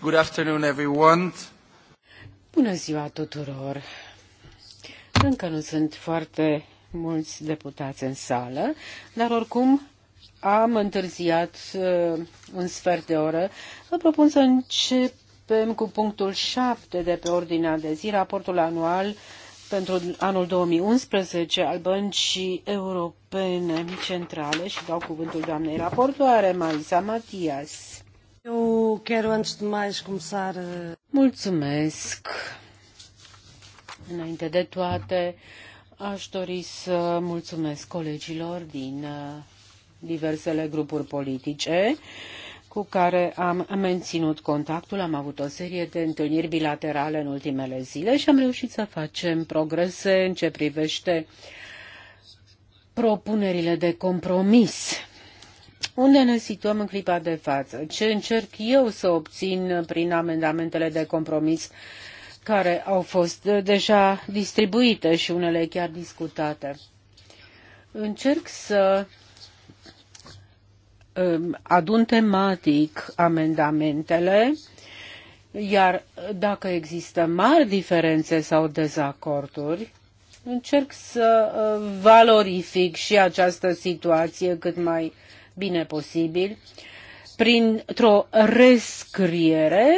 Good afternoon, everyone. Bună ziua tuturor. Încă nu sunt foarte mulți deputați în sală, dar oricum am întârziat uh, un sfert de oră. Vă propun să începem cu punctul 7 de pe ordinea de zi, raportul anual pentru anul 2011 al Băncii Europene Centrale și dau cuvântul doamnei raportoare, Marisa Matias. Eu quero antes de mais começar... Eh, mulțumesc! Înainte de toate, aș dori să mulțumesc colegilor din eh, diversele grupuri politice cu care am menținut contactul, am avut o serie de întâlniri bilaterale în ultimele zile și am reușit să facem progrese în ce privește propunerile de compromis unde ne situăm în clipa de față? Ce încerc eu să obțin prin amendamentele de compromis care au fost uh, deja distribuite și unele chiar discutate? Încerc să um, adun tematic amendamentele, iar dacă există mari diferențe sau dezacorduri, încerc să uh, valorific și această situație cât mai uh, bine posibil printr-o rescriere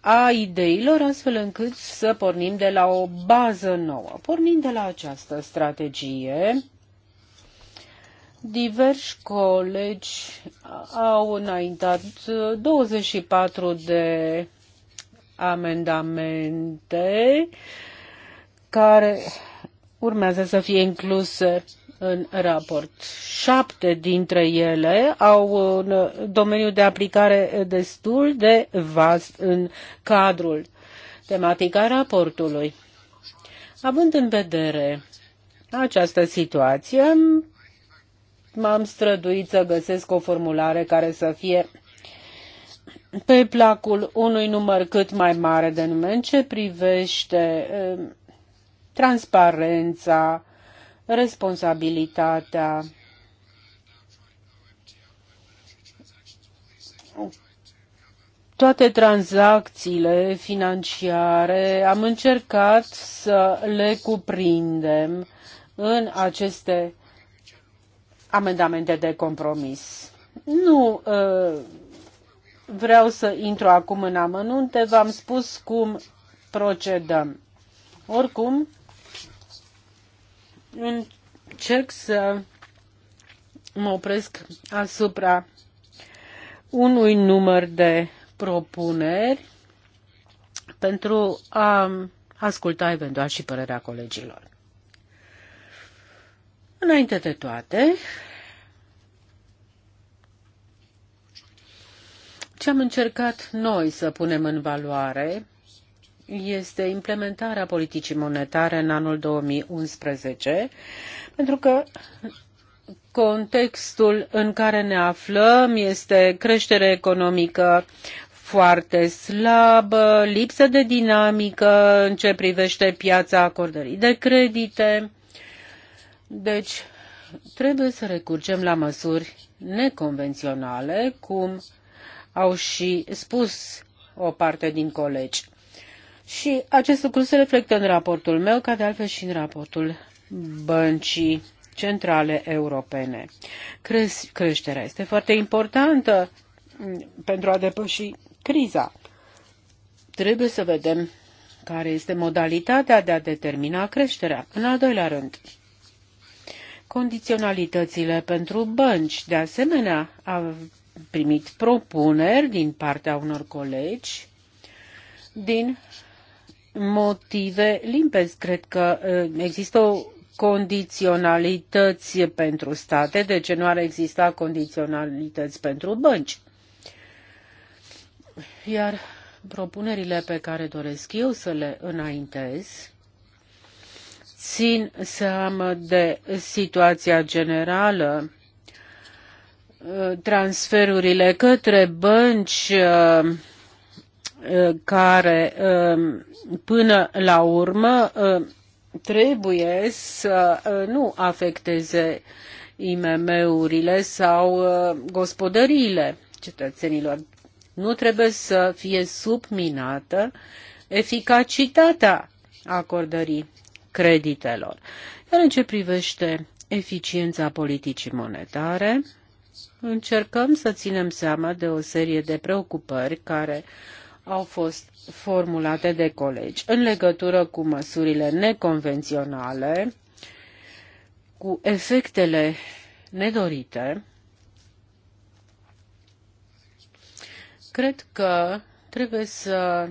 a ideilor, astfel încât să pornim de la o bază nouă. Pornind de la această strategie, diversi colegi au înaintat 24 de amendamente care urmează să fie incluse în raport. Șapte dintre ele au un domeniu de aplicare destul de vast în cadrul tematica raportului. Având în vedere această situație, m-am străduit să găsesc o formulare care să fie pe placul unui număr cât mai mare de nume în ce privește eh, transparența, responsabilitatea toate tranzacțiile financiare am încercat să le cuprindem în aceste amendamente de compromis. Nu uh, vreau să intru acum în amănunte, v-am spus cum procedăm. Oricum, încerc să mă opresc asupra unui număr de propuneri pentru a asculta eventual și părerea colegilor. Înainte de toate, ce am încercat noi să punem în valoare este implementarea politicii monetare în anul unsprezece pentru că contextul în care ne aflăm este creștere economică foarte slabă, lipsă de dinamică în ce privește piața acordării de credite. Deci, trebuie să recurgem la măsuri neconvenționale, cum au și spus o parte din colegi. Și acest lucru se reflectă în raportul meu, ca de altfel și în raportul băncii centrale europene. Cre- creșterea este foarte importantă pentru a depăși criza. Trebuie să vedem care este modalitatea de a determina creșterea. În al doilea rând, condiționalitățile pentru bănci. De asemenea, a primit propuneri din partea unor colegi din motive limpezi. Cred că există condiționalități pentru state, de ce nu ar exista condiționalități pentru bănci? Iar propunerile pe care doresc eu să le înaintez țin seamă de situația generală, transferurile către bănci care um, până la urmă um, trebuie să uh, nu afecteze IMM-urile sau uh, gospodăriile cetățenilor. Nu trebuie să fie subminată eficacitatea acordării creditelor. Iar în ce privește eficiența politicii monetare, încercăm să ținem seama de o serie de preocupări care au fost formulate de colegi în legătură cu măsurile neconvenționale, cu efectele nedorite, cred că trebuie să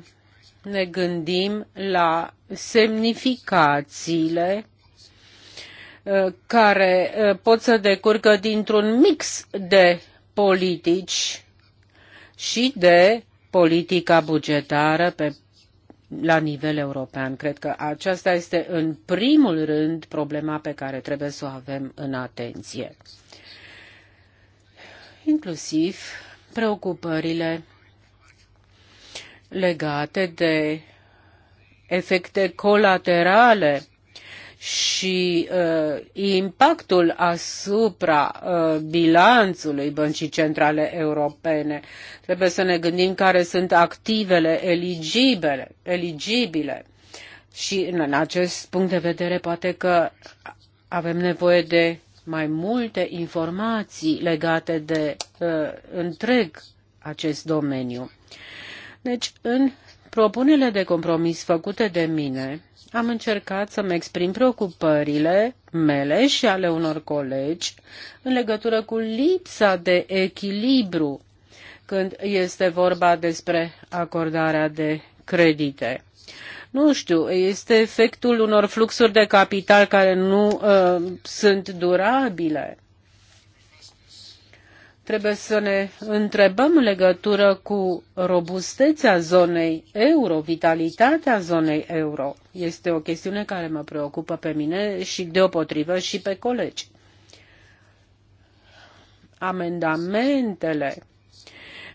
ne gândim la semnificațiile uh, care uh, pot să decurgă dintr-un mix de politici și de politica bugetară pe, la nivel european. Cred că aceasta este în primul rând problema pe care trebuie să o avem în atenție. Inclusiv preocupările legate de efecte colaterale și uh, impactul asupra uh, bilanțului Băncii Centrale Europene. Trebuie să ne gândim care sunt activele eligibile, eligibile. Și în acest punct de vedere poate că avem nevoie de mai multe informații legate de uh, întreg acest domeniu. Deci, în propunerile de compromis făcute de mine, am încercat să-mi exprim preocupările mele și ale unor colegi în legătură cu lipsa de echilibru când este vorba despre acordarea de credite. Nu știu, este efectul unor fluxuri de capital care nu uh, sunt durabile trebuie să ne întrebăm în legătură cu robustețea zonei euro, vitalitatea zonei euro. Este o chestiune care mă preocupă pe mine și deopotrivă și pe colegi. Amendamentele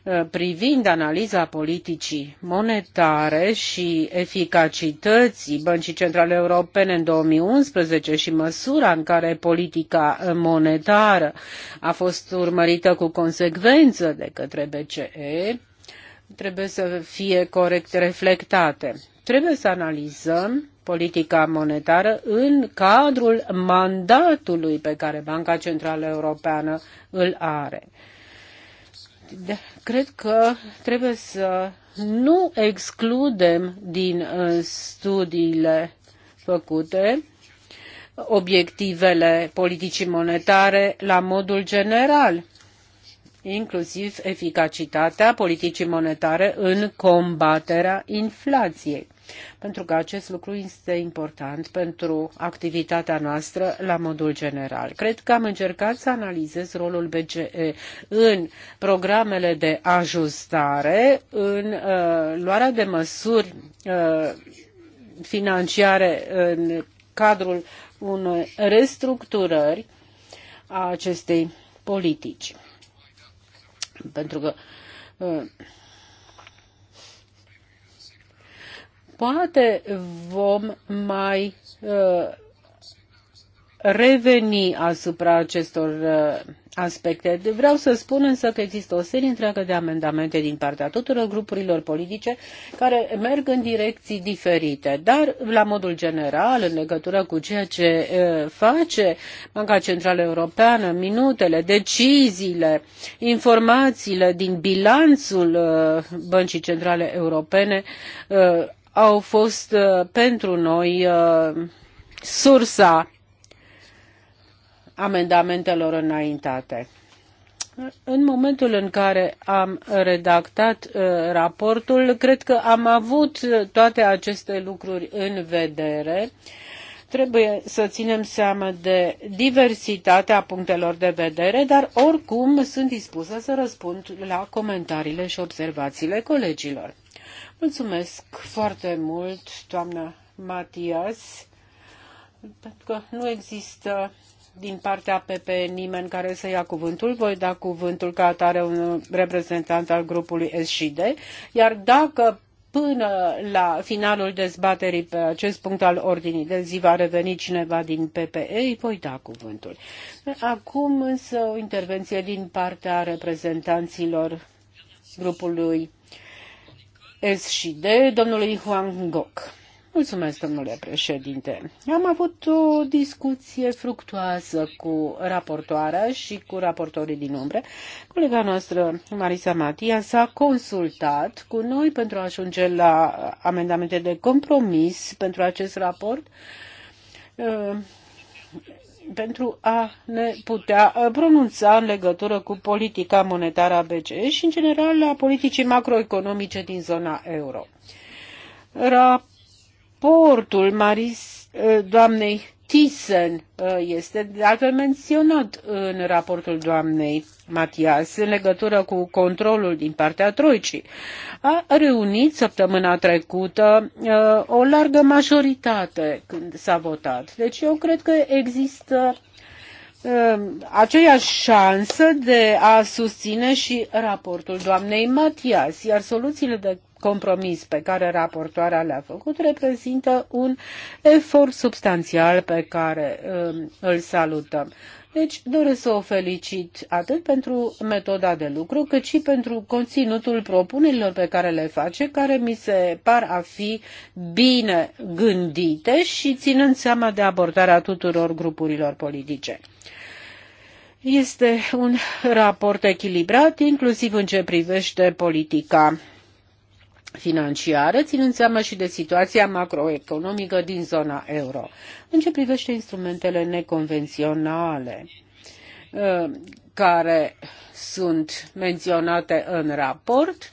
Uh, privind analiza politicii monetare și eficacității Băncii Centrale Europene în 2011 și măsura în care politica monetară a fost urmărită cu consecvență de către BCE, trebuie să fie corect reflectate. Trebuie să analizăm politica monetară în cadrul mandatului pe care Banca Centrală Europeană îl are. Cred că trebuie să nu excludem din uh, studiile făcute obiectivele politicii monetare la modul general, inclusiv eficacitatea politicii monetare în combaterea inflației pentru că acest lucru este important pentru activitatea noastră la modul general. Cred că am încercat să analizez rolul BCE în programele de ajustare, în uh, luarea de măsuri uh, financiare în cadrul unei restructurări a acestei politici. Pentru că uh, poate vom mai uh, reveni asupra acestor uh, aspecte. Vreau să spun însă că există o serie întreagă de amendamente din partea tuturor grupurilor politice care merg în direcții diferite, dar la modul general, în legătură cu ceea ce uh, face Banca Centrală Europeană, minutele, deciziile, informațiile din bilanțul uh, Băncii Centrale Europene, uh, au fost uh, pentru noi uh, sursa amendamentelor înaintate. În momentul în care am redactat uh, raportul, cred că am avut toate aceste lucruri în vedere. Trebuie să ținem seama de diversitatea punctelor de vedere, dar oricum sunt dispusă să răspund la comentariile și observațiile colegilor. Mulțumesc foarte mult, doamna Matias, pentru că nu există din partea PP nimeni care să ia cuvântul. Voi da cuvântul ca atare un reprezentant al grupului SJD, iar dacă până la finalul dezbaterii pe acest punct al ordinii de zi va reveni cineva din PPE, îi voi da cuvântul. Acum însă o intervenție din partea reprezentanților grupului S și domnului Huang Gok. Mulțumesc, domnule președinte. Am avut o discuție fructuoasă cu raportoarea și cu raportorii din umbre. Colega noastră, Marisa Matia, s-a consultat cu noi pentru a ajunge la amendamente de compromis pentru acest raport uh, pentru a ne putea uh, pronunța în legătură cu politica monetară a BCE și, în general, a politicii macroeconomice din zona euro. Raportul Maris, uh, doamnei Thyssen uh, este de altfel menționat în raportul doamnei Matias în legătură cu controlul din partea Troicii. A reunit săptămâna trecută uh, o largă majoritate când s-a votat. Deci eu cred că există uh, aceeași șansă de a susține și raportul doamnei Matias, iar soluțiile de compromis pe care raportoarea le-a făcut reprezintă un efort substanțial pe care um, îl salutăm. Deci doresc să o felicit atât pentru metoda de lucru, cât și pentru conținutul propunerilor pe care le face, care mi se par a fi bine gândite și ținând seama de abordarea tuturor grupurilor politice. Este un raport echilibrat, inclusiv în ce privește politica financiară, ținând seama și de situația macroeconomică din zona euro. În ce privește instrumentele neconvenționale uh, care sunt menționate în raport,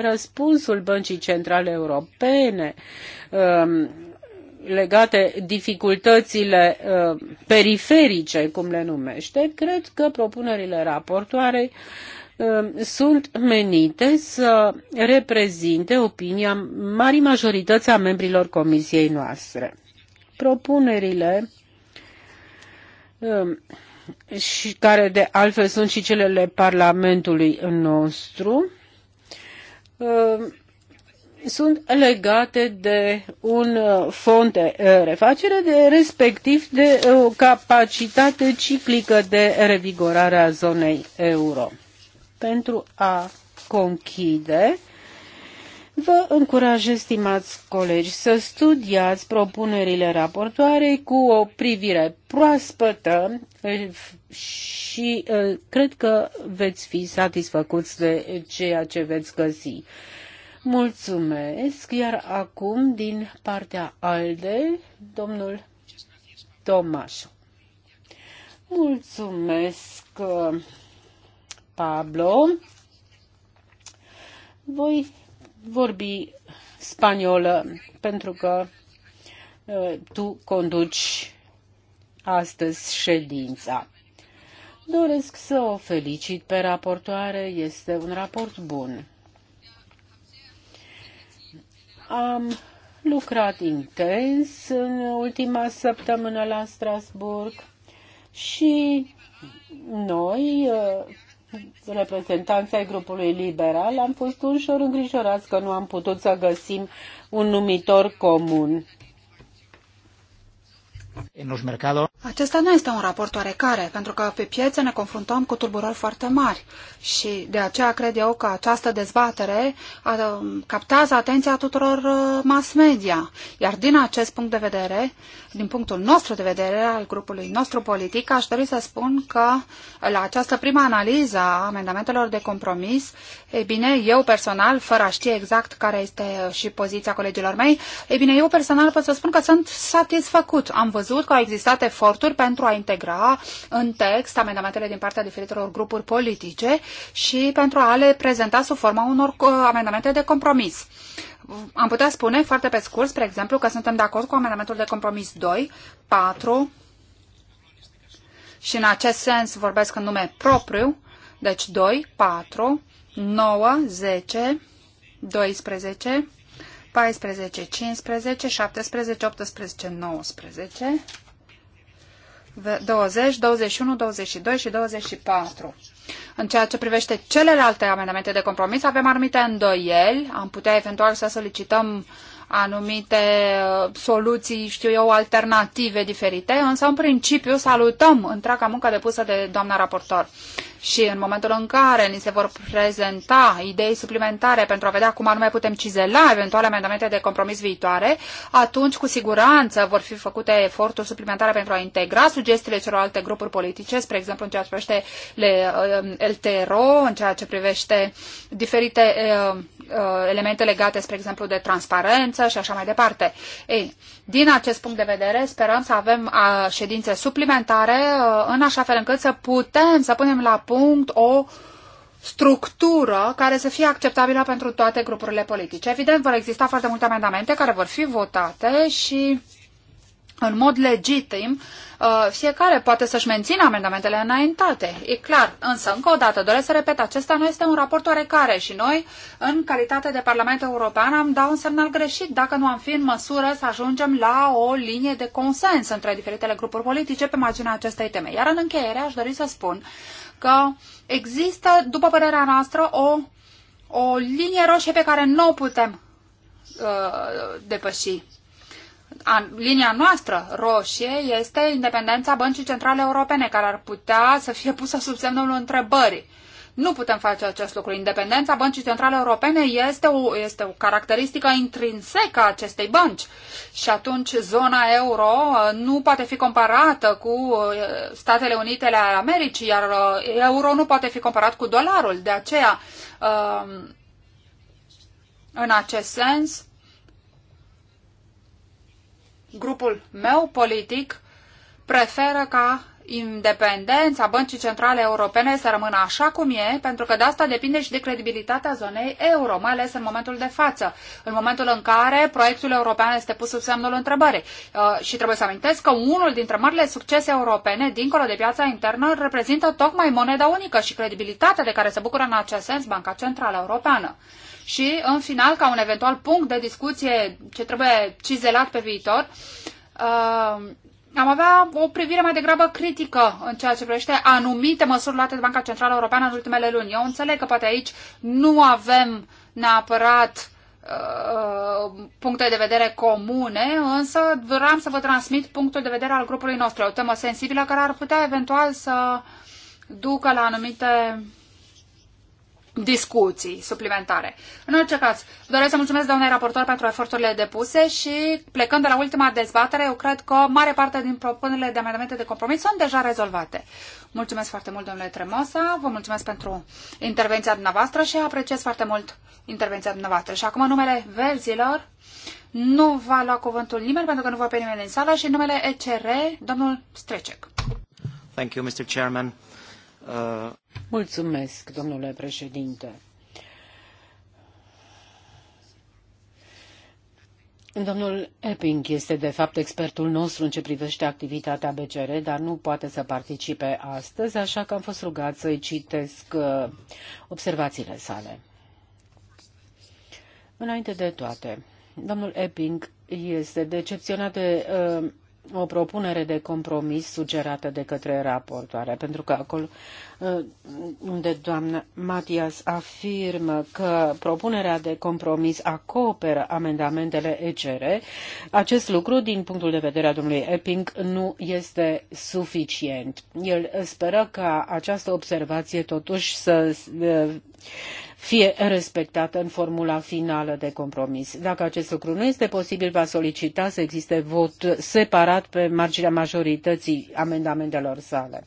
răspunsul Băncii Centrale Europene um, legate dificultățile uh, periferice, cum le numește, cred că propunerile raportoarei Um, sunt menite să reprezinte opinia marii majorități a membrilor comisiei noastre. Propunerile um, și care de altfel sunt și celele Parlamentului nostru, um, sunt legate de un uh, fond de uh, refacere, de, respectiv de uh, o capacitate ciclică de revigorare a zonei euro pentru a conchide, Vă încurajez, stimați colegi, să studiați propunerile raportoarei cu o privire proaspătă eh, și eh, cred că veți fi satisfăcuți de ceea ce veți găsi. Mulțumesc, iar acum din partea ALDE, domnul Tomaș. Mulțumesc eh, Pablo. Voi vorbi spaniolă pentru că tu conduci astăzi ședința. Doresc să o felicit pe raportoare, este un raport bun. Am lucrat intens în ultima săptămână la Strasburg și noi, reprezentanța ai grupului liberal, am fost ușor îngrijorați că nu am putut să găsim un numitor comun. În los mercados acesta nu este un raport oarecare, pentru că pe piețe ne confruntăm cu tulburări foarte mari și de aceea cred eu că această dezbatere captează atenția tuturor uh, mass media. Iar din acest punct de vedere, din punctul nostru de vedere al grupului nostru politic, aș dori să spun că la această prima analiză a amendamentelor de compromis, e bine, eu personal, fără a ști exact care este uh, și poziția colegilor mei, e bine, eu personal pot să spun că sunt satisfăcut. Am văzut că au existat eforturi eforturi pentru a integra în text amendamentele din partea diferitelor grupuri politice și pentru a le prezenta sub forma unor uh, amendamente de compromis am putea spune foarte pe scurt, spre exemplu, că suntem de acord cu amendamentul de compromis 2, 4 și în acest sens vorbesc în nume propriu, deci 2, 4, 9, 10, 12, 14, 15, 17, 18, 19, 20, 21, 22 și 24. În ceea ce privește celelalte amendamente de compromis, avem anumite îndoieli. Am putea eventual să solicităm anumite uh, soluții, știu eu, alternative diferite, însă în principiu salutăm întreaga muncă depusă de doamna raportor și în momentul în care ni se vor prezenta idei suplimentare pentru a vedea cum anume putem cizela eventuale amendamente de compromis viitoare, atunci cu siguranță vor fi făcute eforturi suplimentare pentru a integra sugestiile celorlalte grupuri politice, spre exemplu în ceea ce privește le, uh, LTRO, în ceea ce privește diferite uh, uh, elemente legate, spre exemplu, de transparență și așa mai departe. Ei, din acest punct de vedere, sperăm să avem ședințe suplimentare în așa fel încât să putem să punem la punct o structură care să fie acceptabilă pentru toate grupurile politice. Evident, vor exista foarte multe amendamente care vor fi votate și în mod legitim, uh, fiecare poate să-și mențină amendamentele înaintate. E clar, însă, încă o dată, doresc să repet, acesta nu este un raport oarecare și noi, în calitate de Parlament European, am dat un semnal greșit dacă nu am fi în măsură să ajungem la o linie de consens între diferitele grupuri politice pe marginea acestei teme. Iar în încheiere aș dori să spun că există, după părerea noastră, o, o linie roșie pe care nu o putem uh, depăși. A, linia noastră roșie este independența Băncii Centrale Europene, care ar putea să fie pusă sub semnul întrebării. Nu putem face acest lucru. Independența Băncii Centrale Europene este o, este o caracteristică intrinsecă a acestei bănci și atunci zona euro uh, nu poate fi comparată cu uh, Statele Unite ale Americii, iar uh, euro nu poate fi comparat cu dolarul. De aceea, în acest sens, grupul meu politic preferă ca independența Băncii Centrale Europene să rămână așa cum e, pentru că de asta depinde și de credibilitatea zonei euro, mai ales în momentul de față, în momentul în care proiectul european este pus sub semnul întrebării. Uh, și trebuie să amintesc că unul dintre marile succese europene, dincolo de piața internă, reprezintă tocmai moneda unică și credibilitatea de care se bucură în acest sens Banca Centrală Europeană. Și, în final, ca un eventual punct de discuție ce trebuie cizelat pe viitor, uh, am avea o privire mai degrabă critică în ceea ce privește anumite măsuri luate de Banca Centrală Europeană în ultimele luni. Eu înțeleg că poate aici nu avem neapărat uh, puncte de vedere comune, însă vreau să vă transmit punctul de vedere al grupului nostru. O temă sensibilă care ar putea eventual să ducă la anumite discuții suplimentare. În orice caz, doresc să mulțumesc doamnei raportor pentru eforturile depuse și plecând de la ultima dezbatere, eu cred că mare parte din propunerile de amendamente de compromis sunt deja rezolvate. Mulțumesc foarte mult, domnule Tremosa, vă mulțumesc pentru intervenția dumneavoastră și apreciez foarte mult intervenția dumneavoastră. Și acum, numele verzilor, nu va lua cuvântul nimeni pentru că nu va pe nimeni în sală și numele ECR, domnul Strecek. Thank you, Mr. Chairman domnule președinte. Domnul Epping este de fapt expertul nostru în ce privește activitatea BCR, dar nu poate să participe astăzi, așa că am fost rugat să-i citesc uh, observațiile sale. Înainte de toate, domnul Epping este decepționat de uh, o propunere de compromis sugerată de către raportoare, pentru că acolo uh, unde doamna Matias afirmă că propunerea de compromis acoperă amendamentele ECR, acest lucru, din punctul de vedere al domnului Epping, nu este suficient. El speră ca această observație totuși să uh, fie respectată în formula finală de compromis. Dacă acest lucru nu este posibil, va solicita să existe vot separat pe marginea majorității amendamentelor sale.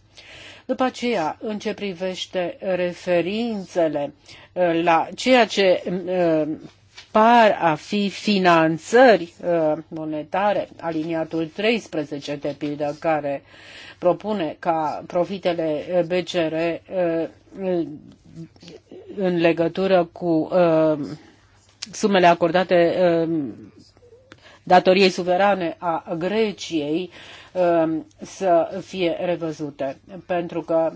După aceea, în ce privește referințele uh, la ceea ce uh, par a fi finanțări uh, monetare, aliniatul 13, de pildă, care propune ca profitele BCR în legătură cu uh, sumele acordate uh, datoriei suverane a Greciei uh, să fie revăzute. Pentru că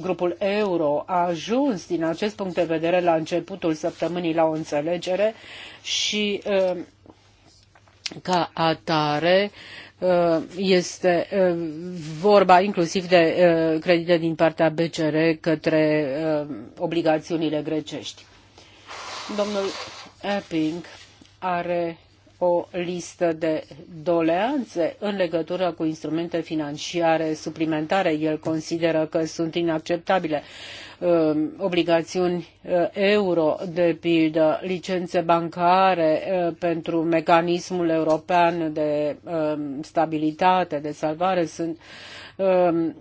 grupul euro a ajuns din acest punct de vedere la începutul săptămânii la o înțelegere și ca atare Uh, este uh, vorba inclusiv de uh, credite din partea BCR către obligațiunile grecești. Domnul Epping are o listă de doleanțe în legătură cu instrumente financiare suplimentare. El consideră că sunt inacceptabile ehm, obligațiuni eh, euro, de pildă, licențe bancare eh, pentru mecanismul european de ehm, stabilitate, de salvare, sunt ehm,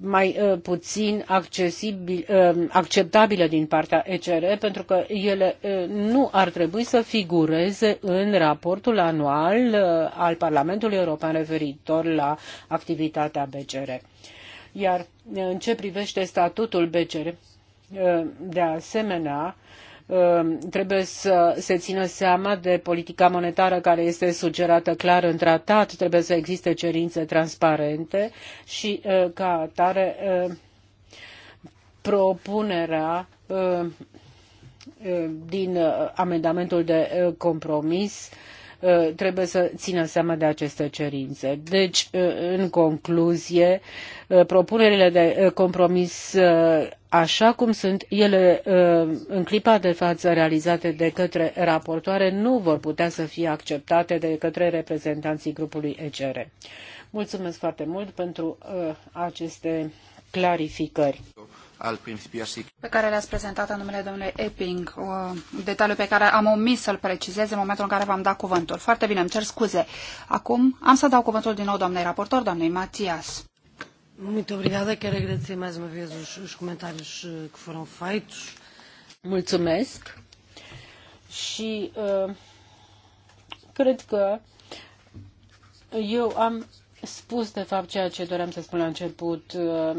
mai uh, puțin accesibil, uh, acceptabile din partea ECR, pentru că ele uh, nu ar trebui să figureze în raportul anual al Parlamentului European referitor la activitatea BCR. Iar în ce privește statutul BCR, de asemenea, Ehm, trebuie să se țină seama de politica monetară care este sugerată clar în tratat, trebuie să existe cerințe transparente și eh, ca atare eh, propunerea eh, din amendamentul de compromis Uh, trebuie să țină seama de aceste cerințe. Deci, uh, în concluzie, uh, propunerile de compromis așa cum sunt ele în clipa de față realizate de către raportoare nu vor putea să fie acceptate de către reprezentanții grupului ECR. Mulțumesc foarte mult pentru aceste clarificări al pe care le-ați prezentat în numele domnului Epping, detaliu pe care am omis să-l precizez în momentul în care v-am dat cuvântul. Foarte bine, îmi cer scuze. Acum am să dau cuvântul din nou doamnei raportor, doamnei Matias. Muito obrigada, quero agradecer mais uma vez os, os comentários eh, que foram feitos. Mulțumesc și uh, cred că eu am spus de fapt ceea ce doream să spun la început. Uh,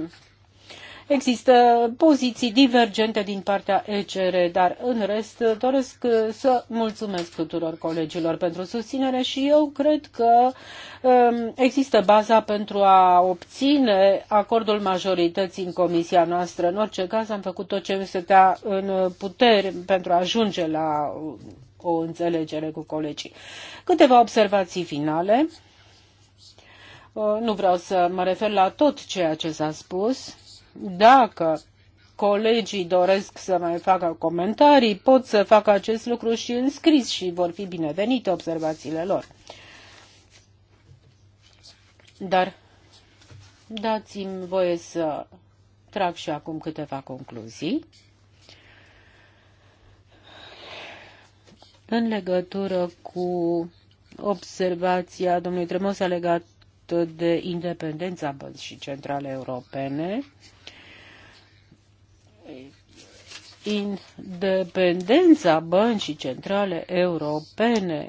Există poziții divergente din partea ECR, dar în rest doresc să mulțumesc tuturor colegilor pentru susținere și eu cred că um, există baza pentru a obține acordul majorității în comisia noastră. În orice caz am făcut tot ce se stătea în puteri pentru a ajunge la o înțelegere cu colegii. Câteva observații finale. Uh, nu vreau să mă refer la tot ceea ce s-a spus. Dacă colegii doresc să mai facă comentarii, pot să facă acest lucru și în scris și vor fi binevenite observațiile lor. Dar dați-mi voie să trag și acum câteva concluzii. În legătură cu observația domnului Tremosa legată de independența Băncii Centrale Europene, independența băncii centrale europene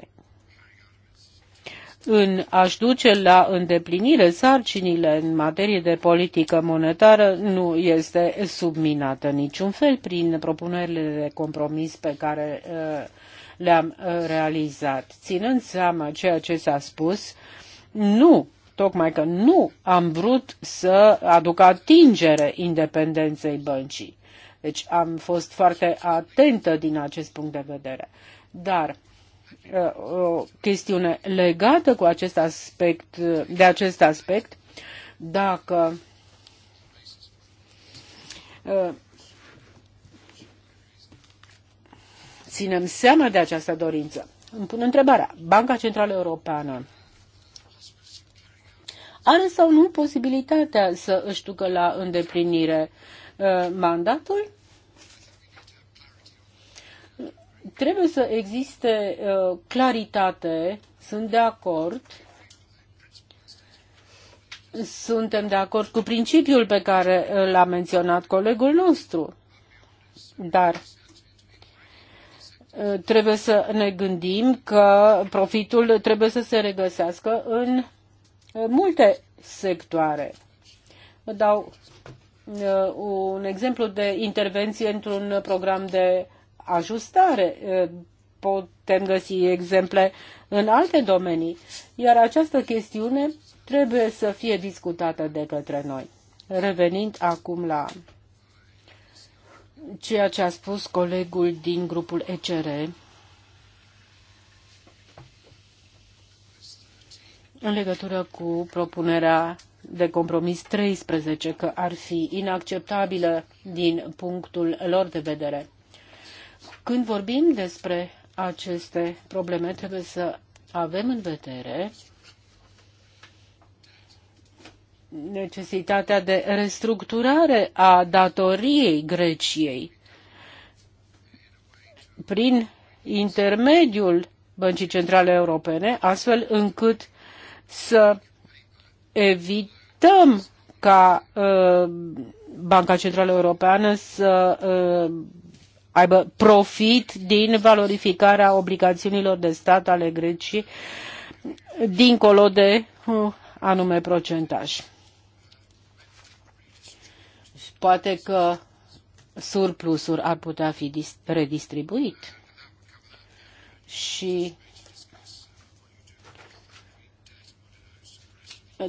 în aș duce la îndeplinire sarcinile în materie de politică monetară nu este subminată niciun fel prin propunerile de compromis pe care uh, le-am uh, realizat. Ținând seama ceea ce s-a spus, nu, tocmai că nu am vrut să aduc atingere independenței băncii. Deci am fost foarte atentă din acest punct de vedere. Dar uh, o chestiune legată cu acest aspect, de acest aspect, dacă uh, ținem seama de această dorință. Îmi pun întrebarea. Banca Centrală Europeană are sau nu posibilitatea să își ducă la îndeplinire Uh, mandatul trebuie să existe uh, claritate, sunt de acord. Suntem de acord cu principiul pe care uh, l-a menționat colegul nostru. Dar trebuie să ne gândim că profitul trebuie să se regăsească în multe sectoare. Vă dau Uh, un exemplu de intervenție într-un program de ajustare. Uh, putem găsi exemple în alte domenii, iar această chestiune trebuie să fie discutată de către noi. Revenind acum la ceea ce a spus colegul din grupul ECR, în legătură cu propunerea de compromis 13 că ar fi inacceptabile din punctul lor de vedere. Când vorbim despre aceste probleme, trebuie să avem în vedere necesitatea de restructurare a datoriei Greciei prin intermediul Băncii Centrale Europene, astfel încât să evit așteptăm ca uh, Banca Centrală Europeană să uh, aibă profit din valorificarea obligațiunilor de stat ale Greciei dincolo de uh, anume procentaj. Poate că surplusul ar putea fi redistribuit și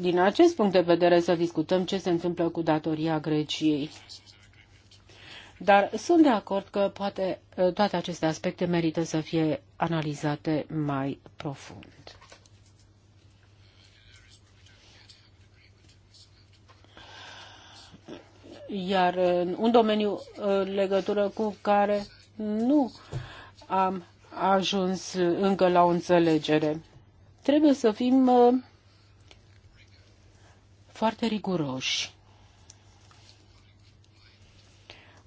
din acest punct de vedere să discutăm ce se întâmplă cu datoria Greciei. Dar sunt de acord că poate ă, toate aceste aspecte merită să fie analizate mai profund. Iar ă, un domeniu în ă, legătură cu care nu am ajuns încă la o înțelegere. Trebuie să fim foarte riguroși.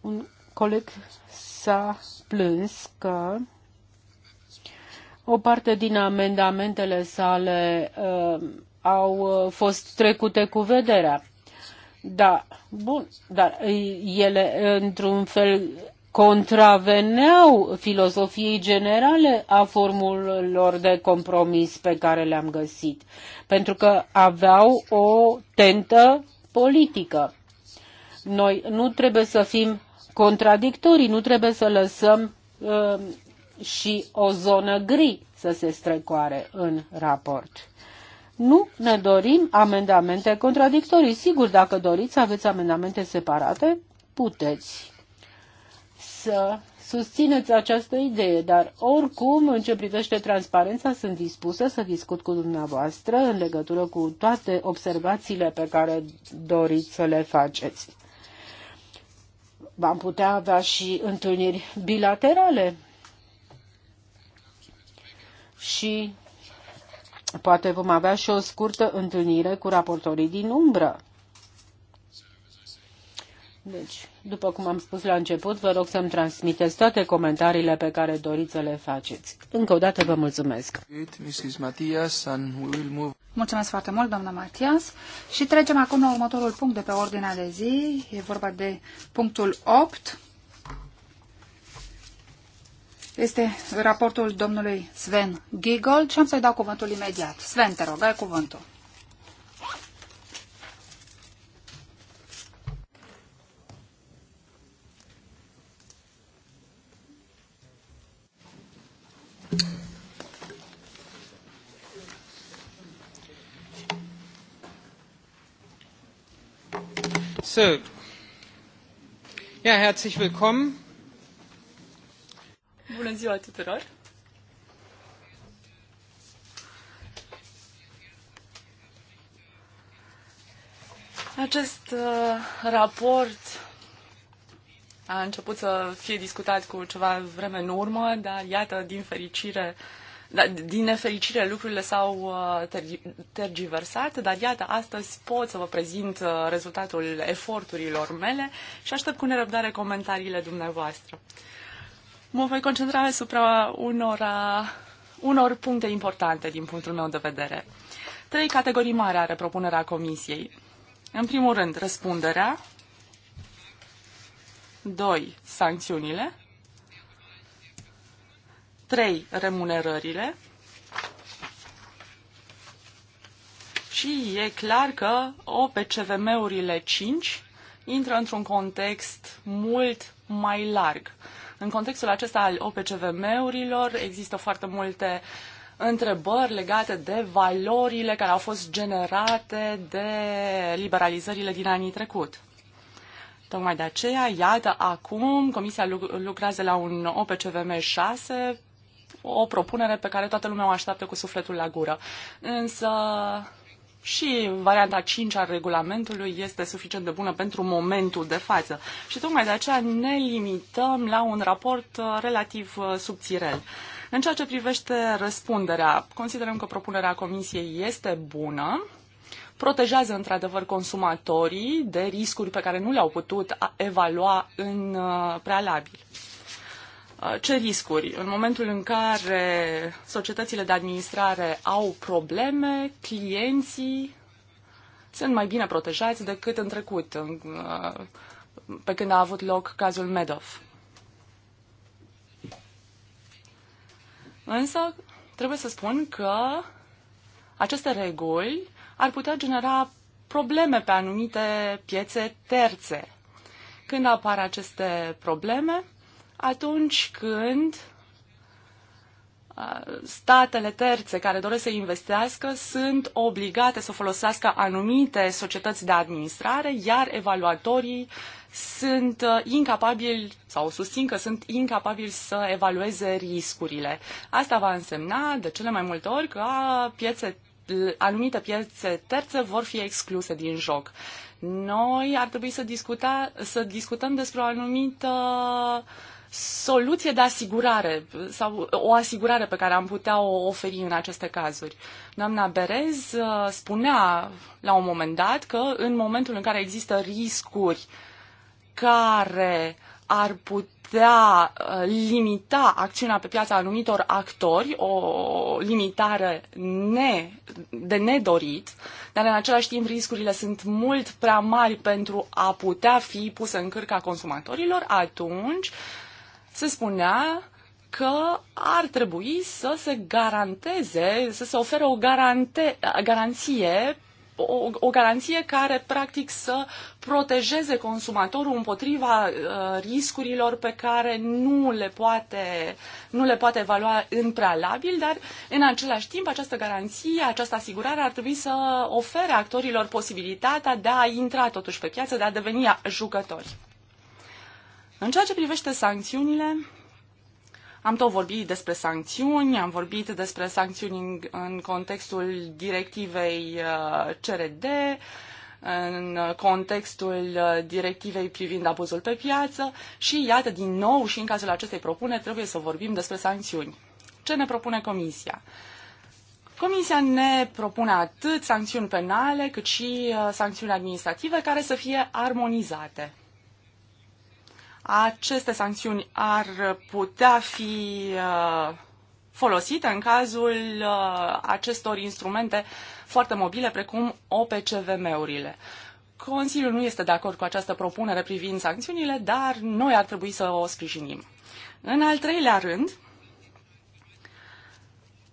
Un coleg s-a plâns că o parte din amendamentele sale uh, au uh, fost trecute cu vederea. Da, bun, dar uh, ele uh, într-un fel contraveneau filozofiei generale a formulelor de compromis pe care le-am găsit, pentru că aveau o tentă politică. Noi nu trebuie să fim contradictorii, nu trebuie să lăsăm uh, și o zonă gri să se strecoare în raport. Nu ne dorim amendamente contradictorii. Sigur, dacă doriți să aveți amendamente separate, puteți să susțineți această idee, dar oricum, în ce privește transparența, sunt dispusă să discut cu dumneavoastră în legătură cu toate observațiile pe care doriți să le faceți. Vom putea avea și întâlniri bilaterale și poate vom avea și o scurtă întâlnire cu raportorii din umbră deci, după cum am spus la început, vă rog să-mi transmiteți toate comentariile pe care doriți să le faceți. Încă o dată vă mulțumesc. Mulțumesc foarte mult, doamna Matias. Și trecem acum la următorul punct de pe ordinea de zi. E vorba de punctul 8. Este raportul domnului Sven Giegold și am să-i dau cuvântul imediat. Sven, te rog, ai cuvântul. So, ja, herzlich willkommen. Bună ziua tuturor. Acest uh, raport a început să fie discutat cu ceva vreme în urmă, dar iată, din fericire, da, din nefericire lucrurile s-au uh, tergiversat, dar iată, astăzi pot să vă prezint uh, rezultatul eforturilor mele și aștept cu nerăbdare comentariile dumneavoastră. Mă voi concentra asupra unora, unor puncte importante din punctul meu de vedere. Trei categorii mari are propunerea Comisiei. În primul rând, răspunderea, 2. Sancțiunile. 3. Remunerările. Și e clar că OPCVM-urile 5 intră într-un context mult mai larg. În contextul acesta al OPCVM-urilor există foarte multe întrebări legate de valorile care au fost generate de liberalizările din anii trecut. Tocmai de aceea, iată, acum Comisia lucrează la un OPCVM 6, o propunere pe care toată lumea o așteaptă cu sufletul la gură. Însă și varianta 5 a regulamentului este suficient de bună pentru momentul de față. Și tocmai de aceea ne limităm la un raport uh, relativ uh, subțirel. În ceea ce privește răspunderea, considerăm că propunerea Comisiei este bună, protejează într-adevăr consumatorii de riscuri pe care nu le-au putut evalua în uh, prealabil. Uh, ce riscuri? În momentul în care societățile de administrare au probleme, clienții sunt mai bine protejați decât în trecut, uh, pe când a avut loc cazul Medov. Însă, trebuie să spun că aceste reguli ar putea genera probleme pe anumite piețe terțe. Când apar aceste probleme? Atunci când statele terțe care doresc să investească sunt obligate să folosească anumite societăți de administrare, iar evaluatorii sunt incapabili sau susțin că sunt incapabili să evalueze riscurile. Asta va însemna de cele mai multe ori că piețe anumite piețe terțe vor fi excluse din joc. Noi ar trebui să, discuta, să discutăm despre o anumită soluție de asigurare sau o asigurare pe care am putea o oferi în aceste cazuri. Doamna Berez uh, spunea la un moment dat că în momentul în care există riscuri care uh, ar putea uh, limita acțiunea pe piața anumitor actori, o limitare ne, de nedorit, dar în același timp riscurile sunt mult prea mari pentru a putea fi puse în cârca consumatorilor, atunci se spunea că ar trebui să se garanteze, să se ofere o garante, garanție o, o garanție care practic să protejeze consumatorul împotriva uh, riscurilor pe care nu le, poate, nu le poate evalua în prealabil, dar în același timp această garanție, această asigurare ar trebui să ofere actorilor posibilitatea de a intra totuși pe piață, de a deveni jucători. În ceea ce privește sancțiunile, am tot vorbit despre sancțiuni, am vorbit despre sancțiuni în, în contextul directivei uh, CRD, în contextul uh, directivei privind abuzul pe piață și iată din nou și în cazul acestei propuneri trebuie să vorbim despre sancțiuni. Ce ne propune Comisia? Comisia ne propune atât sancțiuni penale cât și uh, sancțiuni administrative care să fie armonizate aceste sancțiuni ar putea fi uh, folosite în cazul uh, acestor instrumente foarte mobile, precum OPCVM-urile. Consiliul nu este de acord cu această propunere privind sancțiunile, dar noi ar trebui să o sprijinim. În al treilea rând,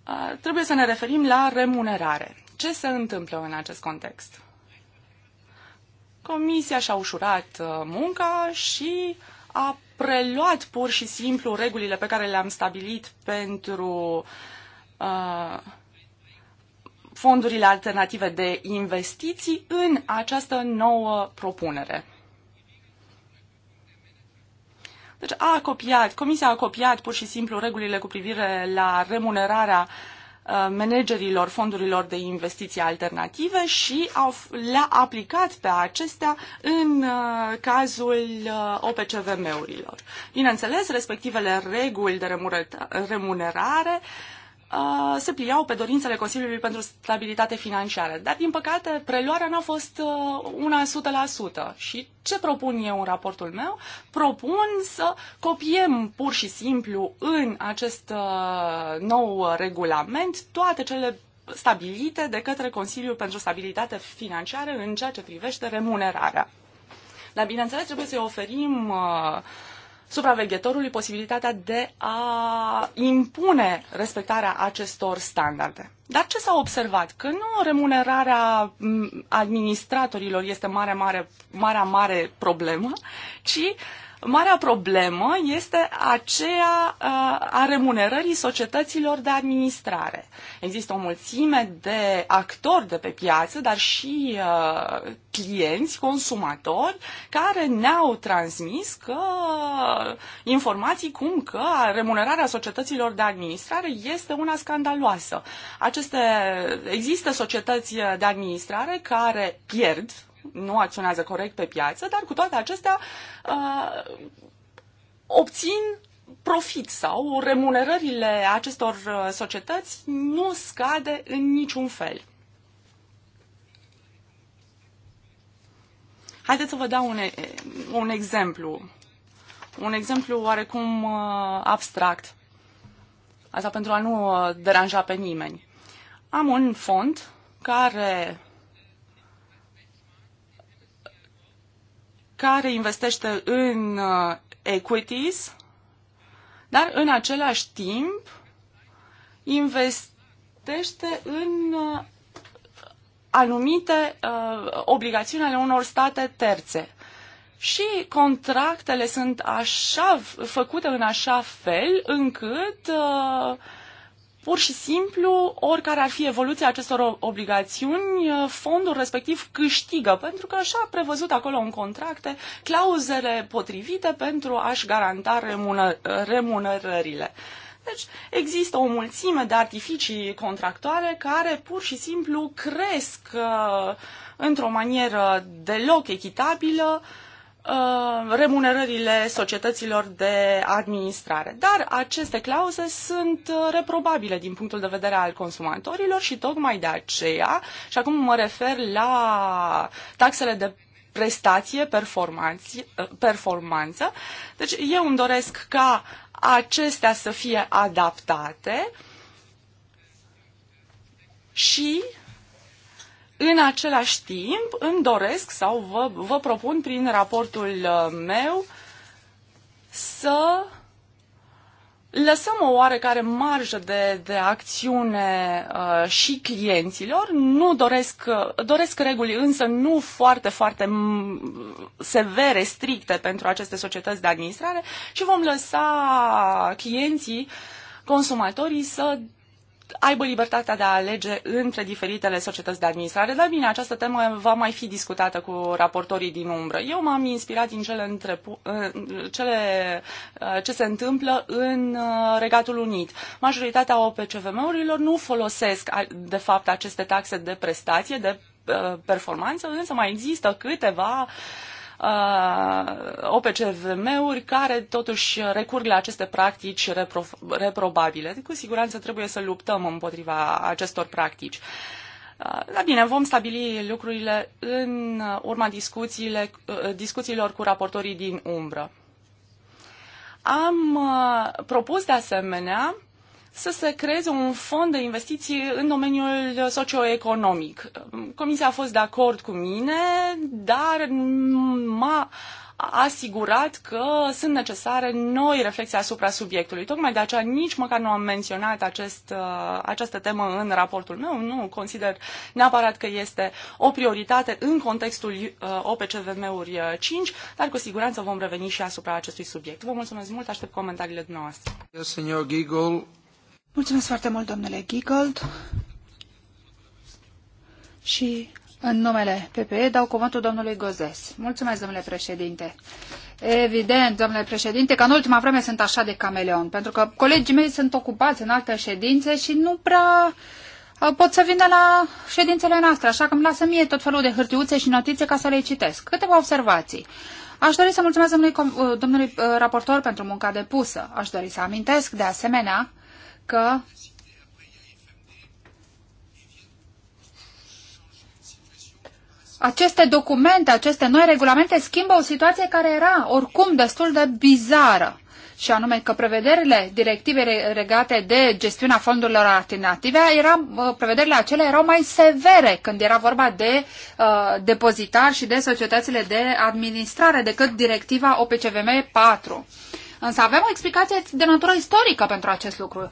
uh, trebuie să ne referim la remunerare. Ce se întâmplă în acest context? Comisia și-a ușurat munca și uh, a preluat pur și simplu regulile pe care le-am stabilit pentru uh, fondurile alternative de investiții în această nouă propunere. Deci a copiat, Comisia a copiat pur și simplu regulile cu privire la remunerarea uh, Uh, managerilor fondurilor de investiții alternative și au, le-a aplicat pe acestea în uh, cazul uh, OPCVM-urilor. Bineînțeles, respectivele reguli de remunerare Uh, se pliau pe dorințele Consiliului pentru Stabilitate Financiară. Dar, din păcate, preluarea n-a fost uh, una 100%. Și ce propun eu în raportul meu? Propun să copiem pur și simplu în acest uh, nou regulament toate cele stabilite de către Consiliul pentru Stabilitate Financiară în ceea ce privește remunerarea. Dar, bineînțeles, trebuie să-i oferim uh, supraveghetorului posibilitatea de a impune respectarea acestor standarde. Dar ce s-a observat? Că nu remunerarea mm, administratorilor este mare, mare, marea, mare problemă, ci Marea problemă este aceea uh, a remunerării societăților de administrare. Există o mulțime de actori de pe piață, dar și uh, clienți, consumatori, care ne-au transmis că uh, informații cum că remunerarea societăților de administrare este una scandaloasă. Aceste, există societăți de administrare care pierd nu acționează corect pe piață, dar cu toate acestea uh, obțin profit sau remunerările acestor uh, societăți nu scade în niciun fel. Haideți să vă dau un, un exemplu. Un exemplu oarecum uh, abstract. Asta pentru a nu uh, deranja pe nimeni. Am un fond care care investește în uh, equities, dar în același timp investește în uh, anumite uh, obligațiuni ale unor state terțe. Și contractele sunt așa făcute în așa fel încât uh, Pur și simplu, oricare ar fi evoluția acestor obligațiuni, uh, fondul respectiv câștigă, pentru că așa a prevăzut acolo în contracte clauzele potrivite pentru a-și garanta remună, remunerările. Deci există o mulțime de artificii contractuale care pur și simplu cresc uh, într-o manieră deloc echitabilă uh, Uh, remunerările societăților de administrare. Dar aceste clauze sunt uh, reprobabile din punctul de vedere al consumatorilor și tocmai de aceea, și acum mă refer la taxele de prestație, uh, performanță. Deci eu îmi doresc ca acestea să fie adaptate și în același timp, îmi doresc sau vă, vă propun prin raportul uh, meu să lăsăm o oarecare marjă de, de acțiune uh, și clienților. Nu doresc, uh, doresc reguli, însă nu foarte, foarte severe, stricte pentru aceste societăți de administrare și vom lăsa clienții, consumatorii să aibă libertatea de a alege între diferitele societăți de administrare. Dar bine, această temă va mai fi discutată cu raportorii din umbră. Eu m-am inspirat din cele, între, cele uh, ce se întâmplă în uh, Regatul Unit. Majoritatea OPCVM-urilor nu folosesc, de fapt, aceste taxe de prestație, de uh, performanță, însă mai există câteva uh, Uh, OPCVM-uri care totuși recurg la aceste practici repro- reprobabile. Cu siguranță trebuie să luptăm împotriva acestor practici. Da, bine, vom stabili lucrurile în urma discuțiile, uh, discuțiilor cu raportorii din umbră. Am propus de asemenea să se creeze un fond de investiții în domeniul socioeconomic. Comisia a fost de acord cu mine, dar m-a asigurat că sunt necesare noi reflexii asupra subiectului. Tocmai de aceea nici măcar nu am menționat acest, uh, această temă în raportul meu. Nu consider neapărat că este o prioritate în contextul uh, OPCVM-uri 5, uh, dar cu siguranță vom reveni și asupra acestui subiect. Vă mulțumesc mult, aștept comentariile dumneavoastră. Senor Gigol, Mulțumesc foarte mult, domnule Giggold. Și în numele PPE dau cuvântul domnului Gozes. Mulțumesc, domnule președinte. Evident, domnule președinte, că în ultima vreme sunt așa de cameleon, pentru că colegii mei sunt ocupați în alte ședințe și nu prea uh, pot să vină la ședințele noastre, așa că îmi lasă mie tot felul de hârtiuțe și notițe ca să le citesc. Câteva observații. Aș dori să mulțumesc domnului, uh, domnului uh, raportor pentru munca depusă. Aș dori să amintesc, de asemenea, că aceste documente, aceste noi regulamente schimbă o situație care era oricum destul de bizară și anume că prevederile directivei regate de gestiunea fondurilor alternative, era, prevederile acelea erau mai severe când era vorba de uh, depozitar și de societățile de administrare decât directiva OPCVM 4. Însă avem o explicație de natură istorică pentru acest lucru.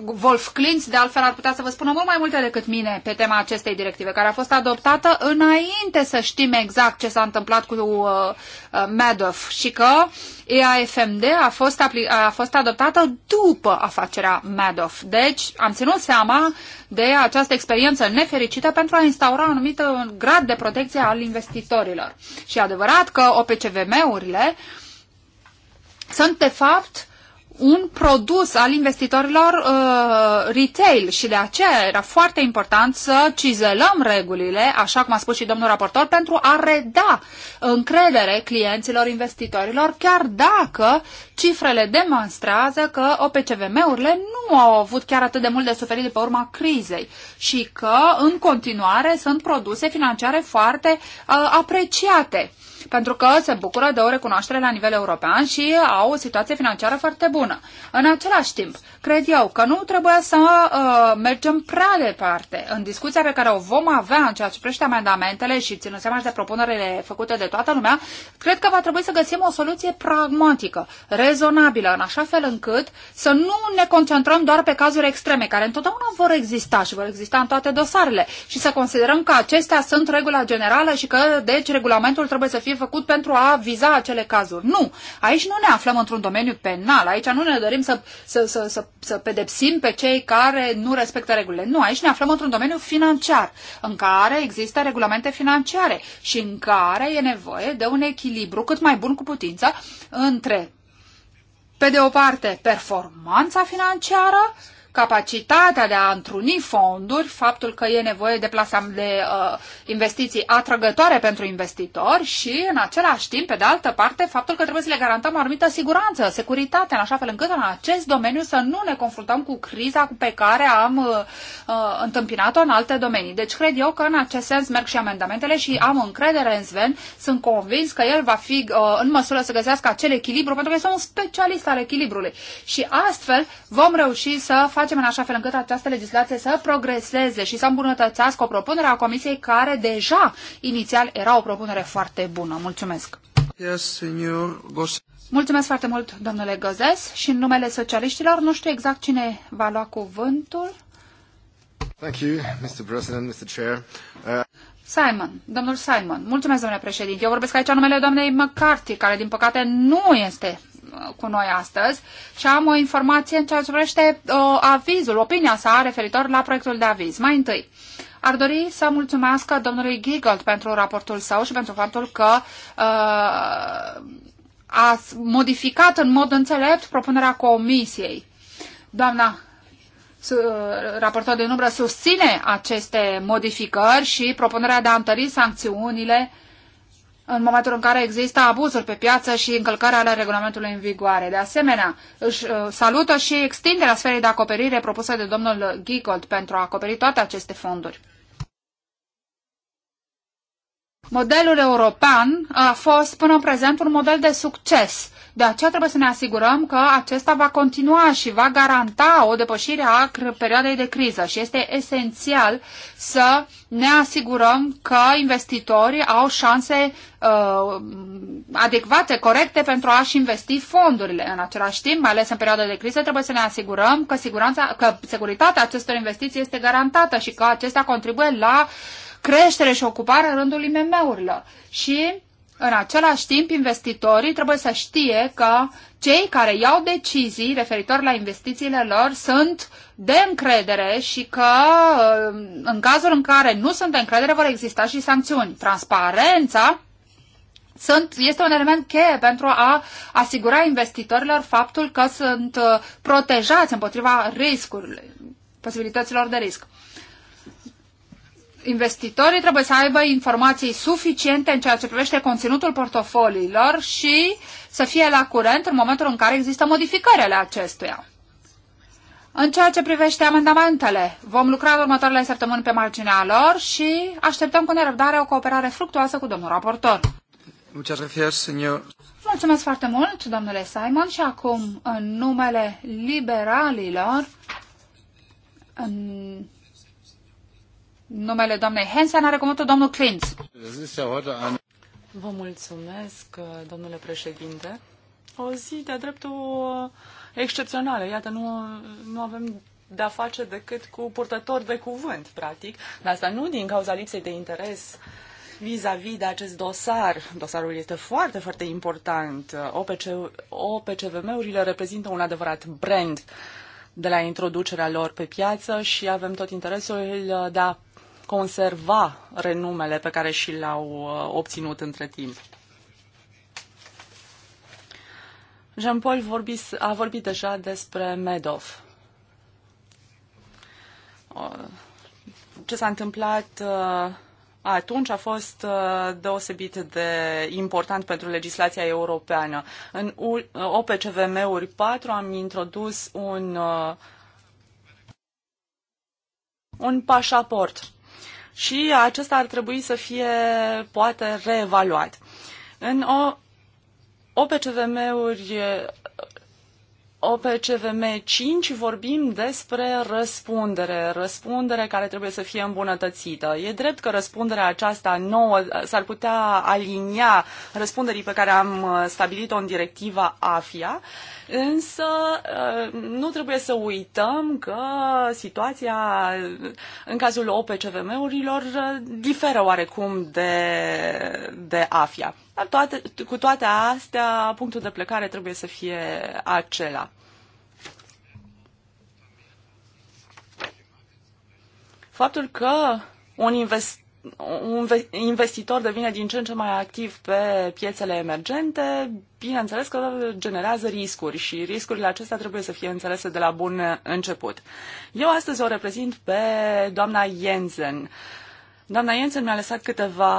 Uh, Wolf Klintz, de altfel, ar putea să vă spună mult mai multe decât mine pe tema acestei directive, care a fost adoptată înainte să știm exact ce s-a întâmplat cu uh, uh, Madoff și că EAFMD a fost, a fost adoptată după afacerea Madoff. Deci am ținut seama de această experiență nefericită pentru a instaura un anumit uh, grad de protecție al investitorilor. Și adevărat că OPCVM-urile uh, sunt de fapt un produs al investitorilor uh, retail și de aceea era foarte important să cizelăm regulile, așa cum a spus și domnul raportor, pentru a reda încredere clienților investitorilor, chiar dacă cifrele demonstrează că OPCVM-urile nu au avut chiar atât de mult de suferit de pe urma crizei și că în continuare sunt produse financiare foarte uh, apreciate pentru că se bucură de o recunoaștere la nivel european și au o situație financiară foarte bună. În același timp, cred eu că nu trebuie să uh, mergem prea departe. În discuția pe care o vom avea în ceea ce privește amendamentele și ținând seama și de propunerile făcute de toată lumea, cred că va trebui să găsim o soluție pragmatică, rezonabilă, în așa fel încât să nu ne concentrăm doar pe cazuri extreme, care întotdeauna vor exista și vor exista în toate dosarele și să considerăm că acestea sunt regula generală și că, deci, regulamentul trebuie să fie fie făcut pentru a viza acele cazuri. Nu! Aici nu ne aflăm într-un domeniu penal, aici nu ne dorim să, să, să, să, să pedepsim pe cei care nu respectă regulile. Nu, aici ne aflăm într-un domeniu financiar, în care există regulamente financiare și în care e nevoie de un echilibru cât mai bun cu putință între, pe de o parte, performanța financiară, capacitatea de a întruni fonduri, faptul că e nevoie de, plasam, de uh, investiții atrăgătoare pentru investitori și, în același timp, pe de altă parte, faptul că trebuie să le garantăm o anumită siguranță, securitate, în așa fel încât în acest domeniu să nu ne confruntăm cu criza pe care am uh, uh, întâmpinat-o în alte domenii. Deci, cred eu că în acest sens merg și amendamentele și am încredere în Sven, sunt convins că el va fi uh, în măsură să găsească acel echilibru, pentru că este un specialist al echilibrului. Și astfel vom reuși să facem facem în așa fel încât această legislație să progreseze și să îmbunătățească o propunere a Comisiei care deja inițial era o propunere foarte bună. Mulțumesc! Yes, Mulțumesc foarte mult, domnule Găzes, și în numele socialiștilor, nu știu exact cine va lua cuvântul. Thank you, Mr. President, Mr. Chair. Uh... Simon, domnul Simon, mulțumesc, domnule președinte. Eu vorbesc aici în numele doamnei McCarthy, care, din păcate, nu este cu noi astăzi și am o informație în ceea ce privește uh, avizul, opinia sa referitor la proiectul de aviz. Mai întâi, ar dori să mulțumesc domnului Giggold pentru raportul său și pentru faptul că uh, a modificat în mod înțelept propunerea comisiei. Doamna uh, raportor de număr susține aceste modificări și propunerea de a întări sancțiunile uh, în momentul în care există abuzuri pe piață și încălcări ale regulamentului în vigoare. De asemenea, își uh, salută și extinderea sferei de acoperire propusă de domnul Giegold pentru a acoperi toate aceste fonduri. Modelul european a fost până în prezent un model de succes de aceea trebuie să ne asigurăm că acesta va continua și va garanta o depășire a perioadei de criză și este esențial să ne asigurăm că investitorii au șanse uh, adecvate, corecte pentru a-și investi fondurile. În același timp, mai ales în perioada de criză, trebuie să ne asigurăm că, siguranța, că securitatea acestor investiții este garantată și că acestea contribuie la creștere și ocupare în rândul IMM-urilor. Și în același timp, investitorii trebuie să știe că cei care iau decizii referitor la investițiile lor sunt de încredere și că uh, în cazul în care nu sunt de încredere vor exista și sancțiuni. Transparența sunt, este un element cheie pentru a asigura investitorilor faptul că sunt uh, protejați împotriva riscurilor, posibilităților de risc investitorii trebuie să aibă informații suficiente în ceea ce privește conținutul portofoliilor și să fie la curent în momentul în care există modificări ale acestuia. În ceea ce privește amendamentele, vom lucra în următoarele săptămâni pe marginea lor și așteptăm cu nerăbdare o cooperare fructuoasă cu domnul raportor. Mulțumesc foarte mult, domnule Simon, și acum, în numele liberalilor, în Numele doamnei Hansen are cuvântul domnul Klintz. Vă mulțumesc, domnule președinte. O zi de-a dreptul excepțională. Iată, nu, nu avem de-a face decât cu purtători de cuvânt, practic. Dar asta nu din cauza lipsei de interes vis a -vis de acest dosar. Dosarul este foarte, foarte important. OPC, OPCVM-urile reprezintă un adevărat brand de la introducerea lor pe piață și avem tot interesul de a conserva renumele pe care și l-au uh, obținut între timp. Jean-Paul vorbis, a vorbit deja despre Medov. Uh, ce s-a întâmplat uh, atunci a fost deosebit de important pentru legislația europeană. În OPCVM-uri 4 am introdus un, un pașaport și acesta ar trebui să fie poate reevaluat. În o OPCVM-uri OPCVM 5 vorbim despre răspundere, răspundere care trebuie să fie îmbunătățită. E drept că răspunderea aceasta nouă s-ar putea alinia răspunderii pe care am uh, stabilit-o în directiva AFIA, însă uh, nu trebuie să uităm că situația uh, în cazul OPCVM-urilor diferă oarecum de, de AFIA. Dar toate, cu toate astea, punctul de plecare trebuie să fie acela. Faptul că un investitor un investitor devine din ce în ce mai activ pe piețele emergente, bineînțeles că generează riscuri și riscurile acestea trebuie să fie înțelese de la bun început. Eu astăzi o reprezint pe doamna Jensen. Doamna Jensen mi-a lăsat câteva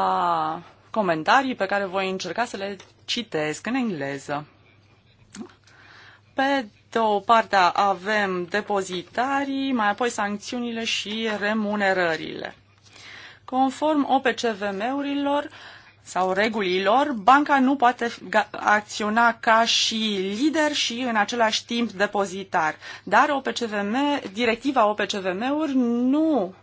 comentarii pe care voi încerca să le citesc în engleză. Pe de o parte avem depozitarii, mai apoi sancțiunile și remunerările. Conform OPCVM-urilor sau regulilor, banca nu poate acționa ca și lider și în același timp depozitar. Dar OPCVM, directiva OPCVM-uri nu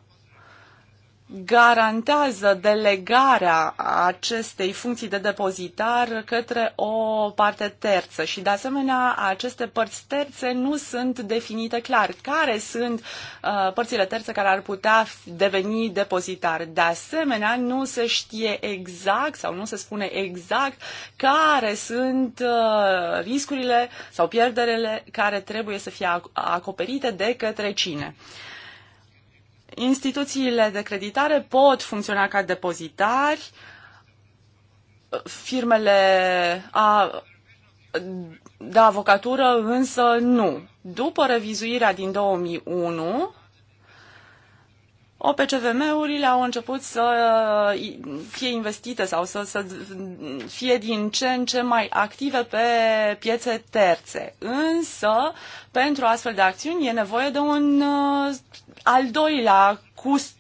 garantează delegarea acestei funcții de depozitar către o parte terță și, de asemenea, aceste părți terțe nu sunt definite clar. Care sunt uh, părțile terțe care ar putea deveni depozitar? De asemenea, nu se știe exact sau nu se spune exact care sunt uh, riscurile sau pierderele care trebuie să fie acoperite de către cine. Uh, Instituțiile de creditare pot funcționa ca depozitari, firmele a, de avocatură însă nu. După revizuirea din 2001, OPCVM-urile au început să uh, fie investite sau să, să fie din ce în ce mai active pe piețe terțe. Însă, pentru astfel de acțiuni e nevoie de un uh, al doilea cust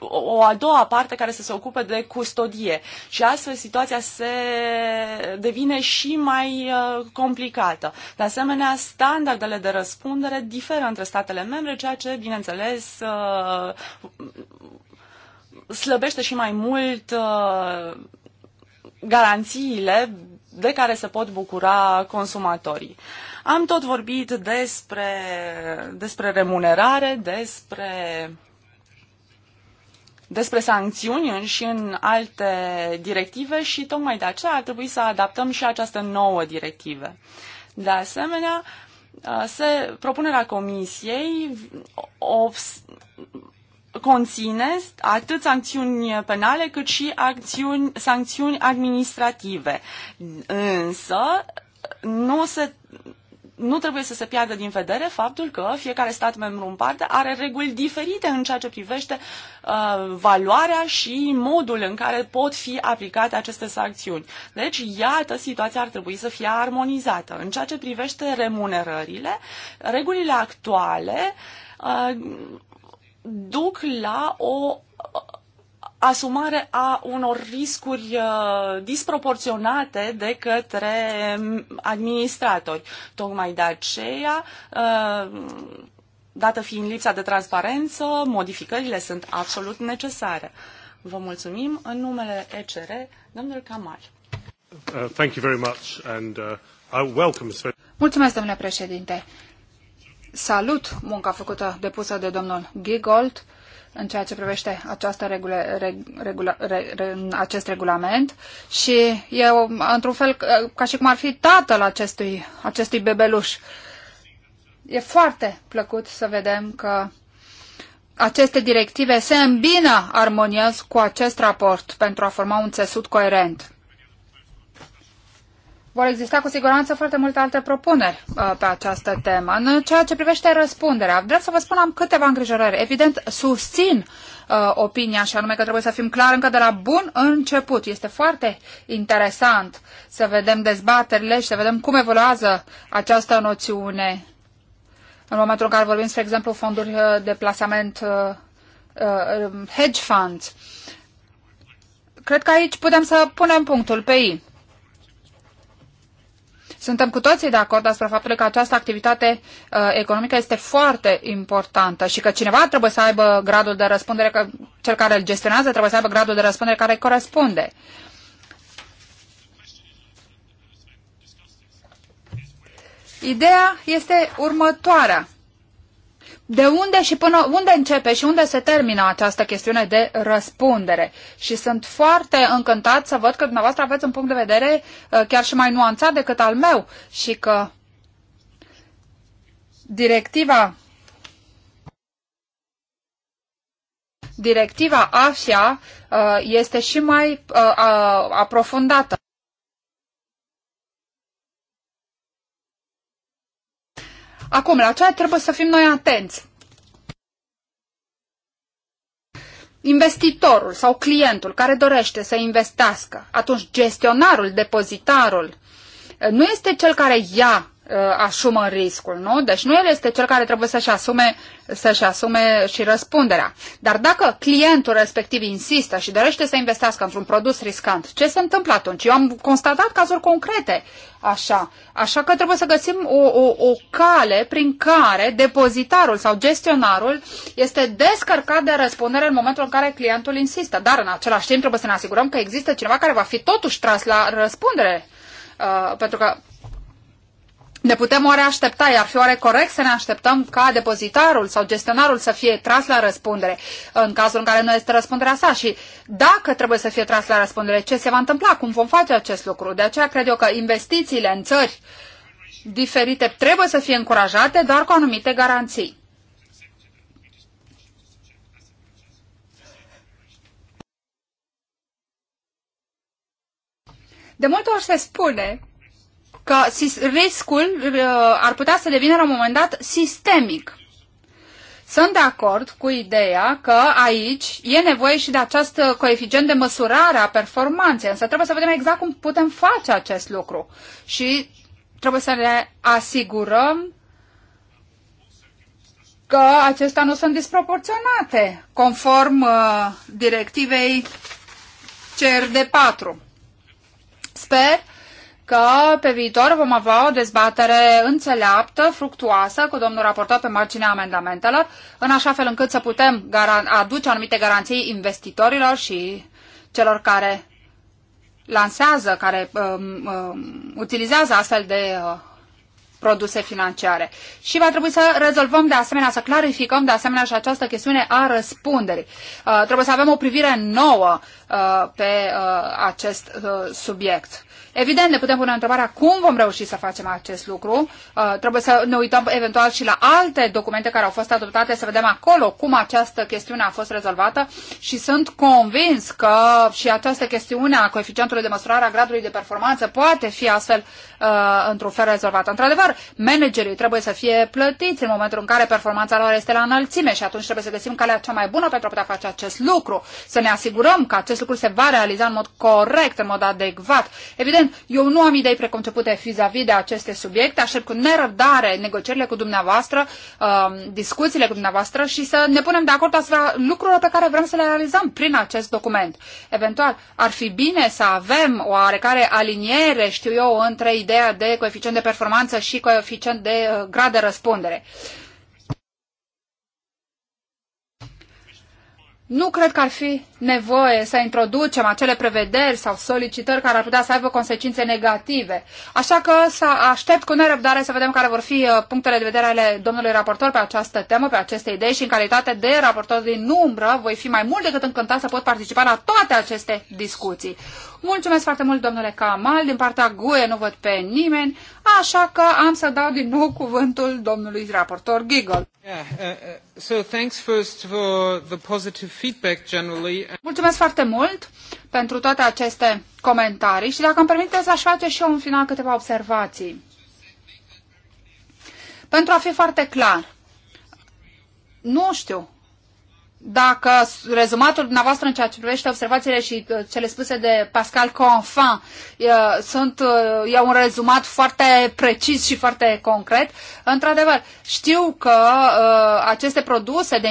o a doua parte care să se ocupe de custodie și astfel situația se devine și mai uh, complicată. De asemenea, standardele de răspundere diferă între statele membre, ceea ce, bineînțeles, uh, slăbește și mai mult uh, garanțiile de care se pot bucura consumatorii. Am tot vorbit despre, despre remunerare, despre despre sancțiuni și în alte directive și tocmai de aceea ar trebui să adaptăm și această nouă directivă. De asemenea, uh, se, propunerea comisiei obs, conține atât sancțiuni penale cât și acțiuni, sancțiuni administrative. Însă nu se nu trebuie să se piardă din vedere faptul că fiecare stat membru în parte are reguli diferite în ceea ce privește uh, valoarea și modul în care pot fi aplicate aceste sancțiuni. Deci, iată, situația ar trebui să fie armonizată. În ceea ce privește remunerările, regulile actuale uh, duc la o asumare a unor riscuri uh, disproporționate de către um, administratori. Tocmai de aceea, uh, dată fiind lipsa de transparență, modificările sunt absolut necesare. Vă mulțumim în numele ECR, domnul Camal. Uh, thank you very much and I welcome Mulțumesc, domnule președinte. Salut munca făcută depusă de domnul Gigold în ceea ce privește această regula, re, re, acest regulament și e într-un fel ca și cum ar fi tatăl acestui, acestui bebeluș. E foarte plăcut să vedem că aceste directive se îmbină armonios cu acest raport pentru a forma un țesut coerent. Vor exista cu siguranță foarte multe alte propuneri uh, pe această temă. În ceea ce privește răspunderea, vreau să vă spun am câteva îngrijorări. Evident, susțin uh, opinia și anume că trebuie să fim clar încă de la bun început. Este foarte interesant să vedem dezbaterile și să vedem cum evoluează această noțiune în momentul în care vorbim, spre exemplu, fonduri uh, de plasament uh, uh, um, hedge funds. Cred că aici putem să punem punctul pe I. Suntem cu toții de acord asupra faptului că această activitate uh, economică este foarte importantă și că cineva trebuie să aibă gradul de răspundere, că cel care îl gestionează trebuie să aibă gradul de răspundere care îi corespunde. Ideea este următoarea de unde și până unde începe și unde se termină această chestiune de răspundere. Și sunt foarte încântat să văd că dumneavoastră aveți un punct de vedere uh, chiar și mai nuanțat decât al meu și că directiva directiva AFIA uh, este și mai uh, aprofundată. Acum, la ce trebuie să fim noi atenți? Investitorul sau clientul care dorește să investească, atunci gestionarul, depozitarul, nu este cel care ia Uh, asumă riscul, nu? Deci nu el este cel care trebuie să-și asume, să-și asume și răspunderea. Dar dacă clientul respectiv insistă și dorește să investească într-un produs riscant, ce se întâmplă atunci? Eu am constatat cazuri concrete așa. Așa că trebuie să găsim o, o, o cale prin care depozitarul sau gestionarul este descărcat de răspundere în momentul în care clientul insistă. Dar în același timp trebuie să ne asigurăm că există cineva care va fi totuși tras la răspundere. Uh, pentru că ne putem oare aștepta, iar fi oare corect să ne așteptăm ca depozitarul sau gestionarul să fie tras la răspundere în cazul în care nu este răspunderea sa și dacă trebuie să fie tras la răspundere, ce se va întâmpla, cum vom face acest lucru. De aceea cred eu că investițiile în țări diferite trebuie să fie încurajate, dar cu anumite garanții. De multe ori se spune că riscul uh, ar putea să devină la un moment dat sistemic. Sunt de acord cu ideea că aici e nevoie și de acest coeficient de măsurare a performanței, însă trebuie să vedem exact cum putem face acest lucru și trebuie să ne asigurăm că acestea nu sunt disproporționate, conform uh, directivei crd de 4. Sper că pe viitor vom avea o dezbatere înțeleaptă, fructuoasă cu domnul raportor pe marginea amendamentelor, în așa fel încât să putem aduce anumite garanții investitorilor și celor care lansează, care um, um, utilizează astfel de uh, produse financiare. Și va trebui să rezolvăm de asemenea, să clarificăm de asemenea și această chestiune a răspunderii. Uh, trebuie să avem o privire nouă uh, pe uh, acest uh, subiect. Evident, ne putem pune întrebarea cum vom reuși să facem acest lucru. Uh, trebuie să ne uităm eventual și la alte documente care au fost adoptate, să vedem acolo cum această chestiune a fost rezolvată și sunt convins că și această chestiune a coeficientului de măsurare a gradului de performanță poate fi astfel uh, într-un fel rezolvată. Într-adevăr, managerii trebuie să fie plătiți în momentul în care performanța lor este la înălțime și atunci trebuie să găsim calea cea mai bună pentru a putea face acest lucru, să ne asigurăm că acest lucru se va realiza în mod corect, în mod adecvat. Evident, Evident, eu nu am idei preconcepute vis-a-vis -vis de aceste subiecte, aștept cu nerăbdare negocierile cu dumneavoastră, um, discuțiile cu dumneavoastră și să ne punem de acord asupra lucrurilor pe care vrem să le realizăm prin acest document. Eventual, ar fi bine să avem oarecare aliniere, știu eu, între ideea de coeficient de performanță și coeficient de uh, grad de răspundere. Uh, nu cred că ar fi nevoie să introducem acele prevederi sau solicitări care ar putea să aibă consecințe negative. Așa că să aștept cu nerăbdare să vedem care vor fi uh, punctele de vedere ale domnului raportor pe această temă, pe aceste idei și în calitate de raportor din umbră voi fi mai mult decât încântat să pot participa la toate aceste discuții. Mulțumesc foarte mult, domnule Kamal. Din partea GUE nu văd pe nimeni, așa că am să dau din nou cuvântul domnului raportor Giggle. Uh, uh, Mulțumesc foarte mult pentru toate aceste comentarii și dacă îmi permiteți, aș face și eu în final câteva observații. Pentru a fi foarte clar, nu știu dacă rezumatul dumneavoastră în ceea ce privește observațiile și uh, cele spuse de Pascal Confin uh, sunt, uh, e un rezumat foarte precis și foarte concret, într-adevăr, știu că aceste produse de,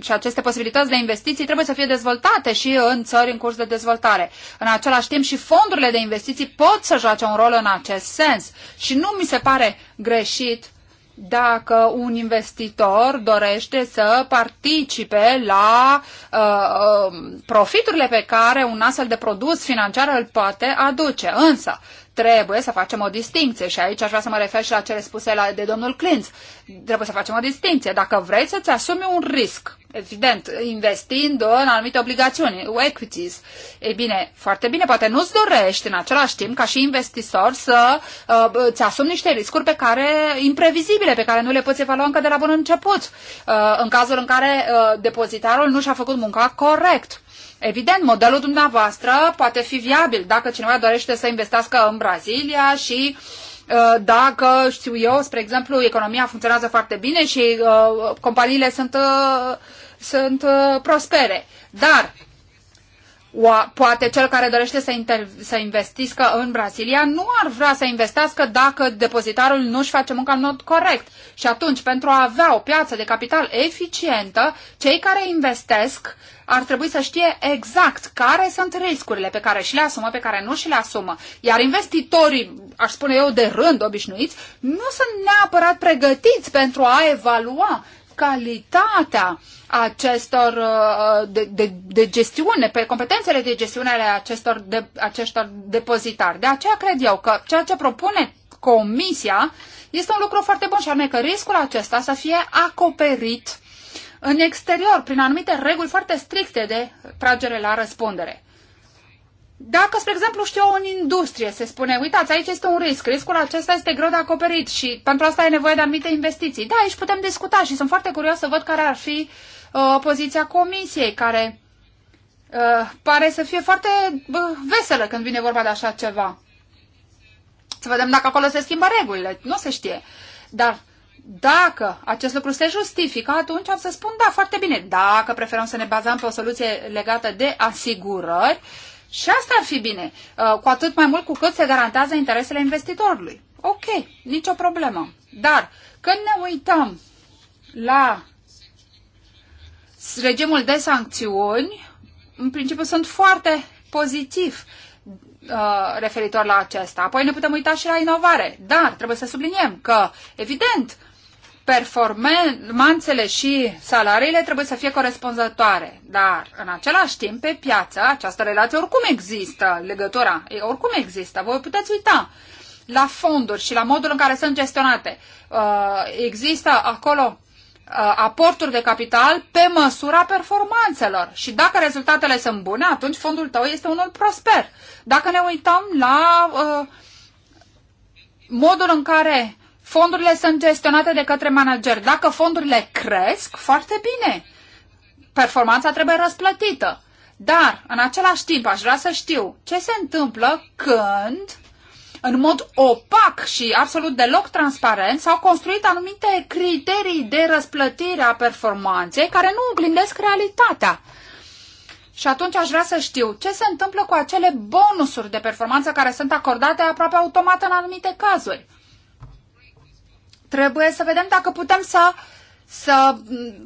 și aceste posibilități de investiții trebuie să fie dezvoltate și în țări în curs de dezvoltare. În același timp și fondurile de investiții pot să joace un rol în acest sens și nu mi se pare greșit uh, dacă un investitor dorește să participe la uh, uh, profiturile pe care un astfel de produs financiar îl poate aduce. Însă, trebuie să facem o distinție și aici aș vrea să mă refer și la cele spuse la, de domnul Clintz. Trebuie să facem o distinție. Dacă vrei să-ți asumi un risc, evident, investind în anumite obligațiuni, equities, e bine, foarte bine, poate nu-ți dorești în același timp ca și investitor să uh, asumi niște riscuri pe care, imprevizibile, pe care nu le poți evalua încă de la bun început, uh, în cazul în care uh, depozitarul nu și-a făcut munca corect. Evident, modelul dumneavoastră poate fi viabil dacă cineva dorește să investească în Brazilia și uh, dacă, știu eu, spre exemplu, economia funcționează foarte bine și uh, companiile sunt, uh, sunt prospere. Dar Poate cel care dorește să, inter- să investească în Brasilia nu ar vrea să investească dacă depozitarul nu își face munca în mod corect. Și atunci, pentru a avea o piață de capital eficientă, cei care investesc ar trebui să știe exact care sunt riscurile pe care și le asumă, pe care nu și le asumă. Iar investitorii, aș spune eu, de rând obișnuiți, nu sunt neapărat pregătiți pentru a evalua calitatea uh, acestor uh, de, de, de gestiune, pe competențele de gestiune ale acestor, de, acestor depozitari. De aceea cred eu că ceea ce propune Comisia este un lucru foarte bun și anume că riscul acesta să fie acoperit în exterior prin anumite reguli foarte stricte de tragere la răspundere. Dacă, spre exemplu, știu o industrie, se spune, uitați, aici este un risc, riscul acesta este greu de acoperit și pentru asta e nevoie de anumite investiții. Da, aici putem discuta și sunt foarte curios să văd care ar fi uh, uh, poziția comisiei, care uh, pare să fie foarte uh, veselă când vine vorba de așa ceva. Să vedem dacă acolo se schimbă regulile, nu se știe. Dar dacă acest lucru se justifică, atunci am să spun da, foarte bine. Dacă preferăm să ne bazăm pe o soluție legată de asigurări, și asta ar fi bine, uh, cu atât mai mult cu cât se garantează interesele investitorului. Ok, nicio problemă. Dar când ne uităm la deci, regimul de sancțiuni, în principiu, sunt foarte pozitiv uh, referitor la acesta. Apoi ne putem uita și la inovare. Dar trebuie să subliniem că, evident, performanțele și salariile trebuie să fie corespunzătoare. Dar, în același timp, pe piață, această relație oricum există, legătura oricum există. Voi puteți uita la fonduri și la modul în care sunt gestionate. Uh, există acolo Uh, aporturi de capital pe măsura performanțelor. Și dacă rezultatele sunt bune, atunci fondul tău este unul prosper. Dacă ne uităm la uh, modul în care fondurile sunt gestionate de către manager, dacă fondurile cresc, foarte bine. Performanța trebuie răsplătită. Dar, în același timp, aș vrea să știu ce se întâmplă când în mod opac și absolut deloc transparent, s-au construit anumite criterii de răsplătire a performanței care nu oglindesc realitatea. Și atunci aș vrea să știu ce se întâmplă cu acele bonusuri de performanță care sunt acordate aproape automat în anumite cazuri. Trebuie să vedem dacă putem să să,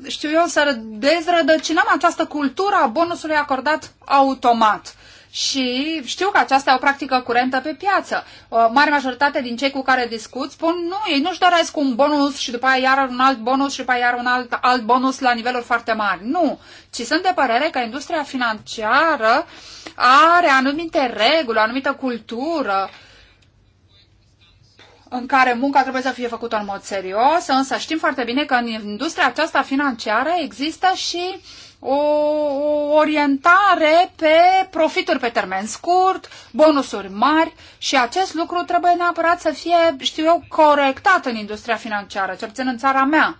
știu eu, să dezrădăcinăm această cultură a bonusului acordat automat și știu că aceasta e o practică curentă pe piață. O mare majoritate din cei cu care discut spun nu, ei nu-și doresc un bonus și după aia iar un alt bonus și după aia iar un alt, alt bonus la niveluri foarte mari. Nu, ci sunt de părere că industria financiară are anumite reguli, o anumită cultură în care munca trebuie să fie făcută în mod serios, însă știm foarte bine că în industria aceasta financiară există și o, orientare pe profituri pe termen scurt, bonusuri mari și acest lucru trebuie neapărat să fie, știu eu, corectat în industria financiară, cel puțin în țara mea.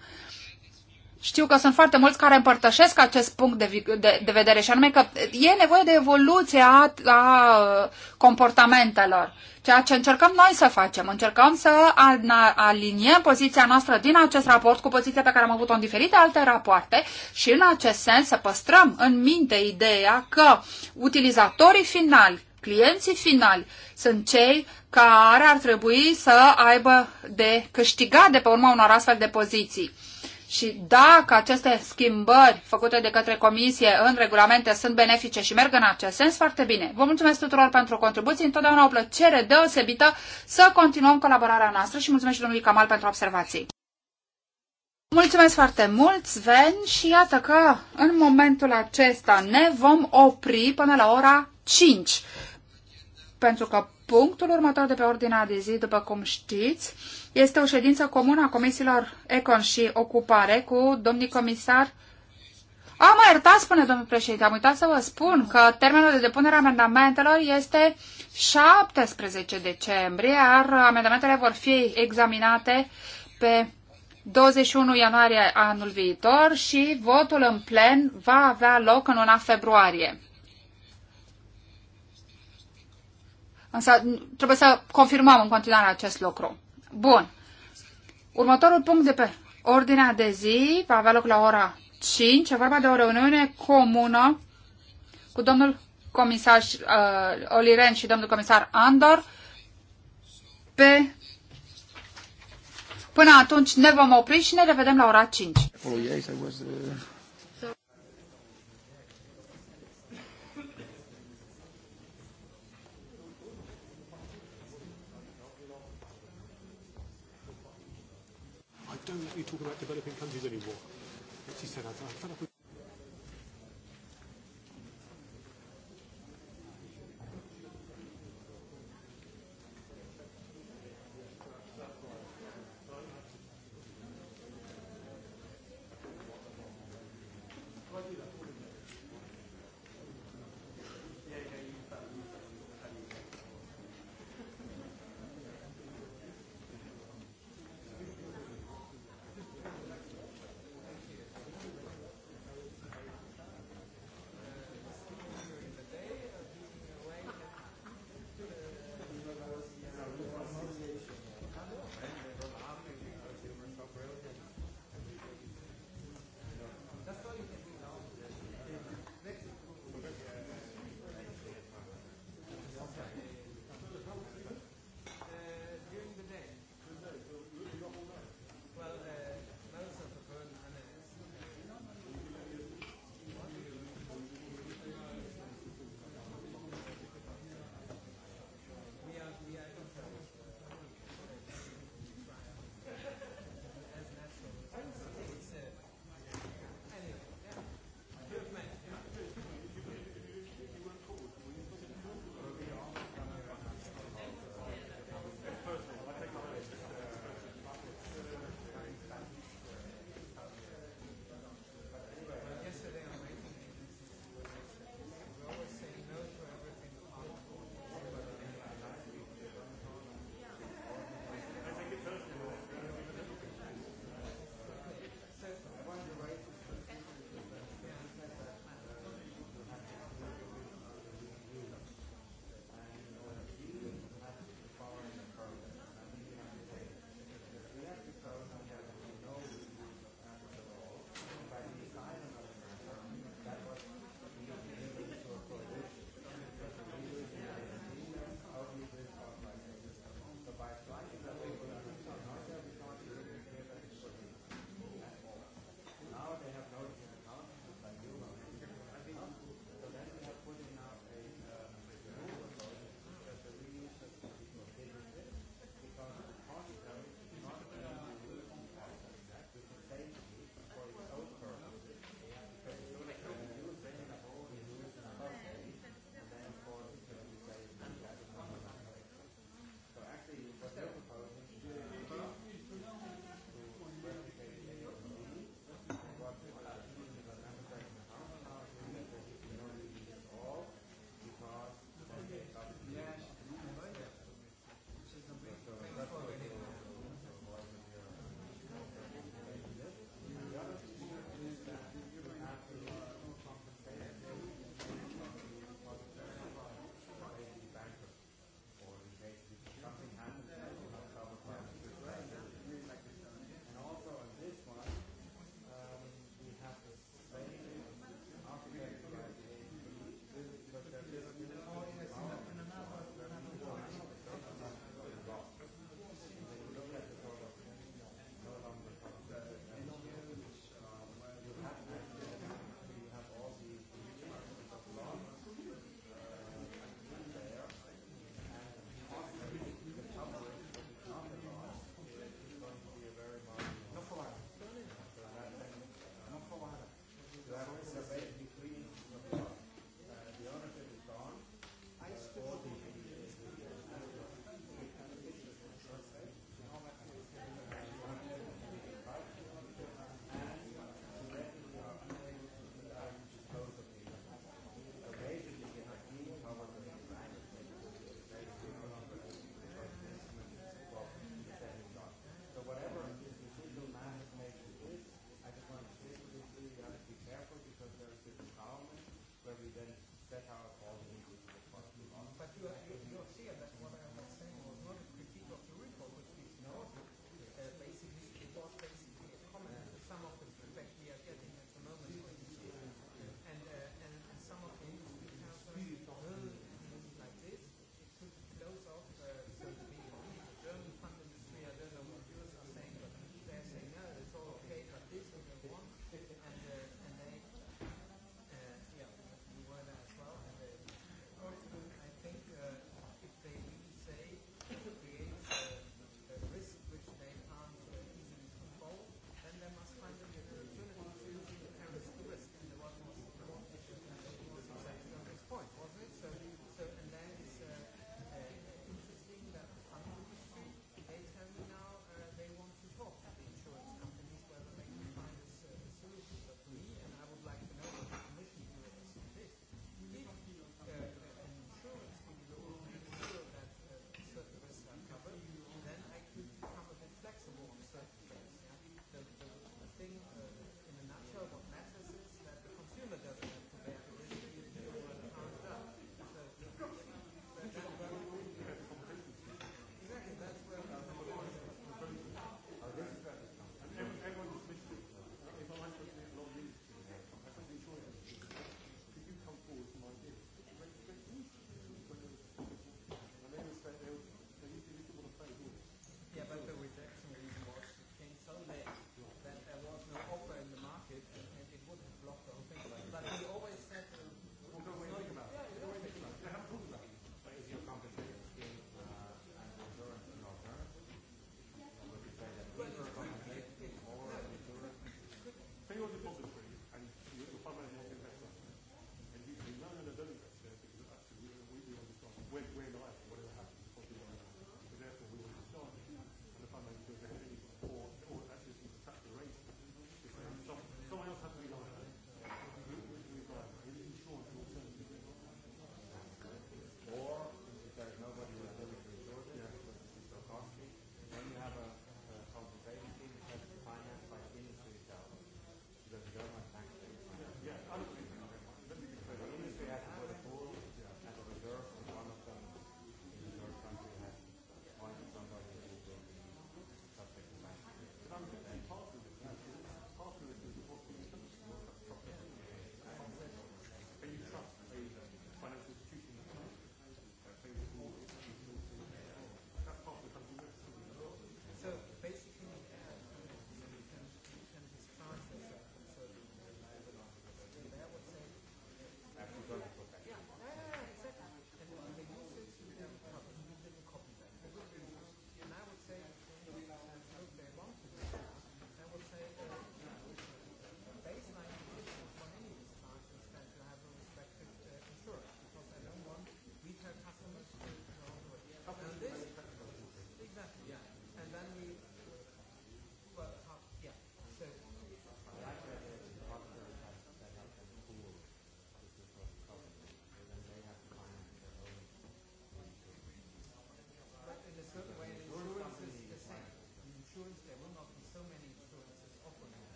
Știu că sunt foarte mulți care împărtășesc acest punct de, de, de vedere și anume că e nevoie de evoluție a, a comportamentelor. Ceea ce încercăm noi să facem, încercăm să aliniem poziția noastră din acest raport cu poziția pe care am avut-o în diferite alte rapoarte și în acest sens să păstrăm în minte ideea că utilizatorii finali, clienții finali, sunt cei care ar trebui să aibă de câștigat de pe urma unor astfel de poziții și dacă aceste schimbări făcute de către comisie în regulamente sunt benefice și merg în acest sens, foarte bine. Vă mulțumesc tuturor pentru contribuții, întotdeauna o plăcere deosebită să continuăm colaborarea noastră și mulțumesc și domnului Camal pentru observații. Mulțumesc foarte mult, Sven, și iată că în momentul acesta ne vom opri până la ora 5, pentru că punctul următor de pe ordinea de zi, după cum știți, este o ședință comună a comisiilor Econ și Ocupare cu domnii comisar a, mă iertați, spune domnul președinte, am uitat să vă spun că termenul de depunere a amendamentelor este 17 decembrie, iar amendamentele vor fi examinate pe 21 ianuarie anul viitor și votul în plen va avea loc în luna februarie. Însă trebuie să confirmăm în continuare acest lucru. Bun. Următorul punct de pe ordinea de zi va avea loc la ora 5. E vorba de o reuniune comună cu domnul comisar uh, Oliren și domnul comisar Andor pe Până atunci ne vom opri și ne revedem la ora 5. you talk about developing countries anymore. She said, I've fed up with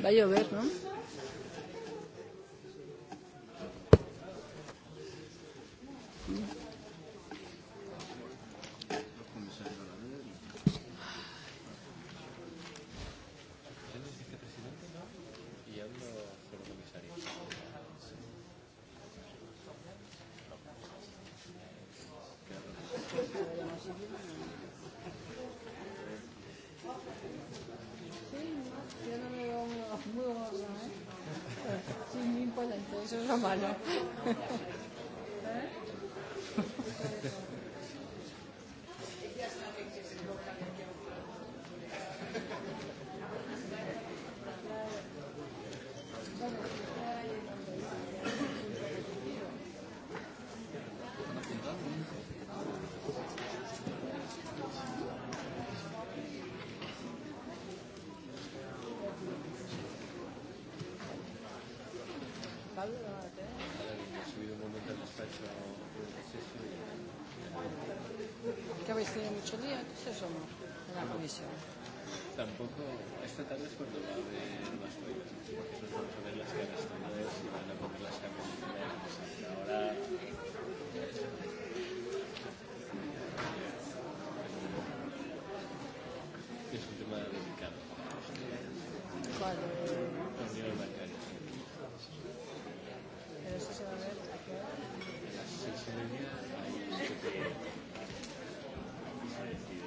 Va a llover, ¿no? da. Este mucho día, ¿qué es eso? En la comisie. Tampoco, esta tarde es cuando va a haber más huelgas, porque nos vamos a ver las caras tomadas y van a poner las camisetas. Ahora es un tema delicado. ¿Cuál? La unión bancaria. Pero eso se va a ver a qué hora. A las seis y media hay un Mulțumesc.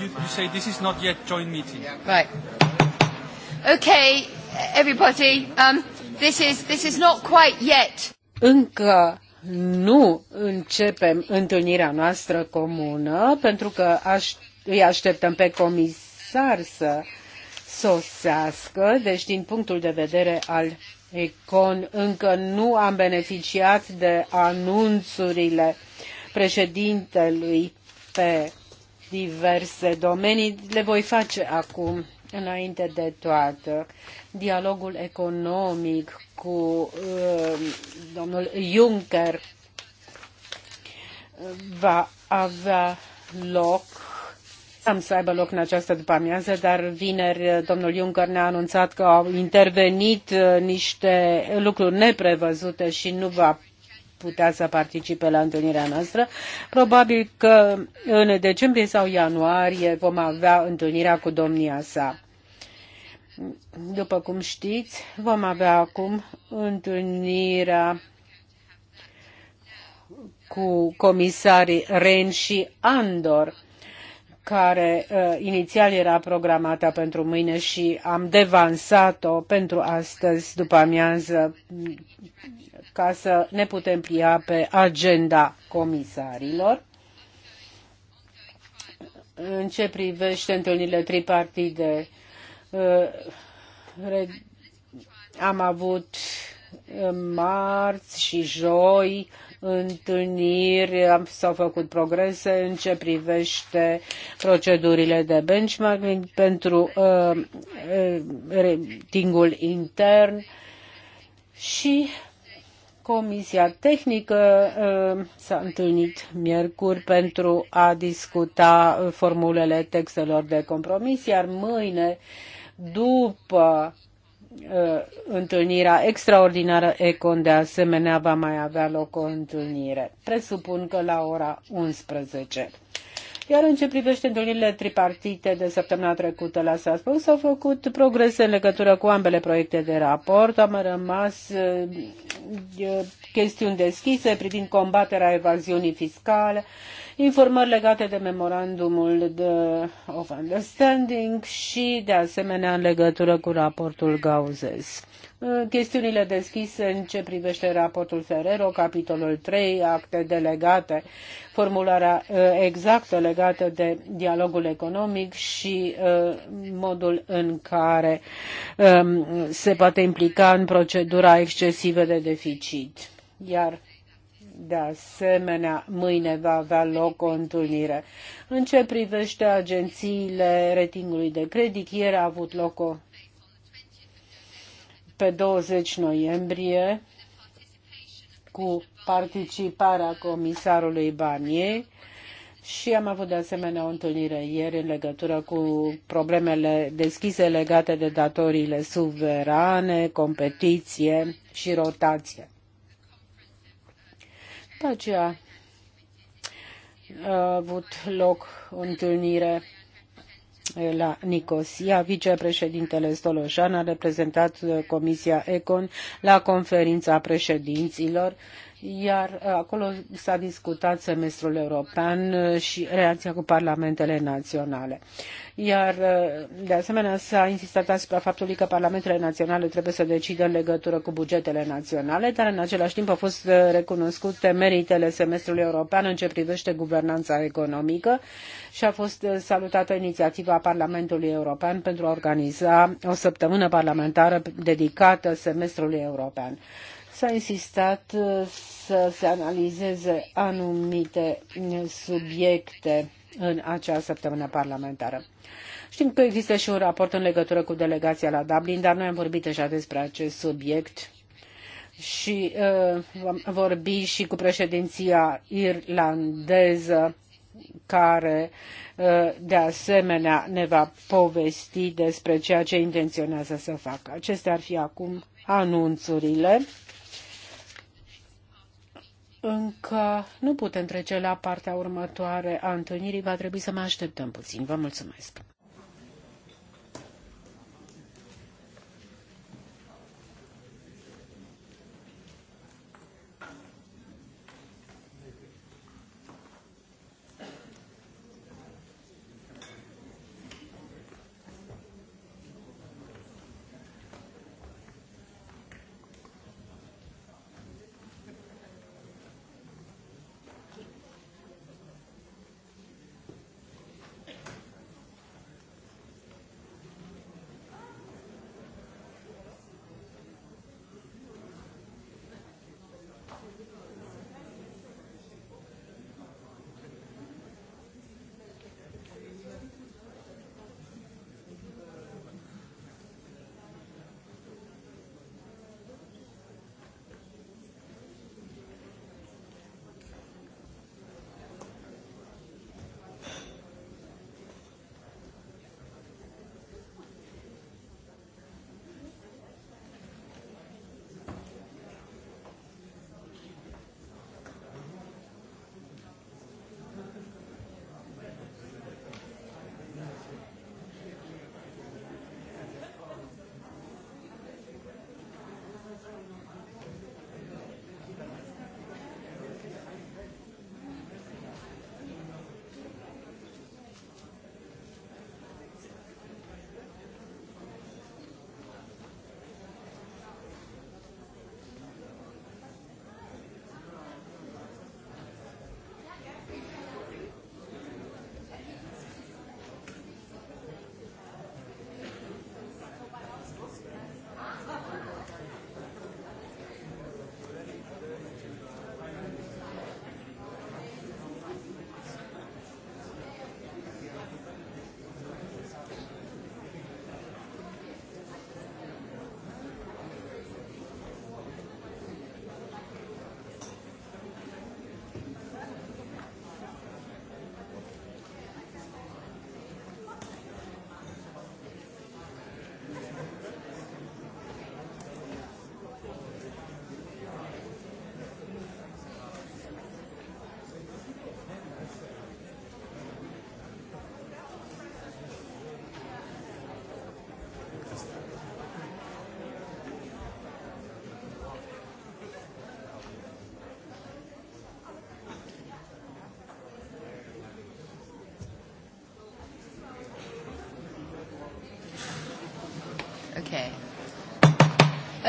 you, you say this is not yet joint meeting. Right. Okay, everybody, um, this is this is not quite yet. Încă nu începem întâlnirea noastră comună pentru că aș, îi așteptăm pe comisar să sosească, deci din punctul de vedere al Econ încă nu am beneficiat de anunțurile președintelui pe diverse domenii. Le voi face acum, înainte de toată, dialogul economic cu uh, domnul Juncker va avea loc am să aibă loc în această după-amiază, dar vineri uh, domnul Juncker ne-a anunțat că au intervenit uh, niște lucruri neprevăzute și nu va putea să participe la întâlnirea noastră. Probabil că în decembrie sau ianuarie vom avea întâlnirea cu domnia sa. După cum știți, vom avea acum întâlnirea cu comisarii Ren și Andor, care uh, inițial era programată pentru mâine și am devansat-o pentru astăzi după amiază ca să ne putem plia pe agenda comisarilor. În ce privește întâlnirile tripartite, uh, am avut uh, marți și joi întâlniri, am, s-au făcut progrese în ce privește procedurile de benchmarking pentru uh, uh ratingul intern și Comisia tehnică uh, s-a întâlnit miercuri pentru a discuta formulele textelor de compromis, iar mâine, după uh, întâlnirea extraordinară Econ, de asemenea, va mai avea loc o întâlnire. Presupun că la ora 11. Iar în ce privește întâlnirile tripartite de săptămâna trecută la Salzburg, s-au făcut progrese în legătură cu ambele proiecte de raport. Am rămas eh, eh, chestiuni deschise privind combaterea evaziunii fiscale, informări legate de memorandumul de, of understanding și, de asemenea, în legătură cu raportul Gauzes. Uh, chestiunile deschise în ce privește raportul Ferrero, capitolul 3, acte delegate, formularea uh, exactă legată de dialogul economic și uh, modul în care um, se poate implica în procedura excesivă de deficit. Iar de asemenea, mâine va avea loc o întâlnire. În ce privește agențiile ratingului de credit, ieri a avut loc o pe 20 noiembrie cu participarea comisarului Barnier și am avut de asemenea o întâlnire ieri în legătură cu problemele deschise legate de datoriile suverane, competiție și rotație. După aceea a avut loc o întâlnire la Nicosia, vicepreședintele Stolojan a reprezentat uh, Comisia Econ la conferința președinților iar uh, acolo s-a discutat semestrul european uh, și reacția cu parlamentele naționale. Iar, uh, de asemenea, s-a insistat asupra faptului că parlamentele naționale trebuie să decidă în legătură cu bugetele naționale, dar în același timp au fost recunoscute meritele semestrului european în ce privește guvernanța economică și a fost salutată inițiativa Parlamentului European pentru a organiza o săptămână parlamentară dedicată semestrului european s-a insistat uh, să se analizeze anumite uh, subiecte în acea săptămână parlamentară. Știm că există și un raport în legătură cu delegația la Dublin, dar noi am vorbit deja despre acest subiect și uh, am vorbit și cu președinția irlandeză care uh, de asemenea ne va povesti despre ceea ce intenționează să facă. Acestea ar fi acum anunțurile încă nu putem trece la partea următoare a întâlnirii, va trebui să mai așteptăm puțin. Vă mulțumesc!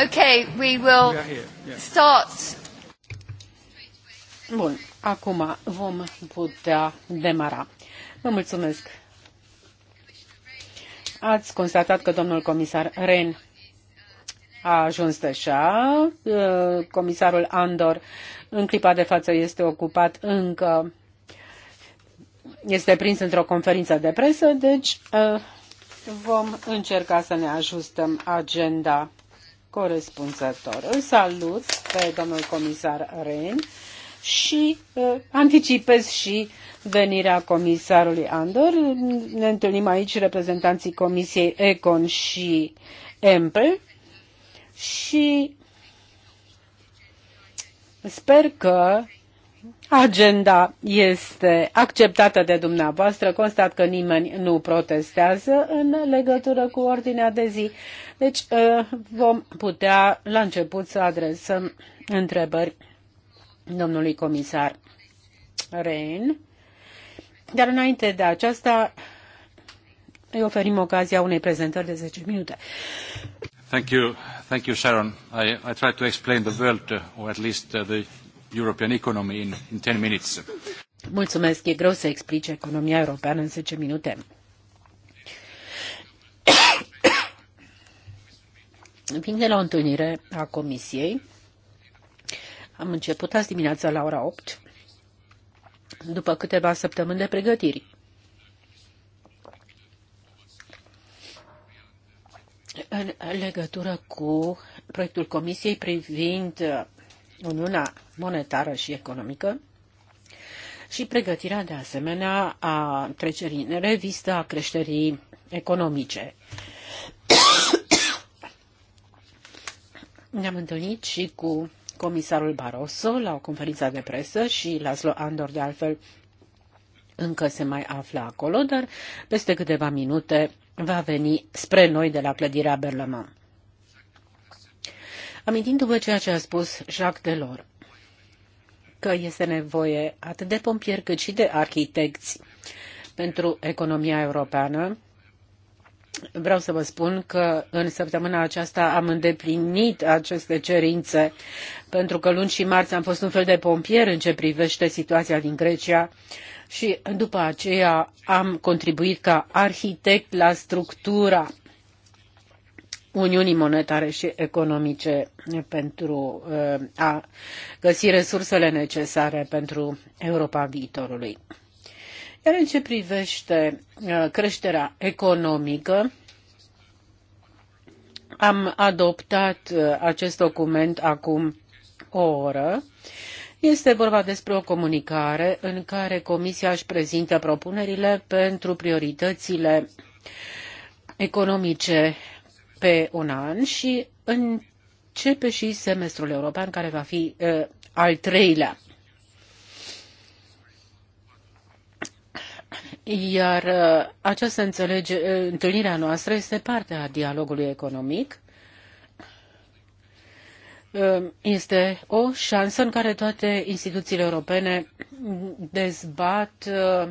Okay, we will start. Bun, acum vom putea demara. Vă mulțumesc. Ați constatat că domnul comisar Ren a ajuns deja. Uh, comisarul Andor în clipa de față este ocupat încă este prins într-o conferință de presă, deci uh, vom încerca să ne ajustăm agenda corespunzător. Îl salut pe domnul comisar Ren și uh, anticipez și venirea comisarului Andor. Ne întâlnim aici reprezentanții Comisiei Econ și Empel și sper că Agenda este acceptată de dumneavoastră, constat că nimeni nu protestează în legătură cu ordinea de zi, deci uh, vom putea la început să adresăm întrebări domnului comisar Rein. Dar înainte de aceasta îi oferim ocazia unei prezentări de 10 minute. Thank you, thank you Sharon. I, I tried to explain the world, uh, or at least uh, the European economy in, in 10 minutes. Mulțumesc, e greu să explici economia europeană în 10 minute. Vin de la o întâlnire a Comisiei. Am început azi dimineața la ora 8, după câteva săptămâni de pregătiri. În legătură cu proiectul Comisiei privind Uniunea Monetară și Economică și pregătirea de asemenea a trecerii în revistă a creșterii economice. Ne-am întâlnit și cu comisarul Barroso la o conferință de presă și Laszlo Andor de altfel încă se mai află acolo, dar peste câteva minute va veni spre noi de la clădirea Berlemont. Amintindu-vă ceea ce a spus Jacques Delors, că este nevoie atât de pompieri cât și de arhitecți pentru economia europeană, Vreau să vă spun că în săptămâna aceasta am îndeplinit aceste cerințe, pentru că luni și marți am fost un fel de pompier în ce privește situația din Grecia și după aceea am contribuit ca arhitect la structura Uniunii Monetare și Economice pentru uh, a găsi resursele necesare pentru Europa viitorului. Iar în ce privește uh, creșterea economică, am adoptat uh, acest document acum o oră. Este vorba despre o comunicare în care Comisia își prezintă propunerile pentru prioritățile economice pe un an și începe și semestrul european care va fi uh, al treilea. Iar uh, această înțelege, uh, întâlnirea noastră este parte a dialogului economic. Uh, este o șansă în care toate instituțiile europene dezbat uh,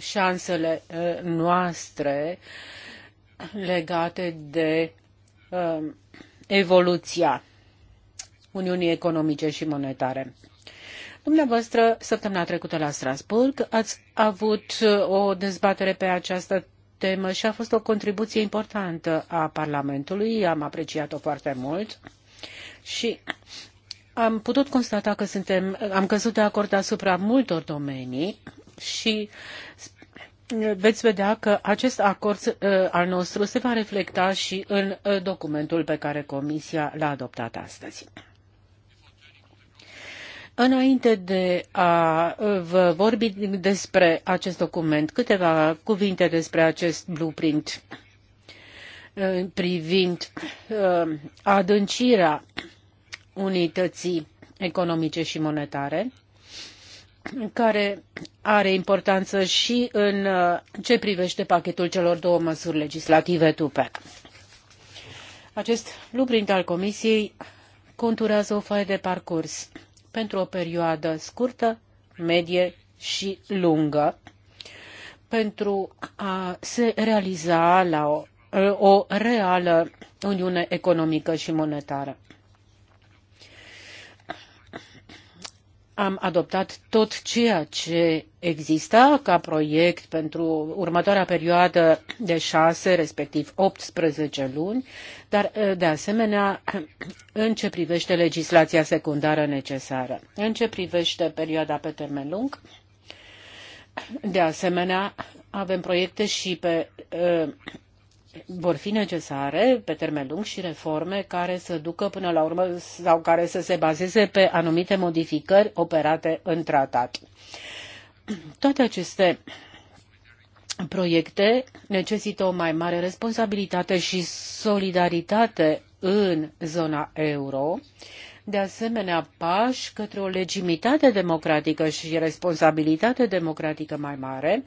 șansele uh, noastre uh, legate de uh, evoluția Uniunii Economice și Monetare. Dumneavoastră, săptămâna trecută la Strasburg, ați avut uh, o dezbatere pe această temă și a fost o contribuție importantă a Parlamentului. Am apreciat-o foarte mult și am putut constata că suntem, am căzut de acord asupra multor domenii și veți vedea că acest acord uh, al nostru se va reflecta și în uh, documentul pe care Comisia l-a adoptat astăzi. Înainte de a uh, vă vorbi despre acest document, câteva cuvinte despre acest blueprint privind adâncirea unității economice și monetare care are importanță și în uh, ce privește pachetul celor două măsuri legislative TUPEC. Acest blueprint al Comisiei conturează o foaie de parcurs pentru o perioadă scurtă, medie și lungă pentru a se realiza la o, uh, o reală uniune economică și monetară. am adoptat tot ceea ce exista ca proiect pentru următoarea perioadă de șase, respectiv 18 luni, dar de asemenea în ce privește legislația secundară necesară. În ce privește perioada pe termen lung, de asemenea avem proiecte și pe vor fi necesare pe termen lung și reforme care să ducă până la urmă sau care să se bazeze pe anumite modificări operate în tratat. Toate aceste proiecte necesită o mai mare responsabilitate și solidaritate în zona euro, de asemenea pași către o legitimitate democratică și responsabilitate democratică mai mare,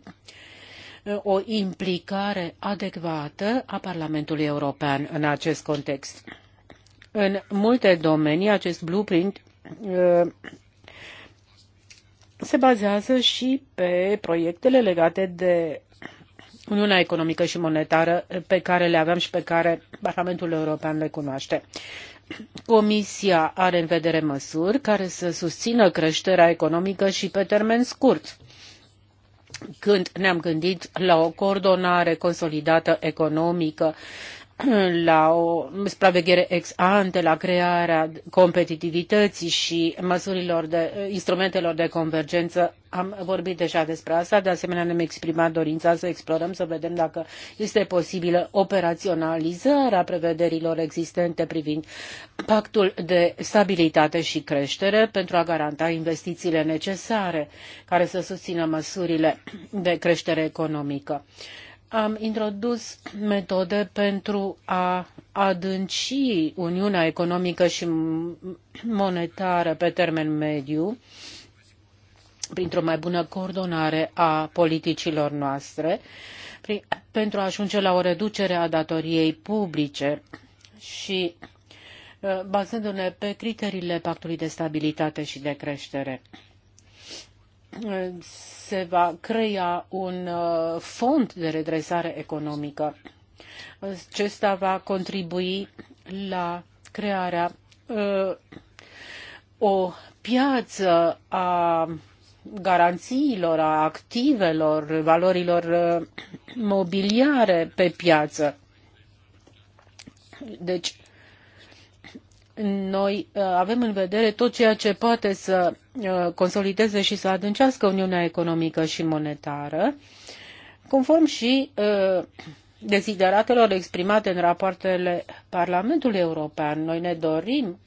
o implicare adecvată a Parlamentului European în acest context. În multe domenii, acest blueprint uh, se bazează și pe proiectele legate de Uniunea Economică și Monetară pe care le avem și pe care Parlamentul European le cunoaște. Comisia are în vedere măsuri care să susțină creșterea economică și pe termen scurt când ne-am gândit la o coordonare consolidată economică la o supraveghere ex ante, la crearea competitivității și măsurilor de, instrumentelor de convergență. Am vorbit deja despre asta, de asemenea ne-am exprimat dorința să explorăm, să vedem dacă este posibilă operaționalizarea prevederilor existente privind pactul de stabilitate și creștere pentru a garanta investițiile necesare care să susțină măsurile de creștere economică am introdus metode pentru a adânci Uniunea Economică și Monetară pe termen mediu printr-o mai bună coordonare a politicilor noastre prin, pentru a ajunge la o reducere a datoriei publice și uh, bazându-ne pe criteriile Pactului de Stabilitate și de Creștere se va crea un uh, fond de redresare economică. Acesta va contribui la crearea uh, o piață a garanțiilor, a activelor, valorilor uh, mobiliare pe piață. Deci, noi uh, avem în vedere tot ceea ce poate să uh, consolideze și să adâncească Uniunea Economică și Monetară, conform și uh, dezideratelor exprimate în rapoartele Parlamentului European. Noi ne dorim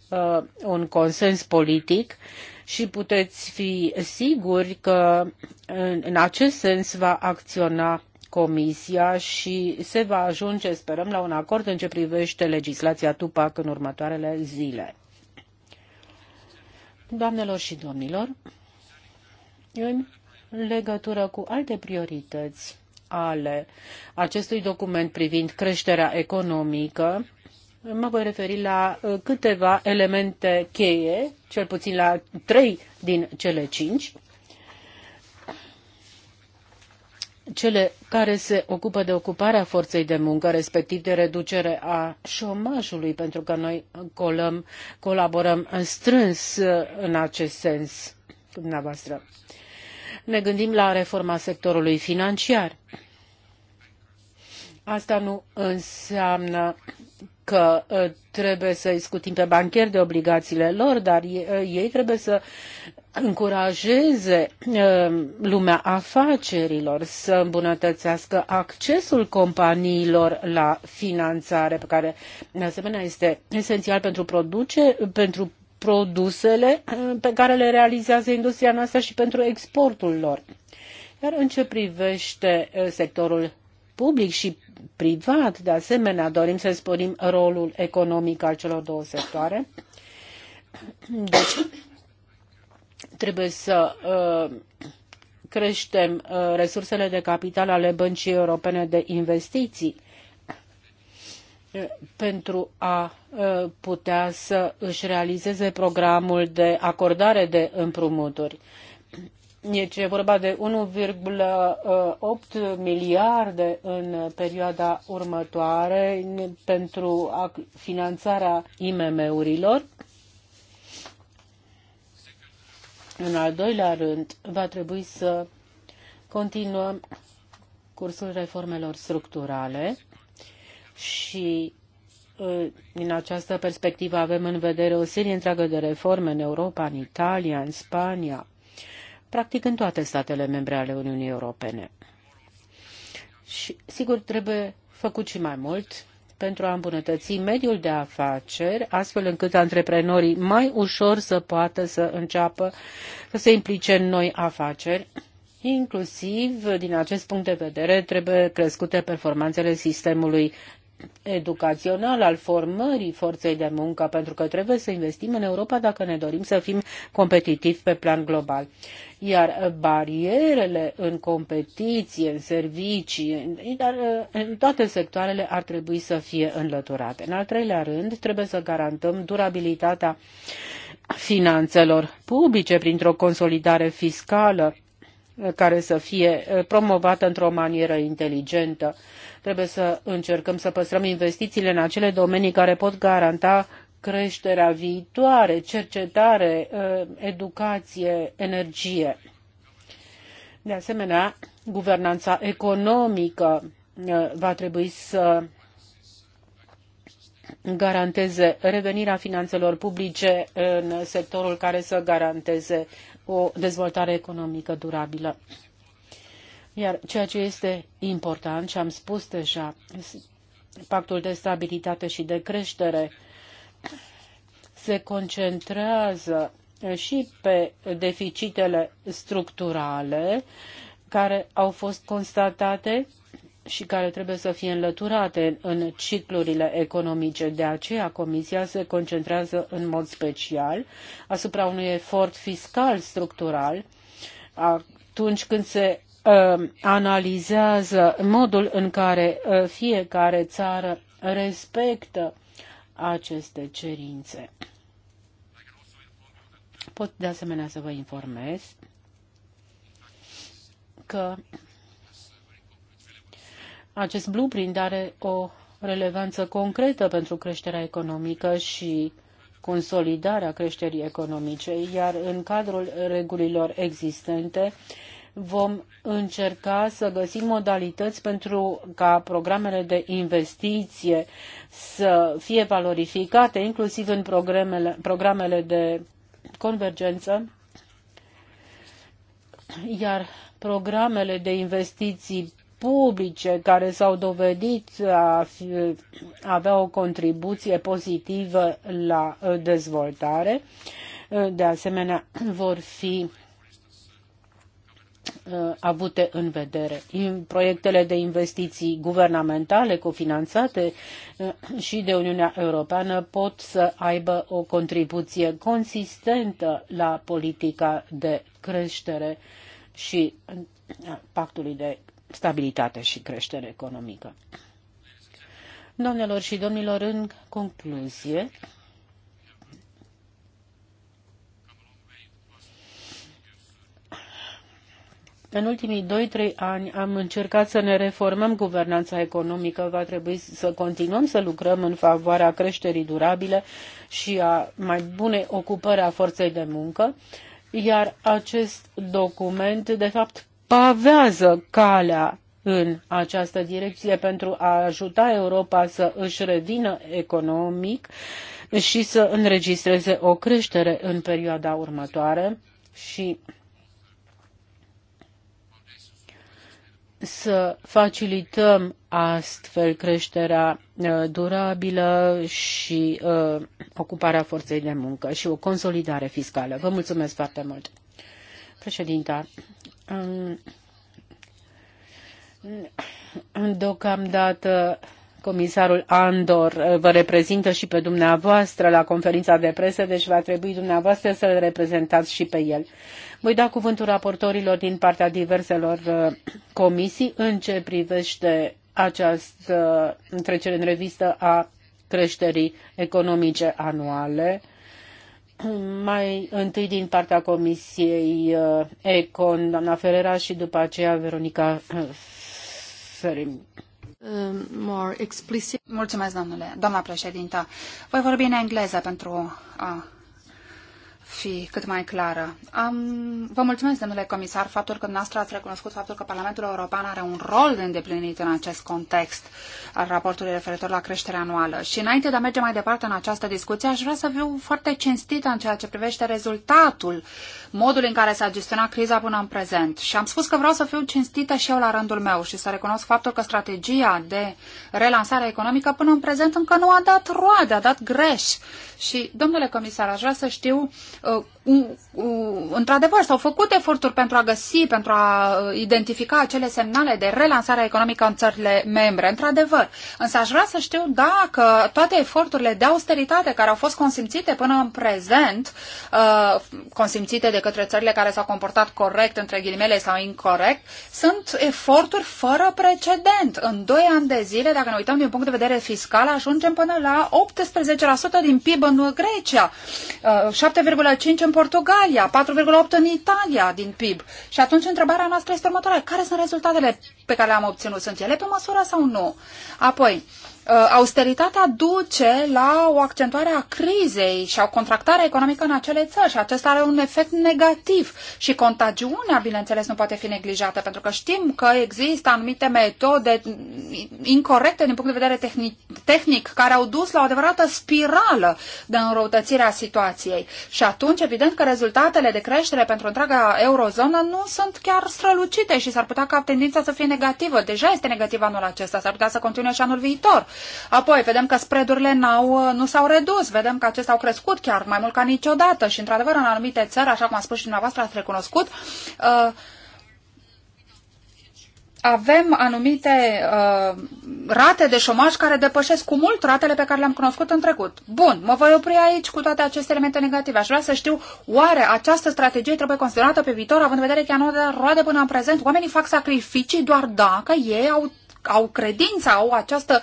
un consens politic și puteți fi siguri că în acest sens va acționa Comisia și se va ajunge, sperăm, la un acord în ce privește legislația TUPAC în următoarele zile. Doamnelor și domnilor, în legătură cu alte priorități ale acestui document privind creșterea economică, mă voi referi la uh, câteva elemente cheie, cel puțin la trei din cele cinci. cele care se ocupă de ocuparea forței de muncă, respectiv de reducere a șomajului, pentru că noi colăm, colaborăm strâns uh, în acest sens cu dumneavoastră. Ne gândim la reforma sectorului financiar. Asta nu înseamnă că uh, trebuie să îi scutim pe bancheri de obligațiile lor, dar uh, ei trebuie să încurajeze uh, lumea afacerilor să îmbunătățească accesul companiilor la finanțare, pe care, de asemenea, este esențial pentru, produce, pentru produsele uh, pe care le realizează industria noastră și pentru exportul lor. Iar în ce privește uh, sectorul public și privat, de asemenea, dorim să sporim rolul economic al celor două sectoare. Deci, Trebuie să uh, creștem uh, resursele de capital ale Băncii Europene de Investiții uh, pentru a putea să își realizeze programul de acordare de împrumuturi. Deci e vorba de 1,8 miliarde în perioada următoare pentru finanțarea IMM-urilor În al doilea rând, va trebui să continuăm cursul reformelor structurale și ă, din această perspectivă avem în vedere o serie întreagă de reforme în Europa, în Italia, în Spania, practic în toate statele membre ale Uniunii Europene. Și sigur trebuie făcut și mai mult pentru a îmbunătăți mediul de afaceri, astfel încât antreprenorii mai ușor să poată să înceapă să se implice în noi afaceri. Inclusiv, din acest punct de vedere, trebuie crescute performanțele sistemului educațional, al formării forței de muncă, pentru că trebuie să investim în Europa dacă ne dorim să fim competitivi pe plan global. Iar barierele în competiție, în servicii, în toate sectoarele ar trebui să fie înlăturate. În al treilea rând, trebuie să garantăm durabilitatea finanțelor publice printr-o consolidare fiscală care să fie promovată într-o manieră inteligentă Trebuie să încercăm să păstrăm investițiile în acele domenii care pot garanta creșterea viitoare, cercetare, uh, educație, energie. De asemenea, guvernanța economică uh, va trebui să garanteze revenirea finanțelor publice în sectorul care să garanteze o dezvoltare economică durabilă. Iar ceea ce este important, și am spus deja, pactul de stabilitate și de creștere se concentrează și pe deficitele structurale care au fost constatate și care trebuie să fie înlăturate în ciclurile economice. De aceea, Comisia se concentrează în mod special asupra unui efort fiscal structural atunci când se Uh, analizează modul în care uh, fiecare țară respectă aceste cerințe. Pot de asemenea să vă informez că acest blueprint are o relevanță concretă pentru creșterea economică și consolidarea creșterii economice, iar în cadrul regulilor existente vom încerca să găsim modalități pentru ca programele de investiție să fie valorificate, inclusiv în programele, programele de convergență, iar programele de investiții publice care s-au dovedit a fi, avea o contribuție pozitivă la uh, dezvoltare, uh, de asemenea vor fi Uh, avute în vedere. Proiectele de investiții guvernamentale cofinanțate uh, și de Uniunea Europeană pot să aibă o contribuție consistentă la politica de creștere și uh, pactului de stabilitate și creștere economică. Doamnelor și domnilor, în concluzie, În ultimii 2-3 ani am încercat să ne reformăm guvernanța economică, va trebui să continuăm să lucrăm în favoarea creșterii durabile și a mai bune ocupări a forței de muncă, iar acest document, de fapt, pavează calea în această direcție pentru a ajuta Europa să își revină economic și să înregistreze o creștere în perioada următoare și să facilităm astfel creșterea uh, durabilă și uh, ocuparea forței de muncă și o consolidare fiscală. Vă mulțumesc foarte mult. Președinta, deocamdată comisarul Andor uh, vă reprezintă și pe dumneavoastră la conferința de presă, deci va trebui dumneavoastră să-l reprezentați și pe el. Voi da cuvântul raportorilor din partea diverselor uh, comisii în ce privește această uh, trecere în revistă a creșterii economice anuale mai întâi din partea Comisiei uh, Econ, doamna Ferrera și după aceea Veronica Ferim. More explicit. Mulțumesc, domnule, doamna președintă. Voi vorbi în engleză pentru a fi cât mai clară. Um, Vă mulțumesc, domnule comisar, faptul că dumneavoastră ați recunoscut faptul că Parlamentul European are un rol de îndeplinit în acest context al raportului referitor la creșterea anuală. Și înainte de a merge mai departe în această discuție, aș vrea să fiu foarte cinstită în ceea ce privește rezultatul, modul în care s-a gestionat criza până în prezent. Și am spus că vreau să fiu cinstită și eu la rândul meu și să recunosc faptul că strategia de relansare economică până în prezent încă nu a dat roade, a dat greș. Și, domnule comisar, aș vrea să știu Uh, uh, într-adevăr, s-au făcut eforturi pentru a găsi, pentru a uh, identifica acele semnale de relansare economică în țările membre, într-adevăr. Însă aș vrea să știu dacă toate eforturile de austeritate care au fost consimțite până în prezent, consimțite de către țările care s-au comportat corect, între ghilimele sau incorrect, sunt eforturi fără precedent. În doi ani de zile, dacă ne uităm din punct de vedere fiscal, ajungem până la 18% din PIB în Grecia, 7,5% în Portugalia, 4,8% în Italia din PIB. Și atunci întrebarea noastră este următoarea. Care sunt rezultatele pe care le-am obținut? Sunt ele pe măsură sau nu? Apoi, Uh, austeritatea duce la o accentuare a crizei și a contractarea economică în acele țări și acesta are un efect negativ și contagiunea, bineînțeles, nu poate fi neglijată pentru că știm că există anumite metode incorrecte din punct de vedere tehnic, tehnic care au dus la o adevărată spirală de înrăutățire a situației și atunci evident că rezultatele de creștere pentru întreaga eurozonă nu sunt chiar strălucite și s-ar putea ca tendința să fie negativă. Deja este negativă anul acesta, s-ar putea să continue și anul viitor. Apoi, vedem că spreadurile n-au, nu s-au redus, vedem că acestea au crescut chiar mai mult ca niciodată și, într-adevăr, în anumite țări, așa cum a spus și dumneavoastră, ați recunoscut, uh, avem anumite uh, rate de șomaj care depășesc cu mult ratele pe care le-am cunoscut în trecut. Bun, mă voi opri aici cu toate aceste elemente negative. Aș vrea să știu, oare această strategie trebuie considerată pe viitor, având în vedere că ea nu de roade până în prezent? Oamenii fac sacrificii doar dacă ei au au credința, au această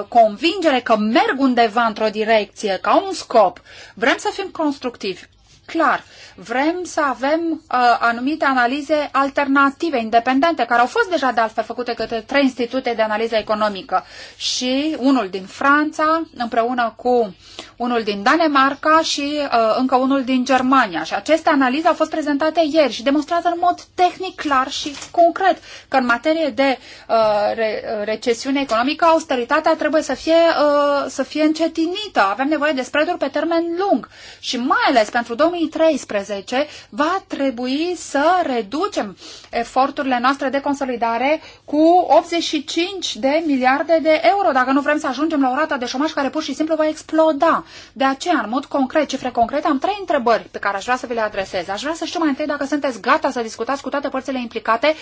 uh, convingere că merg undeva într-o direcție, au un scop. Vrem să fim constructivi clar. Vrem să avem uh, anumite analize alternative, independente, care au fost deja de altfel făcute către trei institute de analiză economică și unul din Franța, împreună cu unul din Danemarca și uh, încă unul din Germania. Și aceste analize au fost prezentate ieri și demonstrează în mod tehnic clar și concret că în materie de uh, re- recesiune economică, austeritatea trebuie să fie, uh, să fie încetinită. Avem nevoie de spreaduri pe termen lung și mai ales pentru domnul. 2013 va trebui să reducem eforturile noastre de consolidare cu 85 de miliarde de euro, dacă nu vrem să ajungem la o rată de șomaj care pur și simplu va exploda. De aceea, în mod concret, cifre concrete, am trei întrebări pe care aș vrea să vi le adresez. Aș vrea să știu mai întâi dacă sunteți gata să discutați cu toate părțile implicate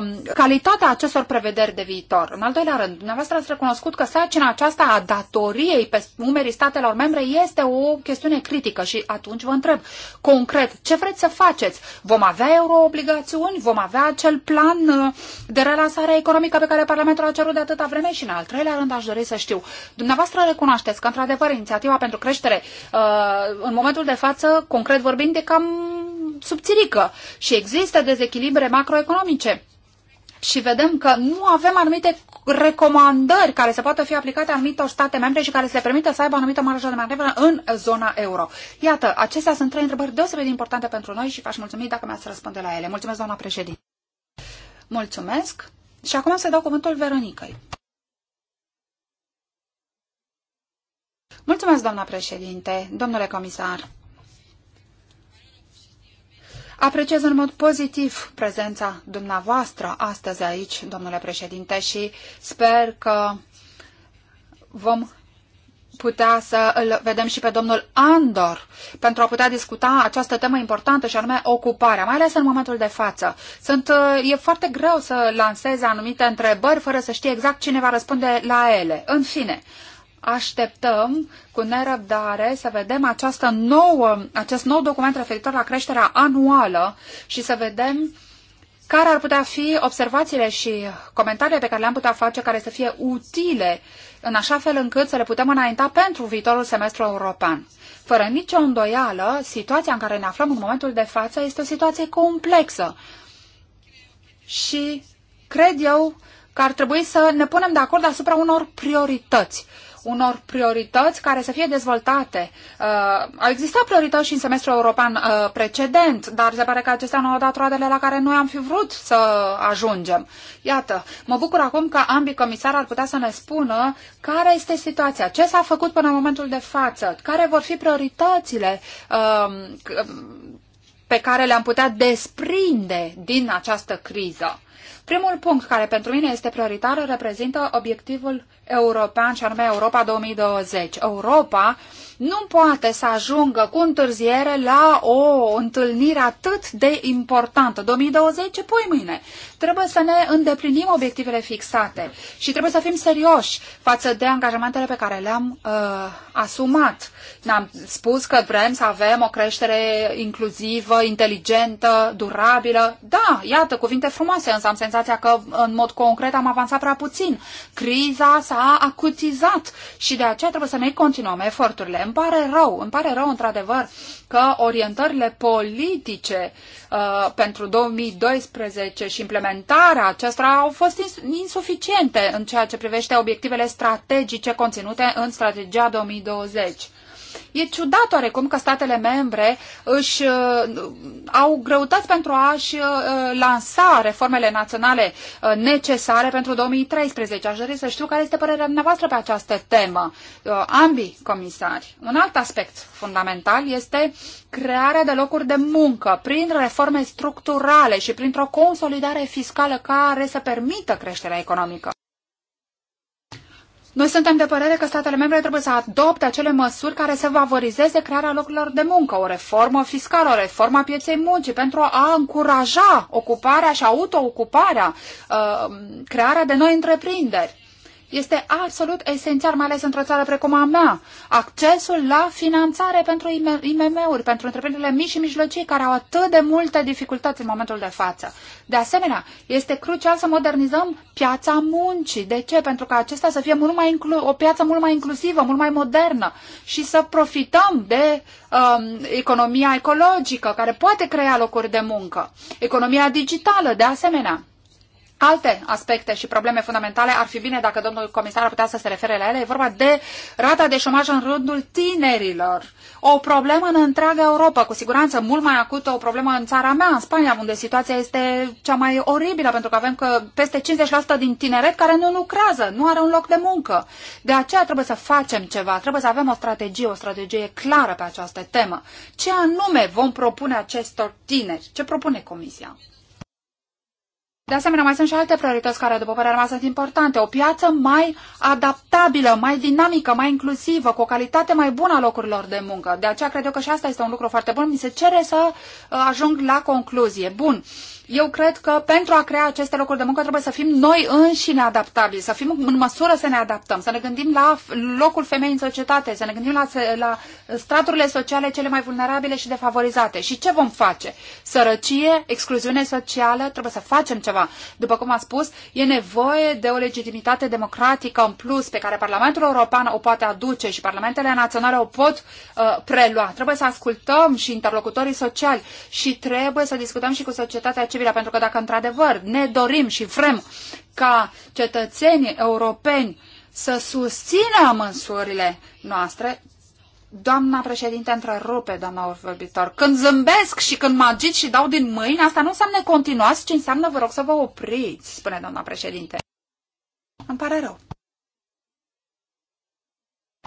um, calitatea acestor prevederi de viitor. În al doilea rând, dumneavoastră ați recunoscut că sacina aceasta a datoriei pe umerii statelor membre este o chestiune critică și atunci vă întreb, concret. Ce vreți să faceți? Vom avea euroobligațiuni? Vom avea acel plan uh, de relansare economică pe care Parlamentul a cerut de atâta vreme? Și în al treilea rând aș dori să știu. Dumneavoastră recunoașteți că, într-adevăr, inițiativa pentru creștere, uh, în momentul de față, concret vorbind, e cam subțirică și există dezechilibre macroeconomice și vedem că nu avem anumite recomandări care să poată fi aplicate anumitor state membre și care să le permită să aibă anumită marjă de manevră în zona euro. Iată, acestea sunt trei întrebări deosebit de importante pentru noi și v-aș mulțumi dacă mi-ați răspunde la ele. Mulțumesc, doamna președinte. Mulțumesc. Și acum să dau cuvântul Veronicăi. Mulțumesc, doamna președinte, domnule comisar. Apreciez în mod pozitiv prezența dumneavoastră astăzi aici, domnule președinte, și sper că vom putea să îl vedem și pe domnul Andor pentru a putea discuta această temă importantă și anume ocuparea, mai ales în momentul de față. Sunt, e foarte greu să lanseze anumite întrebări fără să știe exact cine va răspunde la ele. În fine, așteptăm cu nerăbdare să vedem această nouă, acest nou document referitor la creșterea anuală și să vedem care ar putea fi observațiile și comentariile pe care le-am putea face care să fie utile în așa fel încât să le putem înainta pentru viitorul semestru european. Fără nicio îndoială, situația în care ne aflăm în momentul de față este o situație complexă și cred eu că ar trebui să ne punem de acord asupra unor priorități unor priorități care să fie dezvoltate. Uh, au existat priorități și în semestrul european uh, precedent, dar se pare că acestea nu au dat roadele la care noi am fi vrut să ajungem. Iată, mă bucur acum că ambii comisari ar putea să ne spună care este situația, ce s-a făcut până în momentul de față, care vor fi prioritățile uh, pe care le-am putea desprinde din această criză. Primul punct care pentru mine este prioritar reprezintă obiectivul european și anume Europa 2020. Europa nu poate să ajungă cu întârziere la o întâlnire atât de importantă. 2020, pui mâine? Trebuie să ne îndeplinim obiectivele fixate și trebuie să fim serioși față de angajamentele pe care le-am uh, asumat. Ne-am spus că vrem să avem o creștere inclusivă, inteligentă, durabilă. Da, iată, cuvinte frumoase, însă am senzația că în mod concret am avansat prea puțin. Criza s-a acutizat și de aceea trebuie să ne continuăm eforturile. Îmi pare rău, îmi pare rău într-adevăr că orientările politice uh, pentru 2012 și implementarea acestora au fost insuficiente în ceea ce privește obiectivele strategice conținute în strategia 2020. E ciudat oarecum că statele membre își uh, au greutăți pentru a-și uh, lansa reformele naționale uh, necesare pentru 2013. Aș dori să știu care este părerea dumneavoastră pe această temă. Ambii comisari. Un alt aspect fundamental este crearea de locuri de muncă prin reforme structurale și printr-o consolidare fiscală care să permită creșterea economică. Noi suntem de părere că statele membre trebuie să adopte acele măsuri care să favorizeze crearea locurilor de muncă, o reformă fiscală, o reformă a pieței muncii pentru a încuraja ocuparea și autoocuparea, uh, crearea de noi întreprinderi este absolut esențial, mai ales într-o țară precum a mea, accesul la finanțare pentru IMM-uri, pentru întreprinderile mici și mijlocii care au atât de multe dificultăți în momentul de față. De asemenea, este crucial să modernizăm piața muncii. De ce? Pentru că acesta să fie mult mai inclu- o piață mult mai inclusivă, mult mai modernă și să profităm de um, economia ecologică care poate crea locuri de muncă, economia digitală, de asemenea. Alte aspecte și probleme fundamentale ar fi bine dacă domnul comisar ar putea să se refere la ele. E vorba de rata de șomaj în rândul tinerilor. O problemă în întreaga Europa, cu siguranță mult mai acută, o problemă în țara mea, în Spania, unde situația este cea mai oribilă, pentru că avem că peste 50% din tineret care nu lucrează, nu are un loc de muncă. De aceea trebuie să facem ceva, trebuie să avem o strategie, o strategie clară pe această temă. Ce anume vom propune acestor tineri? Ce propune Comisia? De asemenea, mai sunt și alte priorități care, după părerea mea, sunt importante. O piață mai adaptabilă, mai dinamică, mai inclusivă, cu o calitate mai bună a locurilor de muncă. De aceea cred eu că și asta este un lucru foarte bun. Mi se cere să uh, ajung la concluzie. Bun. Uh, eu cred că pentru a crea aceste locuri de muncă trebuie să fim noi înșine adaptabili, să fim în măsură să ne adaptăm, să ne gândim la locul femeii în societate, să ne gândim la, la straturile sociale cele mai vulnerabile și defavorizate. Și ce vom face? Sărăcie, excluziune socială, trebuie să facem ceva. După cum am spus, e nevoie de o legitimitate democratică în plus pe care Parlamentul European o poate aduce și Parlamentele naționale o pot uh, prelua. Trebuie să ascultăm și interlocutorii sociali și trebuie să discutăm și cu societatea civilă posibilă, pentru că dacă într-adevăr ne dorim și vrem ca cetățenii europeni să susțină măsurile noastre, Doamna președinte întrerupe, doamna vorbitor. Când zâmbesc și când mă agit și dau din mâini, asta nu înseamnă continuați, ci înseamnă vă rog să vă opriți, spune doamna președinte. Îmi pare rău.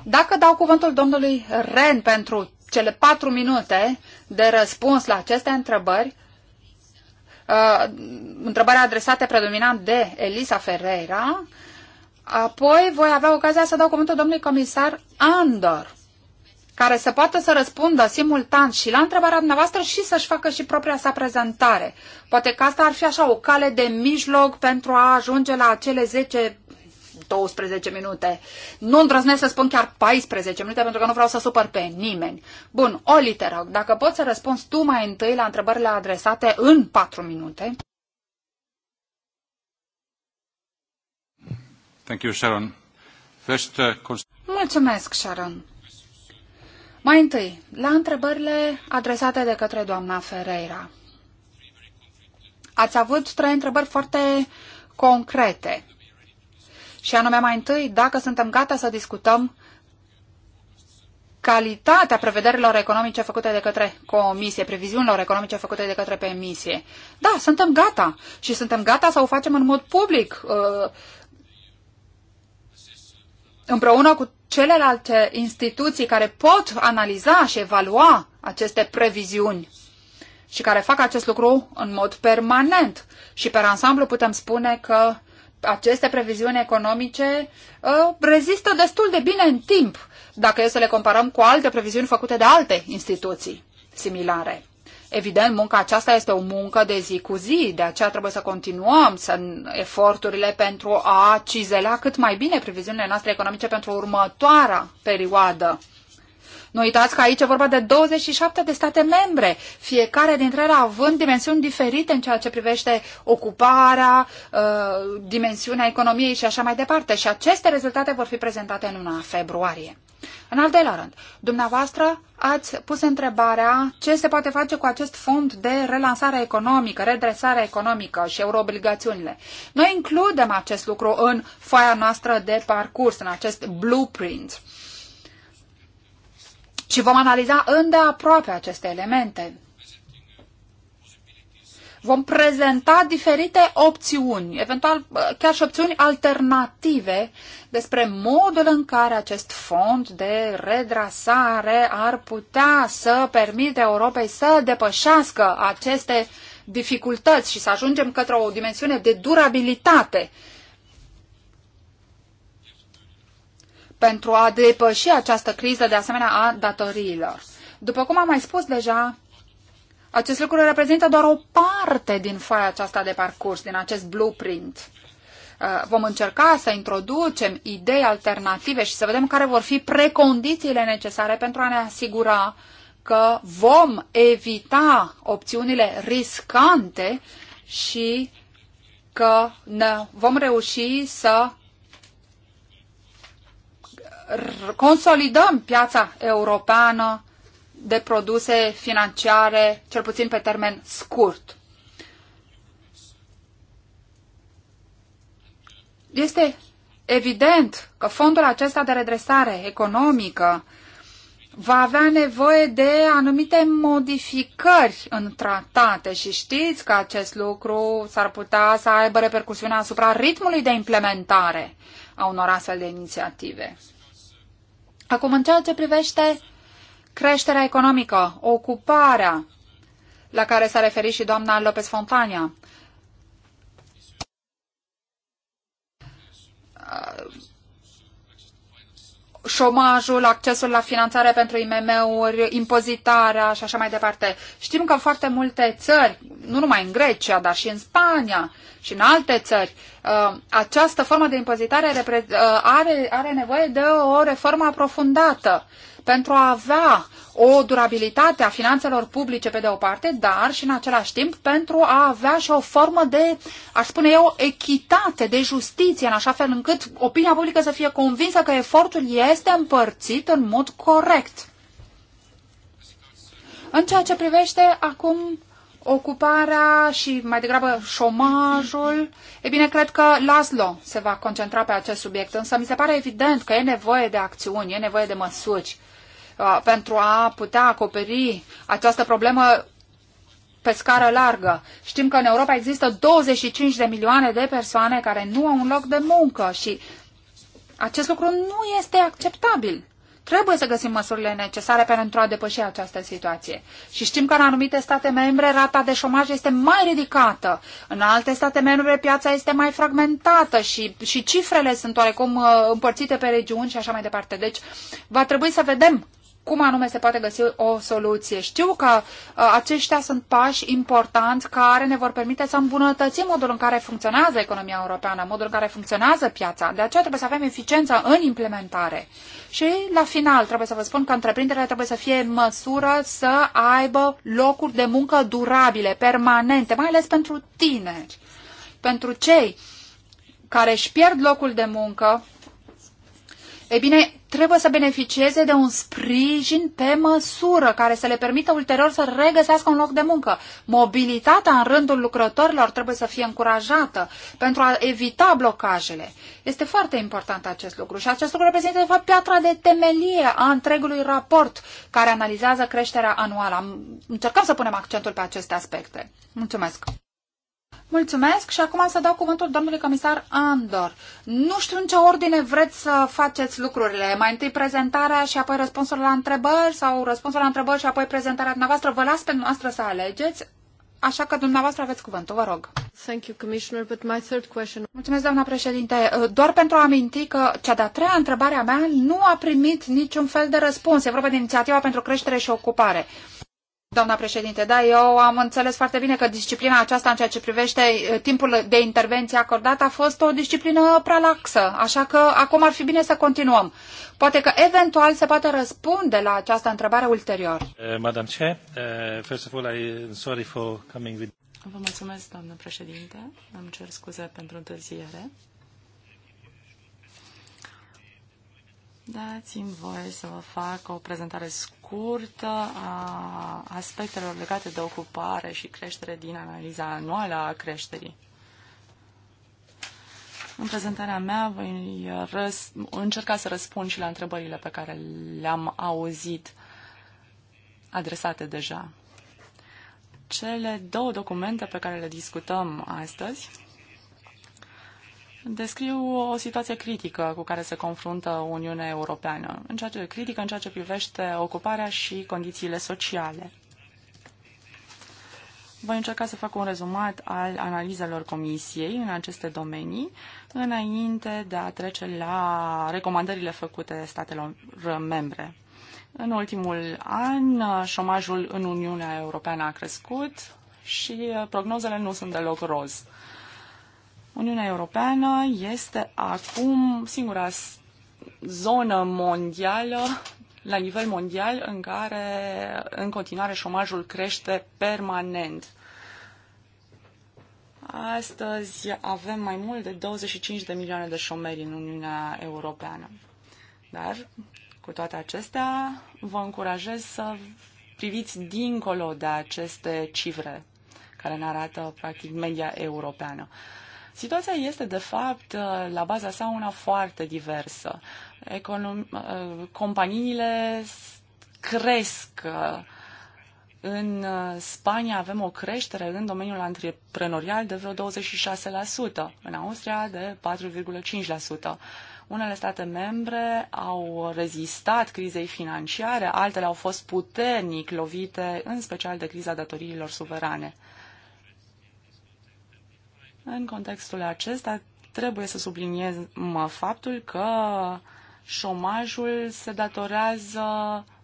Dacă dau cuvântul domnului Ren pentru cele patru minute de răspuns la aceste întrebări, Uh, întrebarea adresată predominant de Elisa Ferreira. Apoi voi avea ocazia să dau cuvântul domnului comisar Andor, care să poată să răspundă simultan și la întrebarea dumneavoastră și să-și facă și propria sa prezentare. Poate că asta ar fi așa o cale de mijloc pentru a ajunge la acele 10 12 minute. Nu îndrăznesc să spun chiar 14 minute pentru că nu vreau să supăr pe nimeni. Bun, Oli, te rog, dacă poți să răspunzi tu mai întâi la întrebările adresate în 4 minute. Thank you, Sharon. First, uh, Mulțumesc, Sharon. Mai întâi, la întrebările adresate de către doamna Ferreira. Ați avut trei întrebări foarte concrete și anume mai întâi dacă suntem gata să discutăm calitatea prevederilor economice făcute de către comisie, previziunilor economice făcute de către comisie. Da, suntem gata și suntem gata să o facem în mod public uh, împreună cu celelalte instituții care pot analiza și evalua aceste previziuni și care fac acest lucru în mod permanent. Și pe ansamblu putem spune că aceste previziuni economice uh, rezistă destul de bine în timp, dacă e să le comparăm cu alte previziuni făcute de alte instituții similare. Evident, munca aceasta este o muncă de zi cu zi, de aceea trebuie să continuăm să eforturile pentru a cizela cât mai bine previziunile noastre economice pentru următoarea perioadă nu uitați că aici e vorba de 27 de state membre, fiecare dintre ele având dimensiuni diferite în ceea ce privește ocuparea, uh, dimensiunea economiei și așa mai departe. Și aceste rezultate vor fi prezentate în luna februarie. În al doilea rând, dumneavoastră ați pus întrebarea ce se poate face cu acest fond de relansare economică, redresare economică și euroobligațiunile. Noi includem acest lucru în foaia noastră de parcurs, în acest blueprint și vom analiza îndeaproape aceste elemente. Vom prezenta diferite opțiuni, eventual chiar și opțiuni alternative despre modul în care acest fond de redrasare ar putea să permite Europei să depășească aceste dificultăți și să ajungem către o dimensiune de durabilitate pentru a depăși această criză de asemenea a datoriilor. După cum am mai spus deja, acest lucru reprezintă doar o parte din foaia aceasta de parcurs, din acest blueprint. Uh, vom încerca să introducem idei alternative și să vedem care vor fi precondițiile necesare pentru a ne asigura că vom evita opțiunile riscante și că ne vom reuși să consolidăm piața europeană de produse financiare, cel puțin pe termen scurt. Este evident că fondul acesta de redresare economică va avea nevoie de anumite modificări în tratate și știți că acest lucru s-ar putea să aibă repercusiune asupra ritmului de implementare a unor astfel de inițiative. Acum, în ceea ce privește creșterea economică, ocuparea, la care s-a referit și doamna Lopez Fontania, șomajul, accesul la finanțare pentru IMM-uri, impozitarea și așa mai departe. Știm că foarte multe țări nu numai în Grecia, dar și în Spania și în alte țări, uh, această formă de impozitare uh, are, are nevoie de o reformă aprofundată pentru a avea o durabilitate a finanțelor publice pe de o parte, dar și în același timp pentru a avea și o formă de, aș spune eu, echitate, de justiție, în așa fel încât opinia publică să fie convinsă că efortul este împărțit în mod corect. În ceea ce privește acum ocuparea și mai degrabă șomajul. E bine, cred că Laszlo se va concentra pe acest subiect, însă mi se pare evident că e nevoie de acțiuni, e nevoie de măsuri uh, pentru a putea acoperi această problemă pe scară largă. Știm că în Europa există 25 de milioane de persoane care nu au un loc de muncă și acest lucru nu este acceptabil. Trebuie să găsim măsurile necesare pentru a depăși această situație. Și știm că în anumite state membre rata de șomaj este mai ridicată. În alte state membre piața este mai fragmentată și, și cifrele sunt oarecum uh, împărțite pe regiuni și așa mai departe. Deci va trebui să vedem cum anume se poate găsi o soluție. Știu că uh, aceștia sunt pași importanți care ne vor permite să îmbunătățim modul în care funcționează economia europeană, modul în care funcționează piața. De aceea trebuie să avem eficiență în implementare. Și la final trebuie să vă spun că întreprinderile trebuie să fie în măsură să aibă locuri de muncă durabile, permanente, mai ales pentru tineri, pentru cei care își pierd locul de muncă ei bine, trebuie să beneficieze de un sprijin pe măsură care să le permită ulterior să regăsească un loc de muncă. Mobilitatea în rândul lucrătorilor trebuie să fie încurajată pentru a evita blocajele. Este foarte important acest lucru și acest lucru reprezintă, de fapt, piatra de temelie a întregului raport care analizează creșterea anuală. Încercăm să punem accentul pe aceste aspecte. Mulțumesc! Mulțumesc și acum să dau cuvântul domnului comisar Andor. Nu știu în ce ordine vreți să faceți lucrurile. Mai întâi prezentarea și apoi răspunsul la întrebări sau răspunsul la întrebări și apoi prezentarea dumneavoastră. Vă las pe noastră să alegeți. Așa că dumneavoastră aveți cuvântul, vă rog. Thank you, Commissioner, but my third question... Mulțumesc, doamna președinte. Doar pentru a aminti că cea de-a treia întrebare a mea nu a primit niciun fel de răspuns. E vorba de inițiativa pentru creștere și ocupare. Doamna președinte, da, eu am înțeles foarte bine că disciplina aceasta în ceea ce privește eh, timpul de intervenție acordat a fost o disciplină prea laxă, așa că acum ar fi bine să continuăm. Poate că eventual se poate răspunde la această întrebare ulterior. Uh, Madam Chair, uh, first of all, I'm sorry for coming with... Vă mulțumesc, doamnă președinte. Îmi cer scuze pentru întârziere. Dați-mi voie să vă fac o prezentare scurtă a aspectelor legate de ocupare și creștere din analiza anuală a creșterii. În prezentarea mea voi răs- încerca să răspund și la întrebările pe care le-am auzit adresate deja. Cele două documente pe care le discutăm astăzi descriu o situație critică cu care se confruntă Uniunea Europeană, în ceea ce, critică în ceea ce privește ocuparea și condițiile sociale. Voi încerca să fac un rezumat al analizelor comisiei în aceste domenii, înainte de a trece la recomandările făcute statelor membre. În ultimul an, șomajul în Uniunea Europeană a crescut și prognozele nu sunt deloc roz. Uniunea Europeană este acum singura zonă mondială, la nivel mondial, în care în continuare șomajul crește permanent. Astăzi avem mai mult de 25 de milioane de șomeri în Uniunea Europeană. Dar, cu toate acestea, vă încurajez să priviți dincolo de aceste cifre care ne arată, practic, media europeană. Uh, Situația este, de fapt, uh, la baza sa una foarte diversă. Econom- uh, companiile cresc. Uh, în Spania avem o creștere în domeniul antreprenorial de vreo 26%, în Austria de 4,5%. Unele state membre au rezistat crizei financiare, altele au fost puternic lovite, în special de criza datoriilor suverane. În contextul acesta, trebuie să subliniez faptul că șomajul se datorează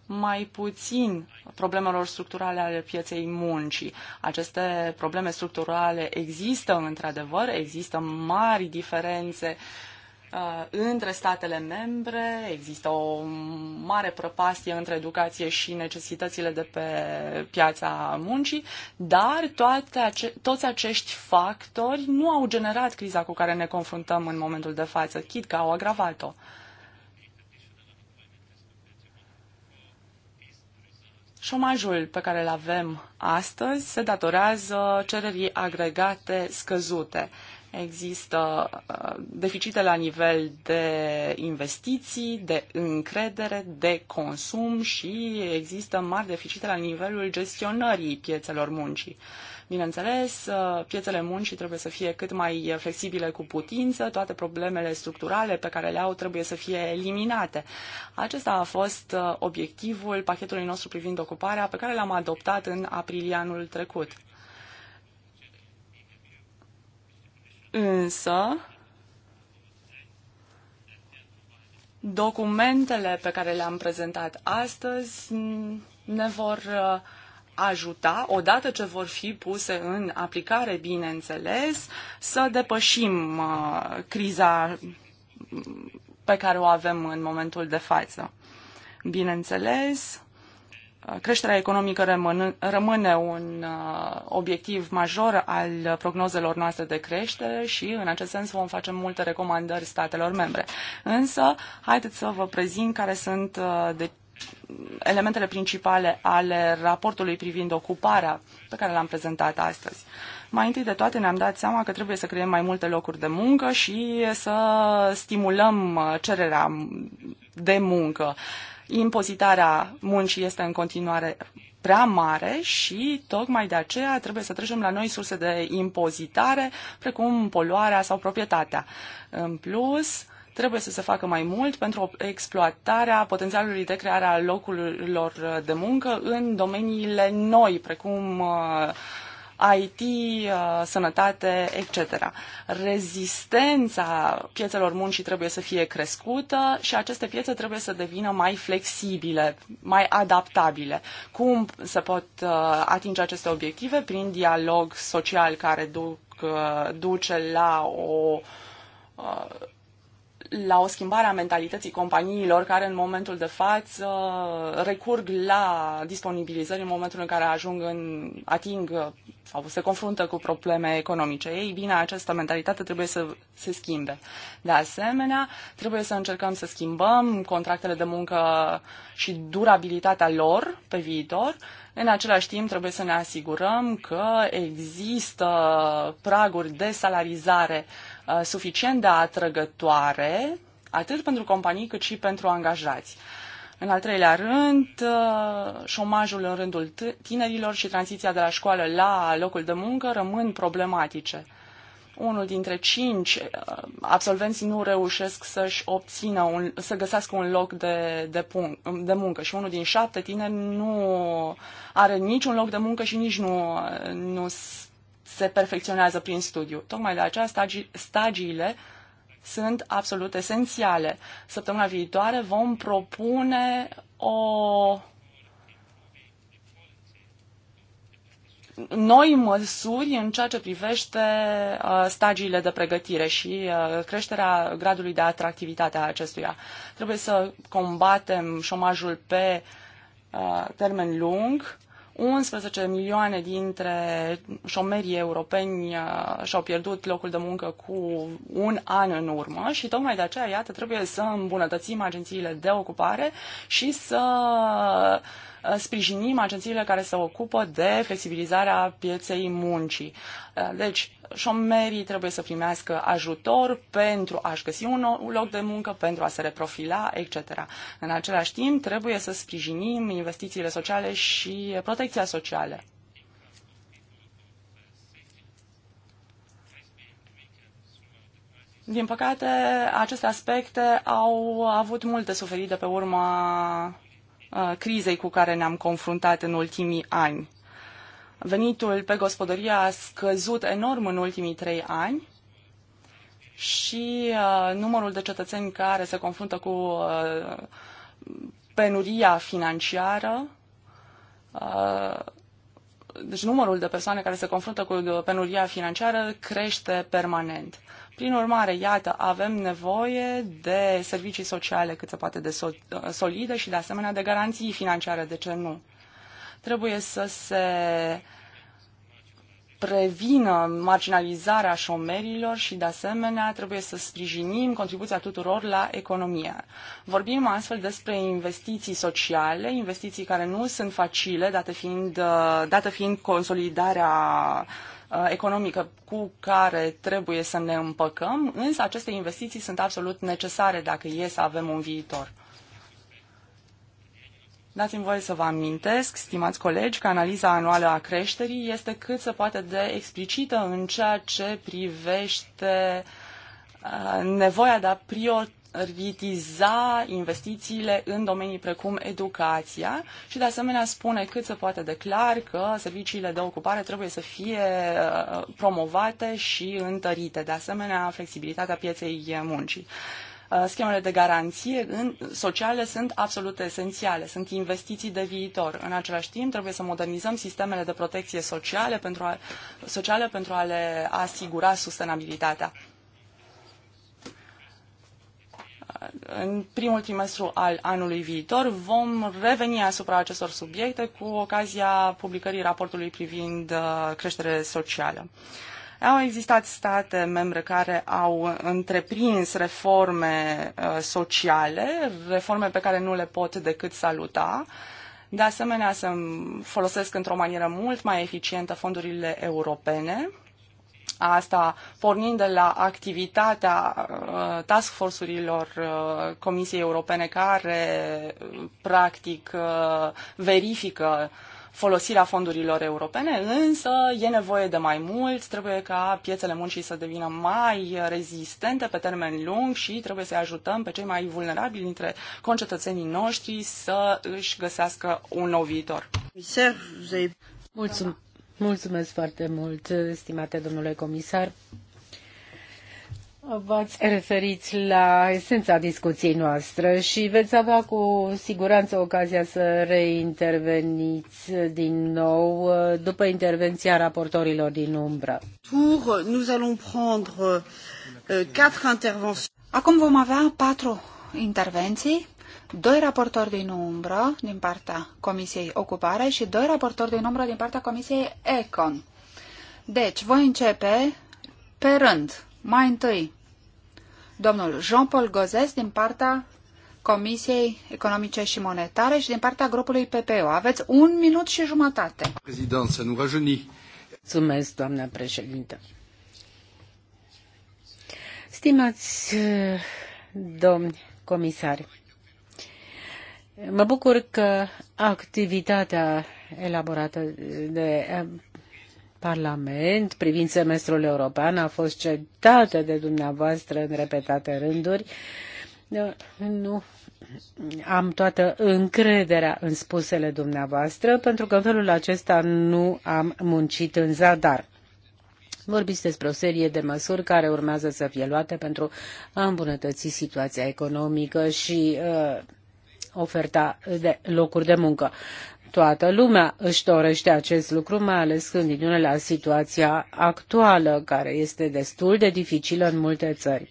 mai puțin problemelor structurale ale pieței muncii. Aceste probleme structurale există într-adevăr, există mari diferențe uh, Uh, între statele membre, există o mare prăpastie între educație și necesitățile de pe piața muncii, dar toate ace- toți acești factori nu au generat criza cu care ne confruntăm în momentul de față, chid că au agravat-o. Șomajul pe care îl avem astăzi se datorează cererii agregate scăzute. Există uh, deficite la nivel de investiții, de încredere, de consum și există mari deficite la nivelul gestionării piețelor muncii. Bineînțeles, uh, piețele muncii trebuie să fie cât mai flexibile cu putință, toate problemele structurale pe care le au trebuie să fie eliminate. Acesta a fost uh, obiectivul pachetului nostru privind ocuparea pe care l-am adoptat în aprilie anul trecut. Însă, documentele pe care le-am prezentat astăzi ne vor uh, ajuta, odată ce vor fi puse în aplicare, bineînțeles, să depășim uh, criza pe care o avem în momentul de față. Bineînțeles, creșterea economică rămâne un uh, obiectiv major al prognozelor noastre de creștere și în acest sens vom face multe recomandări statelor membre. Însă, haideți să vă prezint care sunt uh, de elementele principale ale raportului privind ocuparea pe care l-am prezentat astăzi. Mai întâi de toate ne-am dat seama că trebuie să creăm mai multe locuri de muncă și să stimulăm uh, cererea de muncă. Uh, impozitarea muncii este în continuare prea mare și tocmai de aceea trebuie să trecem la noi surse de impozitare, precum poluarea sau proprietatea. În plus, trebuie să se facă mai mult pentru exploatarea potențialului de creare a locurilor de muncă în domeniile noi, precum uh, IT, uh, sănătate, etc. Rezistența piețelor muncii trebuie să fie crescută și aceste piețe trebuie să devină mai flexibile, mai adaptabile. Cum se pot uh, atinge aceste obiective? Prin dialog social care duc, uh, duce la o la o schimbare a mentalității companiilor care în momentul de față recurg la disponibilizări în momentul în care ajung în, ating sau se confruntă cu probleme economice. Ei bine, această mentalitate trebuie să se schimbe. De asemenea, trebuie să încercăm să schimbăm contractele de muncă și durabilitatea lor pe viitor. În același timp, trebuie să ne asigurăm că există praguri de salarizare uh, Uh, suficient de atrăgătoare atât pentru companii cât și pentru angajați. În al treilea rând, uh, șomajul în rândul tinerilor și tranziția de la școală la locul de muncă rămân problematice. Unul dintre cinci uh, absolvenți nu reușesc să-și obțină un, să găsească un loc de, de, punct, de muncă și unul din șapte tineri nu are niciun loc de muncă și nici nu, nu se perfecționează prin studiu. Tocmai de aceea stagi, stagiile sunt absolut esențiale. Săptămâna viitoare vom propune o noi măsuri în ceea ce privește uh, stagiile de pregătire și uh, creșterea gradului de atractivitate a acestuia. Trebuie să combatem șomajul pe uh, termen lung, 11 milioane dintre șomerii europeni uh, și-au pierdut locul de muncă cu un an în urmă și tocmai de aceea, iată, trebuie să îmbunătățim agențiile de ocupare și să Uh, sprijinim agențiile care se ocupă de flexibilizarea pieței muncii. Uh, deci, șomerii trebuie să primească ajutor pentru a-și găsi un loc de muncă, pentru a se reprofila, etc. În același timp, trebuie să sprijinim investițiile sociale și protecția socială. Din păcate, aceste aspecte au avut multe suferit de pe urma Uh, crizei cu care ne-am confruntat în ultimii ani. Venitul pe gospodărie a scăzut enorm în ultimii trei ani și uh, numărul de cetățeni care se confruntă cu uh, penuria financiară deci numărul de persoane care se confruntă cu penuria financiară crește permanent. Prin urmare, iată, avem nevoie de servicii sociale cât se poate de solide și, de asemenea, de garanții financiare, de ce nu? Trebuie să se uh, prevină marginalizarea șomerilor și, de asemenea, trebuie să sprijinim contribuția tuturor la economie. Vorbim astfel despre investiții sociale, investiții care nu sunt facile, dată fiind, uh, dată fiind consolidarea uh, economică cu care trebuie să ne împăcăm, însă aceste investiții sunt absolut necesare dacă e să avem un viitor. Dați-mi voie să vă amintesc, stimați colegi, că analiza anuală a creșterii este cât se poate de explicită în ceea ce privește uh, nevoia de a prioritiza investițiile în domenii precum educația și de asemenea spune cât se poate de clar că serviciile de ocupare trebuie să fie uh, promovate și întărite, de asemenea flexibilitatea pieței muncii. Uh, schemele de garanție în, sociale sunt absolut esențiale, sunt investiții de viitor. În același timp, trebuie să modernizăm sistemele de protecție sociale pentru a, sociale pentru a le asigura sustenabilitatea. Uh, în primul trimestru al anului viitor vom reveni asupra acestor subiecte cu ocazia publicării raportului privind uh, creșterea socială. Au existat state membre care au întreprins reforme uh, sociale, reforme pe care nu le pot decât saluta. De asemenea, să folosesc într-o manieră mult mai eficientă fondurile europene, asta pornind de la activitatea uh, task force-urilor uh, Comisiei Europene care practic verifică uh, folosirea fondurilor europene, însă e nevoie de mai mult, trebuie ca piețele muncii să devină mai rezistente pe termen lung și trebuie să ajutăm pe cei mai vulnerabili dintre concetățenii noștri să își găsească un nou viitor. Mulțumesc, mulțumesc foarte mult, stimate domnule comisar. V-ați referit la esența discuției noastre și veți avea cu siguranță ocazia să reinterveniți din nou uh, după intervenția raportorilor din umbră. Tour, nous allons prendre uh, quatre intervenții. Acum vom avea patru intervenții, doi raportori din umbră din partea Comisiei Ocupare și doi raportori din umbră din partea Comisiei Econ. Deci, voi începe pe rând. Mai întâi, domnul Jean-Paul Gozes din partea Comisiei Economice și Monetare și din partea grupului PPO. Aveți un minut și jumătate. Prezidență, nu răjuni. Mulțumesc, doamna președintă. Stimați eh, domni comisari, mă bucur că activitatea elaborată de Parlament privind semestrul european a fost citată de dumneavoastră în repetate rânduri. Da, nu am toată încrederea în spusele dumneavoastră, pentru că în felul acesta nu am muncit în zadar. Vorbiți despre o serie de măsuri care urmează să fie luate pentru a îmbunătăți situația economică și uh, oferta de locuri de muncă. Toată lumea își dorește acest lucru, mai ales gândindu-ne la situația actuală, care este destul de dificilă în multe țări.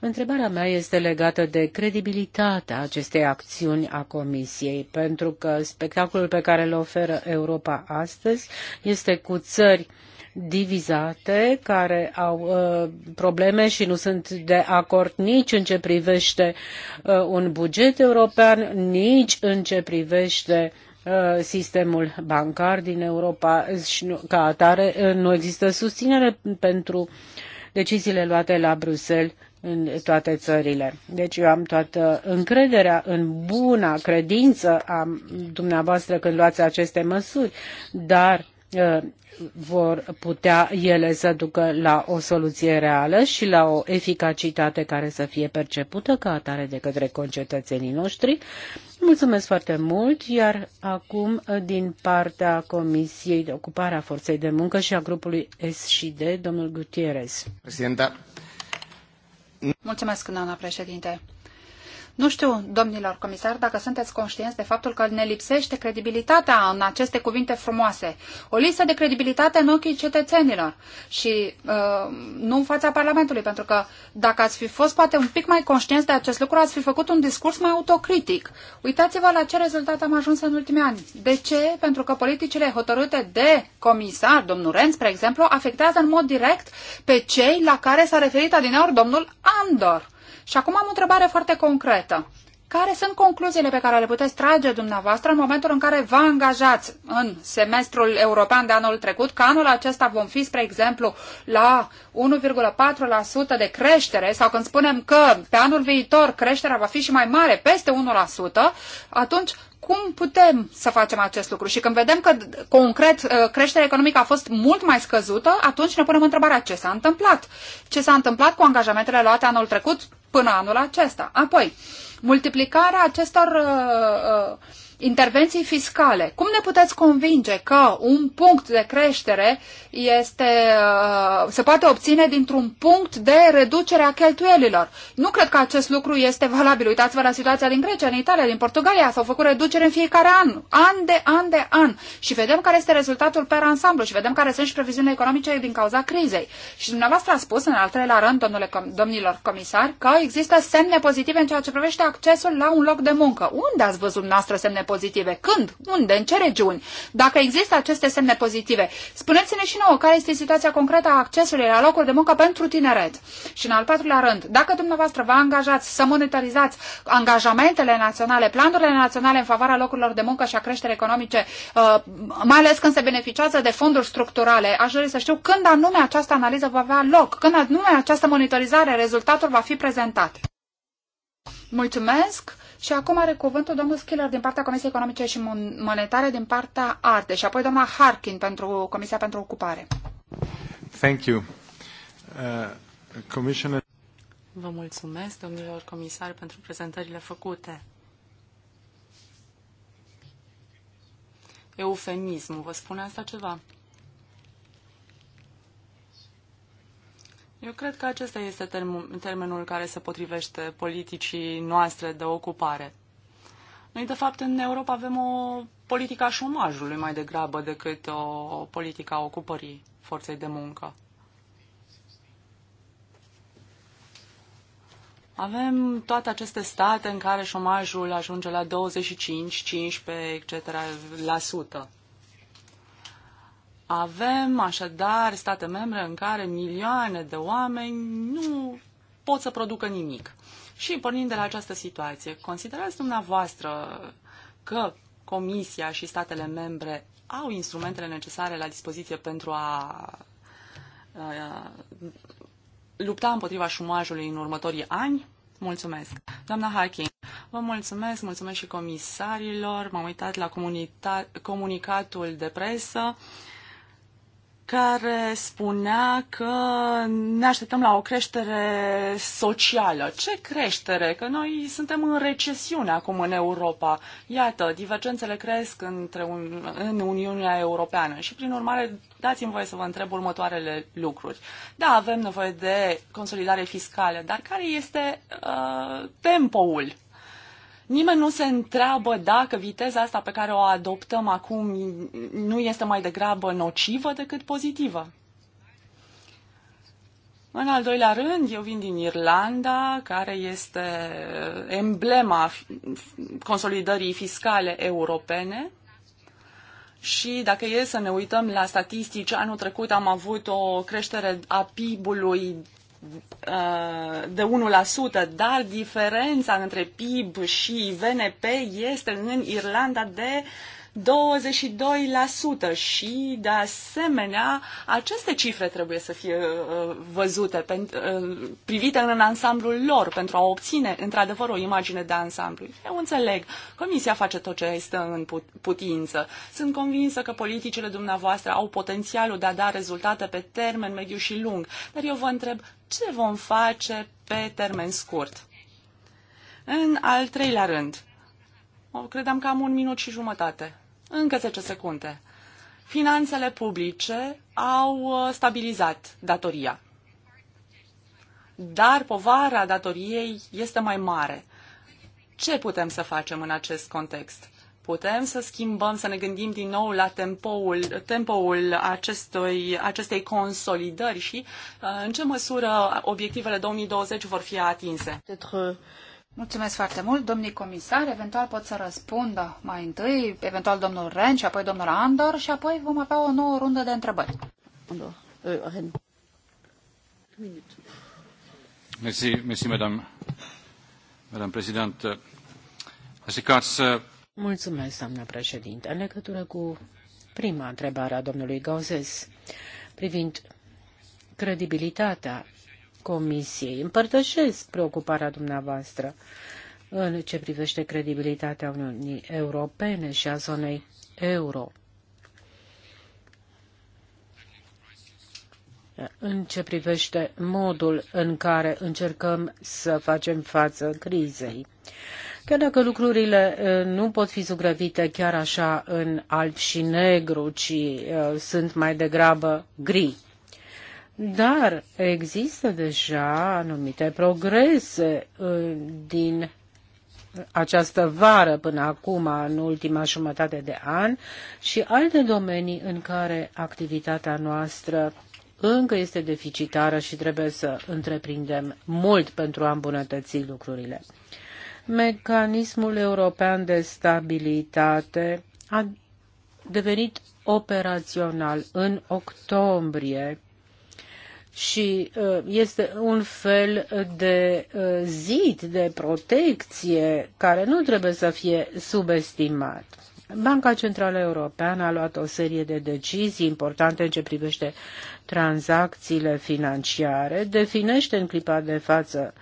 Întrebarea mea este legată de credibilitatea acestei acțiuni a Comisiei, pentru că spectacolul pe care îl oferă Europa astăzi este cu țări divizate, care au uh, probleme și nu sunt de acord nici în ce privește uh, un buget european, nici în ce privește Uh, sistemul bancar din Europa și ca atare uh, nu există susținere pentru deciziile luate la Bruxelles în toate țările. Deci eu am toată încrederea în buna credință a dumneavoastră când luați aceste măsuri, dar Uh, vor putea ele să ducă la o soluție reală și la o eficacitate care să fie percepută ca atare de către concetățenii noștri. Mulțumesc foarte mult, iar acum uh, din partea Comisiei de Ocupare a Forței de Muncă și a grupului S și D, domnul Gutierrez. Președinte. Mulțumesc, doamna președinte. Nu știu, domnilor comisari, dacă sunteți conștienți de faptul că ne lipsește credibilitatea în aceste cuvinte frumoase. O listă de credibilitate în ochii cetățenilor și uh, nu în fața Parlamentului, pentru că dacă ați fi fost poate un pic mai conștienți de acest lucru, ați fi făcut un discurs mai autocritic. Uitați-vă la ce rezultat am ajuns în ultimii ani. De ce? Pentru că politicile hotărâte de comisar, domnul Renz, spre exemplu, afectează în mod direct pe cei la care s-a referit adineori domnul Andor. Și acum am o întrebare foarte concretă. Care sunt concluziile pe care le puteți trage dumneavoastră în momentul în care vă angajați în semestrul european de anul trecut, că anul acesta vom fi, spre exemplu, la 1,4% de creștere sau când spunem că pe anul viitor creșterea va fi și mai mare, peste 1%, atunci cum putem să facem acest lucru? Și când vedem că concret ă, creșterea economică a fost mult mai scăzută, atunci ne punem întrebarea ce s-a întâmplat? Ce s-a întâmplat cu angajamentele luate anul trecut până anul acesta? Apoi, Multiplicarea acestor uh, uh, intervenții fiscale. Cum ne puteți convinge că un punct de creștere este, uh, se poate obține dintr-un punct de reducere a cheltuielilor? Nu cred că acest lucru este valabil. Uitați-vă la situația din Grecia, din Italia, din Portugalia. S-au făcut reduceri în fiecare an, an de an de an. Și vedem care este rezultatul per ansamblu și vedem care sunt și previziunile economice din cauza crizei. Și dumneavoastră a spus în al treilea rând, domnule, domnilor comisari, că există semne pozitive în ceea ce privește accesul la un loc de muncă. Unde ați văzut noastră semne pozitive? pozitive? Când? Unde? În ce regiuni? Dacă există aceste semne pozitive, spuneți-ne și nouă care este situația concretă a accesului la locuri de muncă pentru tineret. Și în al patrulea rând, dacă dumneavoastră vă angajați să monetarizați angajamentele naționale, planurile naționale în favoarea locurilor de muncă și a creșterii economice, uh, mai ales când se beneficiază de fonduri structurale, aș dori să știu când anume această analiză va avea loc, când anume această monitorizare, rezultatul va fi prezentat. Mulțumesc. Și acum are cuvântul domnul Schiller din partea Comisiei Economice și Monetare, din partea Arte și apoi doamna Harkin pentru Comisia pentru Ocupare. Thank you. Uh, Vă mulțumesc, domnilor comisari, pentru prezentările făcute. Eufemismul, vă spune asta ceva? Eu cred că acesta este termenul care se potrivește politicii noastre de ocupare. Noi, de fapt, în Europa avem o politică a șomajului mai degrabă decât o politică a ocupării forței de muncă. Avem toate aceste state în care șomajul ajunge la 25, 15, etc. la sută. Avem așadar state membre în care milioane de oameni nu pot să producă nimic. Și pornind de la această situație, considerați dumneavoastră că Comisia și statele membre au instrumentele necesare la dispoziție pentru a lupta împotriva șumajului în următorii ani? Mulțumesc. Doamna Hacking, vă mulțumesc, mulțumesc și comisarilor. M-am uitat la comunicatul de presă. Uh, care spunea că ne așteptăm la o creștere socială. Ce creștere? Că noi suntem în recesiune acum în Europa. Iată, divergențele cresc între un, în Uniunea Europeană și, prin urmare, dați-mi voie să vă întreb următoarele lucruri. Da, avem nevoie de consolidare fiscală, dar care este uh, tempoul Nimeni nu se întreabă dacă viteza asta pe care o adoptăm acum nu este mai degrabă nocivă decât pozitivă. În al doilea rând, eu vin din Irlanda, care este emblema consolidării fiscale europene. Și dacă e să ne uităm la statistici, anul trecut am avut o creștere a PIB-ului Uh, de 1%, dar diferența între PIB și VNP este în Irlanda de 22% și, de asemenea, aceste cifre trebuie să fie uh, văzute, uh, privite în ansamblul lor pentru a obține, într-adevăr, o imagine de ansamblu. Eu înțeleg, Comisia face tot ce este în putință. Sunt convinsă că politicile dumneavoastră au potențialul de a da rezultate pe termen mediu și lung, dar eu vă întreb ce vom face pe termen scurt. În al treilea rând, credeam că am un minut și jumătate. Încă 10 secunde. Finanțele publice au uh, stabilizat datoria. Dar povara datoriei este mai mare. Ce putem să facem în acest context? Putem să schimbăm, să ne gândim din nou la tempoul, tempoul acestui, acestei consolidări și uh, în ce măsură obiectivele 2020 vor fi atinse. Mulțumesc foarte mult, domnii comisar. Eventual pot să răspundă mai întâi, eventual domnul Ren și apoi domnul Andor și apoi vom avea o nouă rundă de întrebări. Uh, mersi, mersi, madame, madame președinte. Eh, Mulțumesc, doamnă președinte. În legătură cu prima întrebare a domnului Gauzes privind credibilitatea Comisiei. Împărtășesc preocuparea dumneavoastră în ce privește credibilitatea Uniunii Europene și a zonei euro. În ce privește modul în care încercăm să facem față crizei. Chiar dacă lucrurile nu pot fi zugrăvite chiar așa în alb și negru, ci sunt mai degrabă gri. Dar există deja anumite progrese uh, din această vară până acum, în ultima jumătate de an, și alte domenii în care activitatea noastră încă este deficitară și trebuie să întreprindem mult pentru a îmbunătăți lucrurile. Mecanismul european de stabilitate a devenit operațional în octombrie și uh, este un fel de uh, zid de protecție care nu trebuie să fie subestimat. Banca Centrală Europeană a luat o serie de decizii importante în ce privește tranzacțiile financiare, definește în clipa de față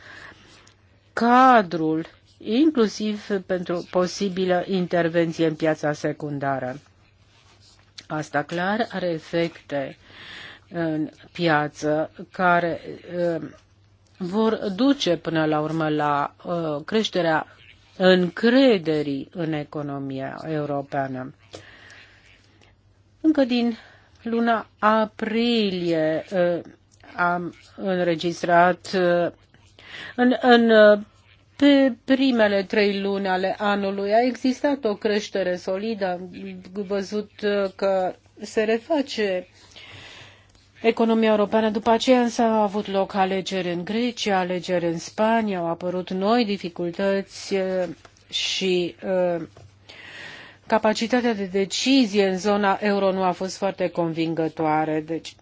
cadrul inclusiv pentru posibilă intervenție în piața secundară. Asta clar are efecte uh, în piață care uh, vor duce până la urmă la uh, creșterea încrederii în economia europeană. Încă din luna aprilie uh, am înregistrat în, în pe primele trei luni ale anului a existat o creștere solidă. Am văzut că se reface economia europeană. După aceea însă au avut loc alegeri în Grecia, alegeri în Spania, au apărut noi dificultăți eh, și eh, capacitatea de decizie în zona euro nu a fost foarte convingătoare. Deci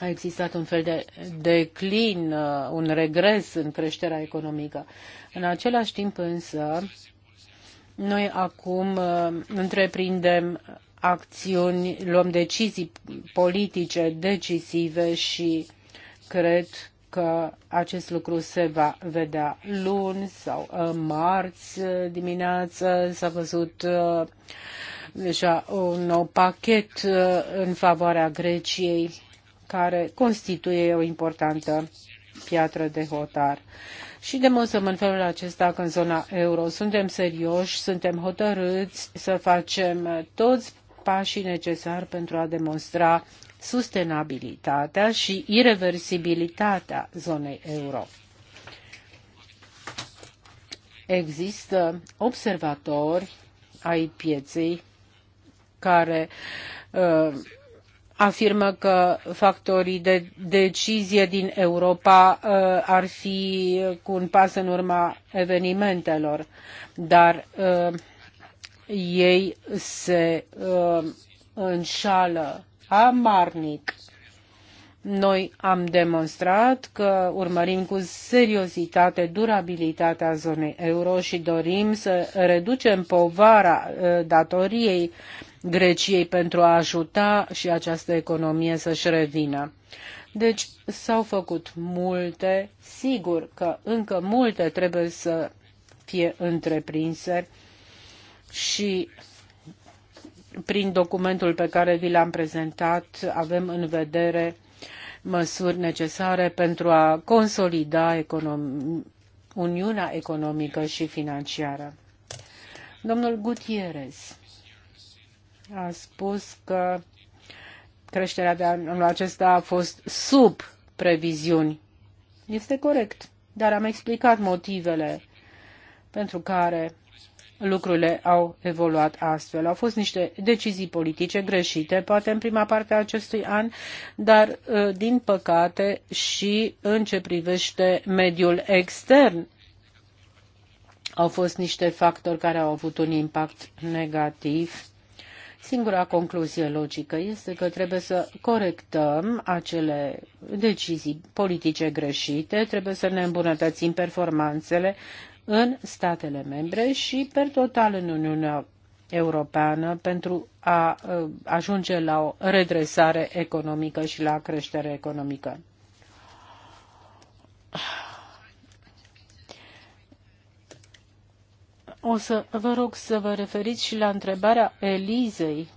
a existat un fel de declin, eh, un regres în creșterea economică. În același timp însă, noi acum întreprindem acțiuni, luăm decizii politice decisive și cred că acest lucru se va vedea luni sau uh, marți uh, dimineață. S-a văzut uh, deja un nou pachet în favoarea Greciei care constituie o importantă piatră de hotar. Și demonstrăm în felul acesta că în zona euro suntem serioși, suntem hotărâți să facem toți pașii necesari pentru a demonstra sustenabilitatea și irreversibilitatea zonei euro. Există observatori ai pieței care uh, afirmă că factorii de decizie din Europa uh, ar fi cu un pas în urma evenimentelor, dar uh, ei se uh, înșală amarnic. Noi am demonstrat că urmărim cu seriozitate durabilitatea zonei euro și dorim să reducem povara uh, datoriei Greciei pentru a ajuta și această economie să-și revină. Deci s-au făcut multe, sigur că încă multe trebuie să fie întreprinse și prin documentul pe care vi l-am prezentat avem în vedere măsuri necesare pentru a consolida Uniunea economică și financiară. Domnul Gutierrez a spus că creșterea de anul acesta a fost sub previziuni. Este corect, dar am explicat motivele pentru care lucrurile au evoluat astfel. Au fost niște decizii politice greșite, poate în prima parte a acestui an, dar ă, din păcate și în ce privește mediul extern au fost niște factori care au avut un impact negativ. Singura concluzie logică este că trebuie să corectăm acele decizii politice greșite, trebuie să ne îmbunătățim performanțele în statele membre și per total în Uniunea Europeană pentru a ajunge la o redresare economică și la creștere economică. O să vă rog să vă referiți și la întrebarea Elizei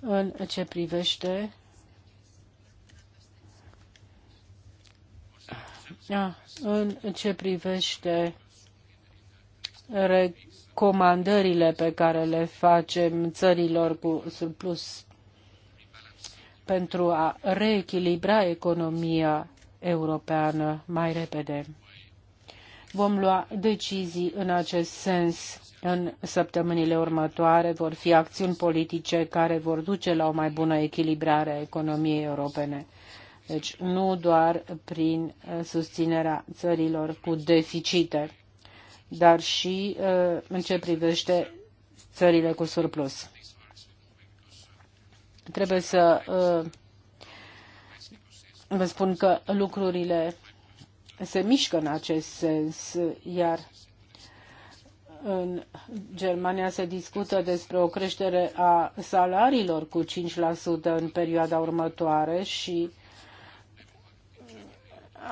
în ce privește Da. În ce privește recomandările pe care le facem țărilor cu surplus pentru a reechilibra economia europeană mai repede. Vom lua decizii în acest sens în săptămânile următoare. Vor fi acțiuni politice care vor duce la o mai bună echilibrare a economiei europene. Deci nu doar prin uh, susținerea țărilor cu deficite, dar și uh, în ce privește țările cu surplus. Trebuie să uh, vă spun că lucrurile se mișcă în acest sens, iar în Germania se discută despre o creștere a salariilor cu 5% în perioada următoare și uh,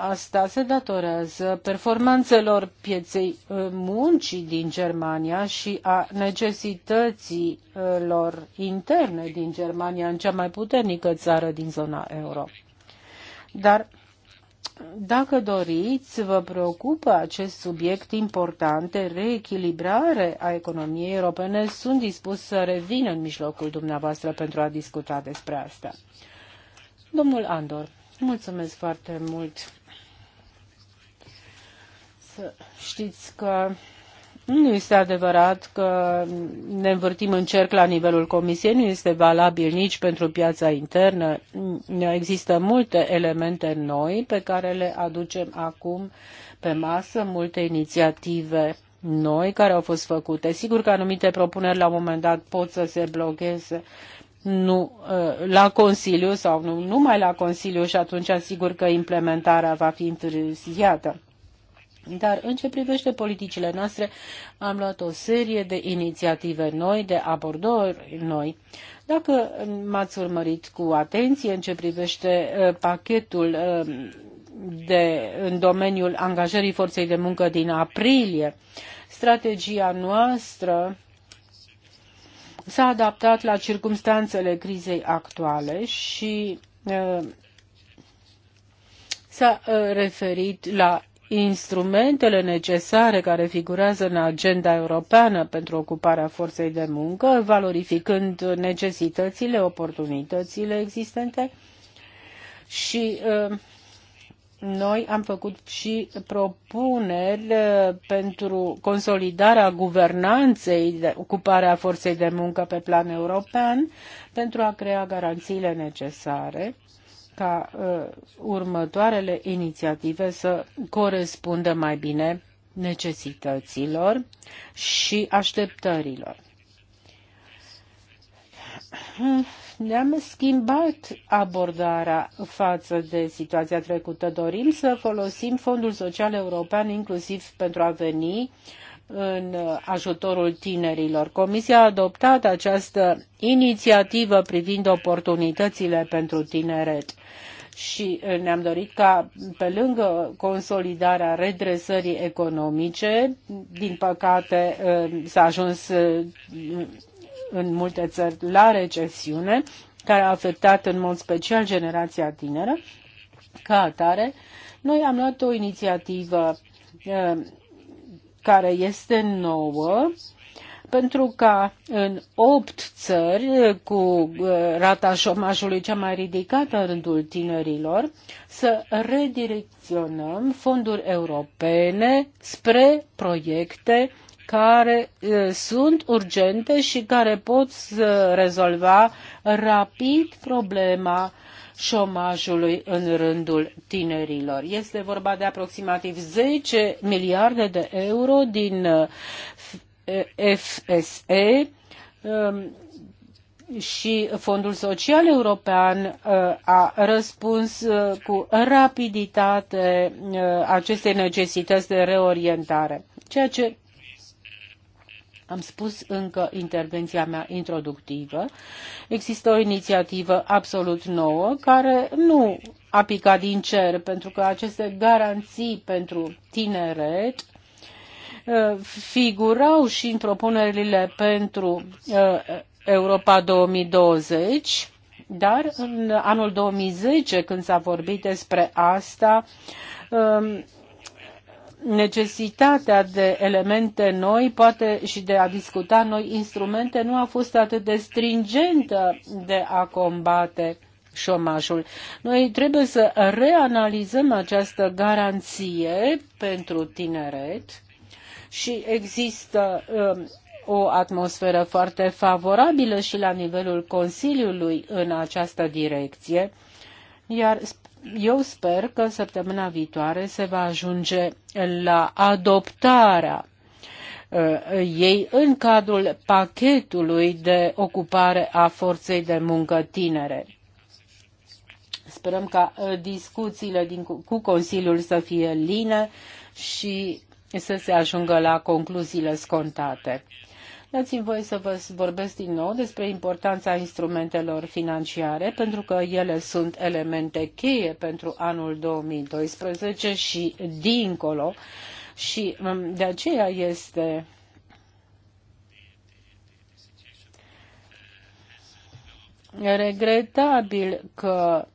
Asta se datorează performanțelor pieței uh, muncii din Germania și a necesității uh, lor interne din Germania, în cea mai puternică țară din zona euro. Dar dacă doriți, vă preocupă acest subiect important de reechilibrare a economiei europene, sunt dispus să revin în mijlocul dumneavoastră pentru a discuta despre asta. Domnul Andor, mulțumesc foarte mult să știți că nu este adevărat că ne învârtim în cerc la nivelul Comisiei, nu este valabil nici pentru piața internă. Există multe elemente noi pe care le aducem acum pe masă, multe inițiative noi care au fost făcute. Sigur că anumite propuneri la un moment dat pot să se blocheze nu, uh, la Consiliu sau nu numai la Consiliu și atunci sigur că implementarea va fi întârziată. Dar în ce privește politicile noastre, am luat o serie de inițiative noi, de abordări noi. Dacă m-ați urmărit cu atenție în ce privește uh, pachetul uh, de, în domeniul angajării forței de muncă din aprilie, strategia noastră s-a adaptat la circumstanțele crizei actuale și uh, s-a referit la instrumentele necesare care figurează în agenda europeană pentru ocuparea forței de muncă, valorificând necesitățile, oportunitățile existente și uh, noi am făcut și propuneri uh, pentru consolidarea guvernanței de ocuparea forței de muncă pe plan european pentru a crea garanțiile necesare ca uh, următoarele inițiative să corespundă mai bine necesităților și așteptărilor. Ne-am schimbat abordarea față de situația trecută. Dorim să folosim Fondul Social European inclusiv pentru a veni uh, în ajutorul tinerilor. Comisia a adoptat această inițiativă privind oportunitățile pentru tineret și ne-am dorit ca, pe lângă consolidarea redresării economice, din păcate uh, s-a ajuns uh, în multe țări la recesiune, care a afectat în mod special generația tineră, ca atare, noi am luat o inițiativă uh, care este nouă, pentru ca în opt țări cu uh, rata șomajului cea mai ridicată în rândul tinerilor să redirecționăm fonduri europene spre proiecte care uh, sunt urgente și care pot rezolva rapid problema șomajului în rândul tinerilor. Este vorba de aproximativ 10 miliarde de euro din eh, FSE um, și Fondul Social European uh, a răspuns uh, cu rapiditate uh, acestei necesități de reorientare, ceea ce am spus încă intervenția mea introductivă, există o inițiativă absolut nouă care nu a picat din cer, pentru că aceste garanții pentru tineret uh, figurau și în propunerile pentru uh, Europa 2020, dar în anul 2010, când s-a vorbit despre asta, um, necesitatea de elemente noi, poate și de a discuta noi instrumente, nu a fost atât de stringentă de a combate șomajul. Noi trebuie să reanalizăm această garanție pentru tineret și există um, o atmosferă foarte favorabilă și la nivelul Consiliului în această direcție, iar eu sper că săptămâna viitoare se va ajunge la adoptarea uh, ei în cadrul pachetului de ocupare a forței de muncă tinere. Sperăm ca uh, discuțiile din, cu Consiliul să fie line și să se ajungă la concluziile scontate. Dați-mi voie să vă vorbesc din nou despre importanța instrumentelor financiare, pentru că ele sunt elemente cheie pentru anul 2012 și dincolo. Și mm, de aceea este regretabil că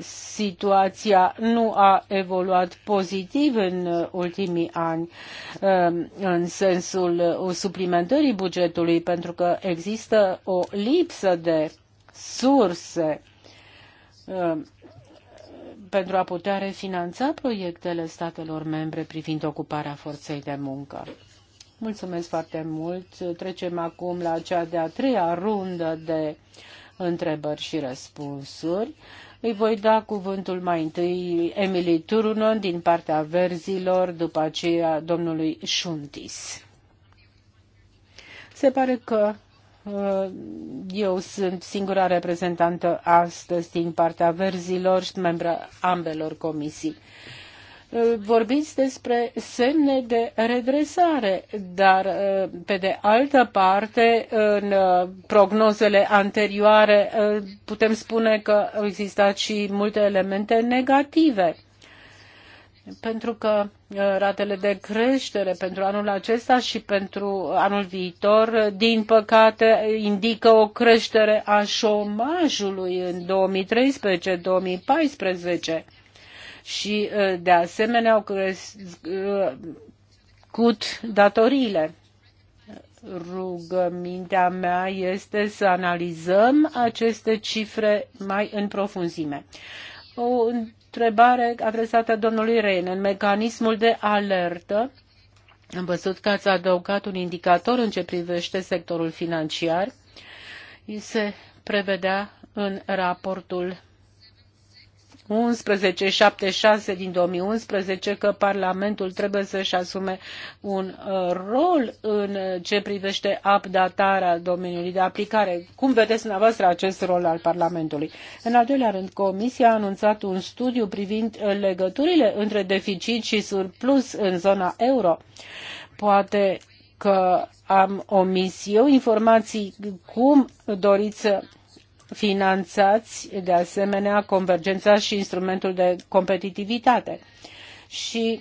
situația nu a evoluat pozitiv în ultimii ani um, în sensul suplimentării bugetului, pentru că există o lipsă de surse um, pentru a putea refinanța proiectele statelor membre privind ocuparea forței de muncă. Mulțumesc foarte mult. Trecem acum la cea de-a treia rundă de întrebări și răspunsuri. Îi voi da cuvântul mai întâi Emily Turunon din partea verzilor, după aceea domnului Șuntis. Se pare că uh, eu sunt singura reprezentantă astăzi din partea verzilor și membra ambelor comisii vorbiți despre semne de redresare, dar uh, pe de altă parte, în uh, prognozele anterioare uh, putem spune că au existat și multe elemente negative. Pentru că ratele de creștere pentru anul acesta și pentru anul viitor, din păcate, indică o creștere a șomajului în 2013-2014 și uh, de asemenea au crescut uh, datoriile. Rugămintea mea este să analizăm aceste cifre mai în profunzime. O întrebare adresată domnului Reine. În mecanismul de alertă, am văzut că ați adăugat un indicator în ce privește sectorul financiar. Se prevedea în raportul șase din unsprezece că Parlamentul trebuie să-și asume un uh, rol în uh, ce privește updatarea domeniului de aplicare. Cum vedeți dumneavoastră acest rol al Parlamentului? În al doilea rând, Comisia a anunțat un studiu privind uh, legăturile între deficit și surplus în zona euro. Poate că am omis eu informații cum doriți să finanțați de asemenea convergența și instrumentul de competitivitate. Și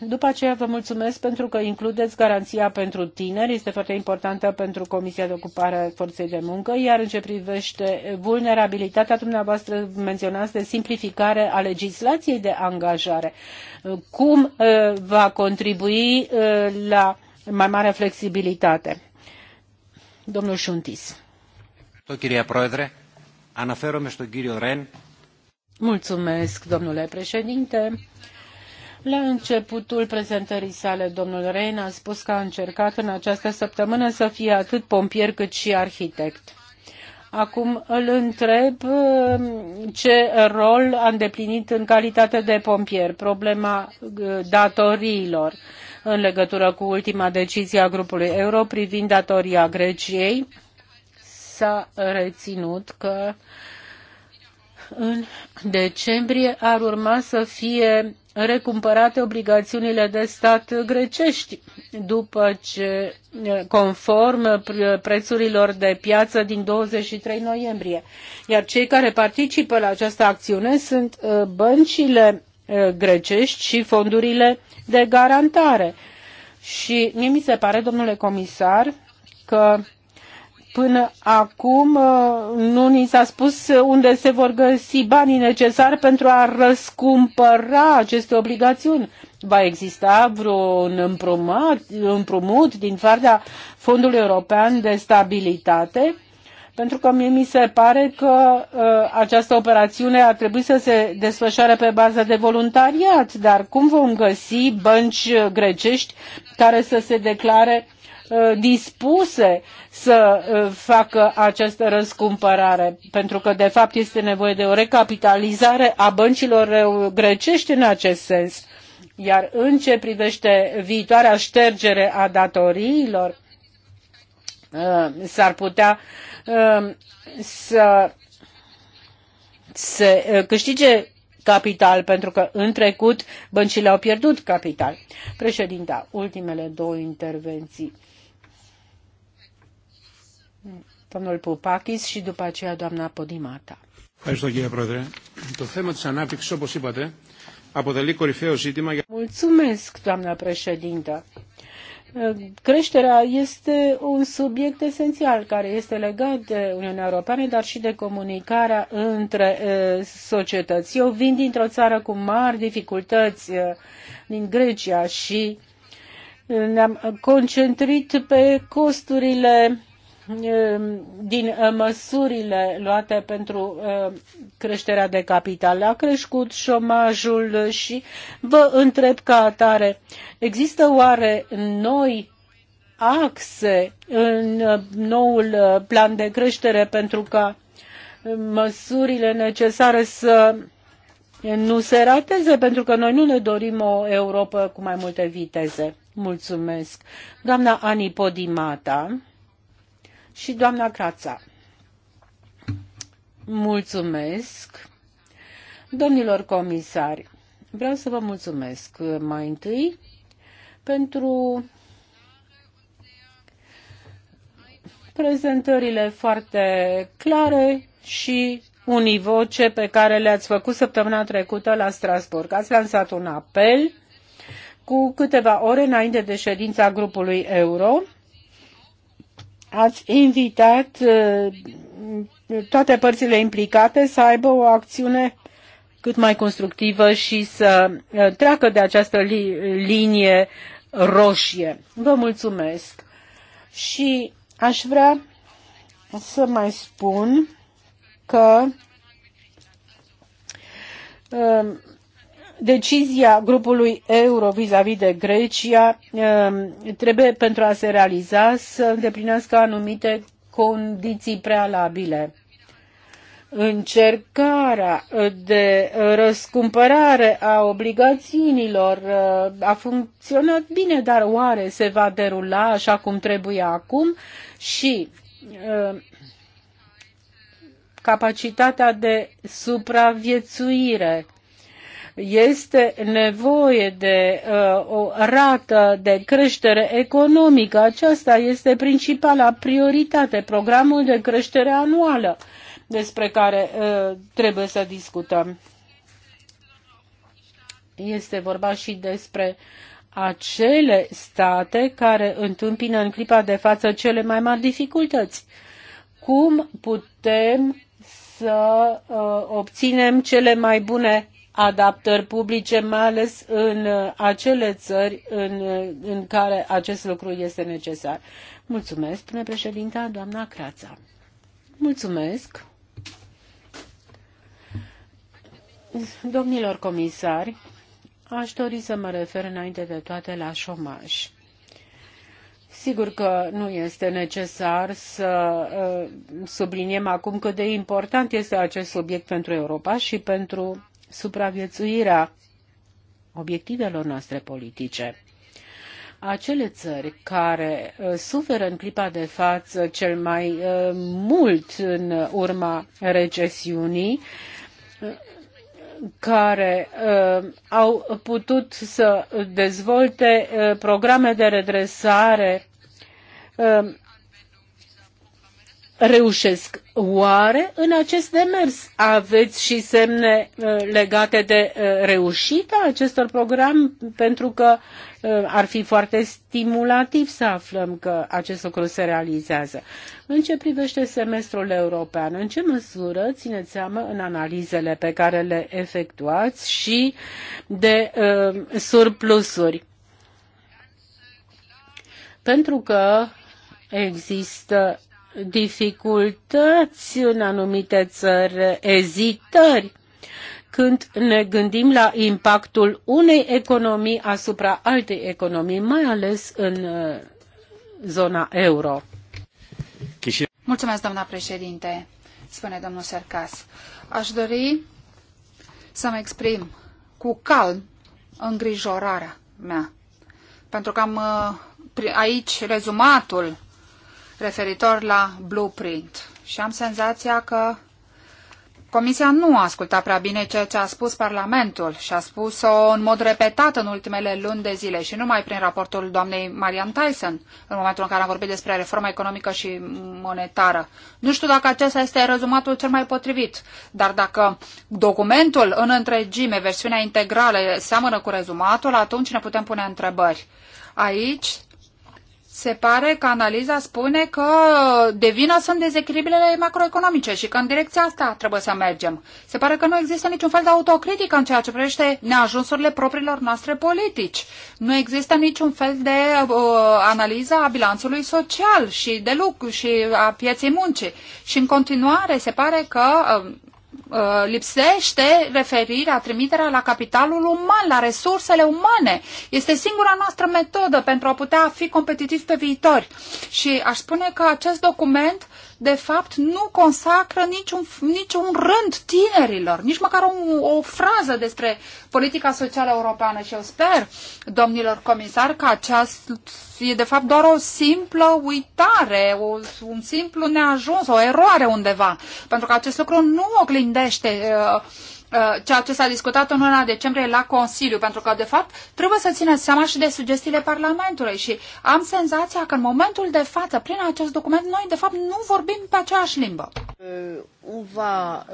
după aceea vă mulțumesc pentru că includeți garanția pentru tineri, este foarte importantă pentru Comisia de Ocupare a Forței de Muncă, iar în ce privește vulnerabilitatea dumneavoastră menționați de simplificare a legislației de angajare. Cum eh, va contribui eh, la mai mare flexibilitate? Domnul Șuntis. Mulțumesc, domnule președinte. La începutul prezentării sale, domnul Rehn a spus că a încercat în această săptămână să fie atât pompier cât și arhitect. Acum îl întreb ce rol a îndeplinit în calitate de pompier, problema uh, datoriilor în legătură cu ultima decizie a grupului euro privind datoria Greciei, s-a reținut că în decembrie ar urma să fie recumpărate obligațiunile de stat grecești după ce conform prețurilor de piață din 23 noiembrie. Iar cei care participă la această acțiune sunt uh, băncile grecești și fondurile de garantare. Și mie mi se pare, domnule comisar, că până acum nu ni s-a spus unde se vor găsi banii necesari pentru a răscumpăra aceste obligațiuni. Va exista vreun împrumut, împrumut din partea Fondului European de Stabilitate pentru că mie mi se pare că uh, această operațiune ar trebui să se desfășoare pe bază de voluntariat, dar cum vom găsi bănci grecești care să se declare uh, dispuse să uh, facă această răscumpărare, pentru că de fapt este nevoie de o recapitalizare a băncilor grecești în acest sens. Iar în ce privește viitoarea ștergere a datoriilor, uh, s-ar putea uh, Um, să să uh, câștige capital, pentru că în trecut băncile au pierdut capital. Președinta, ultimele două intervenții. Domnul Pupakis și după aceea doamna Podimata. Mulțumesc, doamna președintă. Creșterea este un subiect esențial care este legat de Uniunea Europeană, dar și de comunicarea între societăți. Eu vin dintr-o țară cu mari dificultăți, din Grecia, și ne-am concentrat pe costurile Ehm, din eh, măsurile luate pentru eh, creșterea de capital. A crescut șomajul și vă întreb ca atare, există oare noi axe în eh, noul plan de creștere pentru ca măsurile necesare să nu se rateze, pentru că noi nu ne dorim o Europa cu mai multe viteze. Mulțumesc. Doamna Ani Podimata și doamna Crața. Mulțumesc. Domnilor comisari, vreau să vă mulțumesc mai întâi pentru prezentările foarte clare și univoce pe care le-ați făcut săptămâna trecută la Strasbourg. Ați lansat un apel cu câteva ore înainte de ședința grupului euro ați invitat uh, toate părțile implicate să aibă o acțiune cât mai constructivă și să uh, treacă de această linie roșie. Vă mulțumesc. Și aș vrea să mai spun că uh, decizia grupului euro vis-a-vis de Grecia um, trebuie pentru a se realiza să îndeplinească anumite condiții prealabile. Încercarea de răscumpărare a obligațiunilor uh, a funcționat bine, dar oare se va derula așa cum trebuie acum și uh, capacitatea de supraviețuire este nevoie de uh, o rată de creștere economică. Aceasta este principala prioritate, programul de creștere anuală despre care uh, trebuie să discutăm. Este vorba și despre acele state care întâmpină în clipa de față cele mai mari dificultăți. Cum putem să uh, obținem cele mai bune adaptări publice, mai ales în uh, acele țări în, uh, în care acest lucru este necesar. Mulțumesc, spune președinta, doamna Crața. Mulțumesc. Domnilor comisari, aș dori să mă refer înainte de toate la șomaj. Sigur că nu este necesar să uh, subliniem acum cât de important este acest subiect pentru Europa și pentru supraviețuirea obiectivelor noastre politice. Acele țări care uh, suferă în clipa de față cel mai uh, mult în urma recesiunii, uh, care uh, au putut să dezvolte uh, programe de redresare uh, reușesc oare în acest demers? Aveți și semne uh, legate de uh, reușita acestor program? Pentru că uh, ar fi foarte stimulativ să aflăm că acest lucru se realizează. În ce privește semestrul european, în ce măsură țineți seama în analizele pe care le efectuați și de uh, surplusuri? Pentru că există dificultăți în anumite țări, ezitări când ne gândim la impactul unei economii asupra altei economii, mai ales în uh, zona euro. Mulțumesc, doamna președinte, spune domnul Sercas. Aș dori să-mi exprim cu calm îngrijorarea mea, pentru că am uh, aici rezumatul referitor la blueprint și am senzația că Comisia nu a ascultat prea bine ceea ce a spus Parlamentul și a spus-o în mod repetat în ultimele luni de zile și numai prin raportul doamnei Marian Tyson în momentul în care am vorbit despre reforma economică și monetară. Nu știu dacă acesta este rezumatul cel mai potrivit, dar dacă documentul în întregime, versiunea integrală, seamănă cu rezumatul, atunci ne putem pune întrebări. Aici se pare că analiza spune că de vină sunt dezechilibrele macroeconomice și că în direcția asta trebuie să mergem. Se pare că nu există niciun fel de autocritică în ceea ce privește neajunsurile propriilor noastre politici. Nu există niciun fel de uh, analiză a bilanțului social și de lucru și a pieței muncii. Și în continuare se pare că uh, Uh, lipsește referirea, trimiterea la capitalul uman, la resursele umane. Este singura noastră metodă pentru a putea fi competitivi pe viitor. Și aș spune că acest document de fapt, nu consacră niciun, niciun rând tinerilor, nici măcar o, o frază despre politica socială europeană. Și eu sper, domnilor comisar, că aceasta e, de fapt, doar o simplă uitare, o, un simplu neajuns, o eroare undeva, pentru că acest lucru nu oglindește uh, Uh, ceea ce s-a discutat în luna decembrie la Consiliu, pentru că, de fapt, trebuie să țineți seama și de sugestiile Parlamentului și am senzația că, în momentul de față, prin acest document, noi, de fapt, nu vorbim pe aceeași limbă. Uva, uh...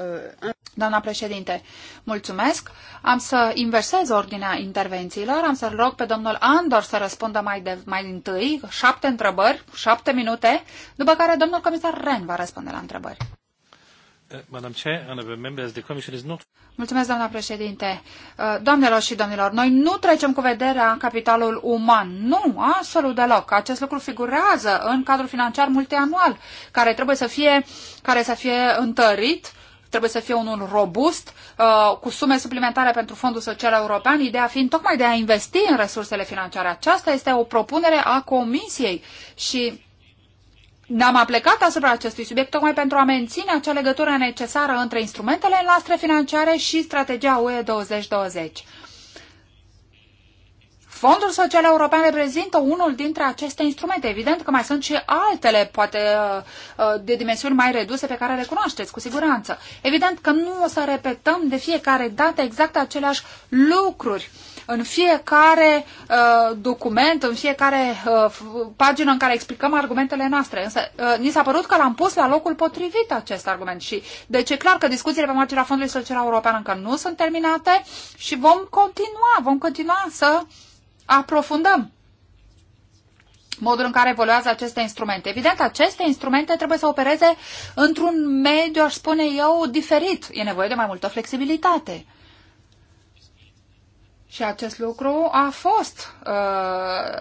uh Doamna președinte, mulțumesc. Am să inversez ordinea intervențiilor. Am să-l rog pe domnul Andor să răspundă mai, de, mai întâi șapte întrebări, șapte minute, după care domnul comisar Ren va răspunde la întrebări. Uh, Mulțumesc, doamna președinte. Uh, doamnelor și domnilor, noi nu trecem cu vederea capitalul uman. Nu, absolut deloc. Acest lucru figurează în cadrul financiar multianual, care trebuie să fie, care să fie întărit trebuie să fie unul robust, uh, cu sume suplimentare pentru Fondul Social European, ideea fiind tocmai de a investi în resursele financiare. Aceasta este o propunere a Comisiei și ne-am aplecat asupra acestui subiect tocmai pentru a menține acea legătură necesară între instrumentele noastre financiare și strategia UE 2020. Fondul Social European reprezintă unul dintre aceste instrumente. Evident că mai sunt și altele, poate uh, uh, de dimensiuni mai reduse, pe care le cunoașteți, cu siguranță. Evident că nu o să repetăm de fiecare dată exact aceleași lucruri în fiecare uh, document, în fiecare uh, pagină în care explicăm argumentele noastre. Însă uh, ni s-a părut că l-am pus la locul potrivit acest argument și deci e clar că discuțiile pe marginea Fondului Social European încă nu sunt terminate și vom continua, vom continua să aprofundăm modul în care evoluează aceste instrumente. Evident, aceste instrumente trebuie să opereze într-un mediu, aș spune eu, diferit. E nevoie de mai multă flexibilitate. Și acest lucru a fost uh,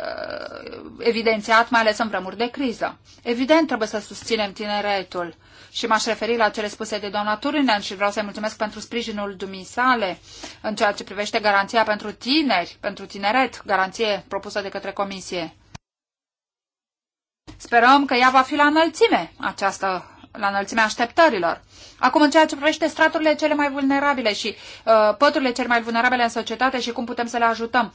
evidențiat, mai ales în vremuri de criză. Evident, trebuie să susținem tineretul. Și m-aș referi la cele spuse de doamna Turinen și vreau să-i mulțumesc pentru sprijinul dumisale în ceea ce privește garanția pentru tineri, pentru tineret, garanție propusă de către comisie. Sperăm că ea va fi la înălțime, această la înălțimea așteptărilor. Acum, în ceea ce privește straturile cele mai vulnerabile și uh, păturile cele mai vulnerabile în societate și cum putem să le ajutăm,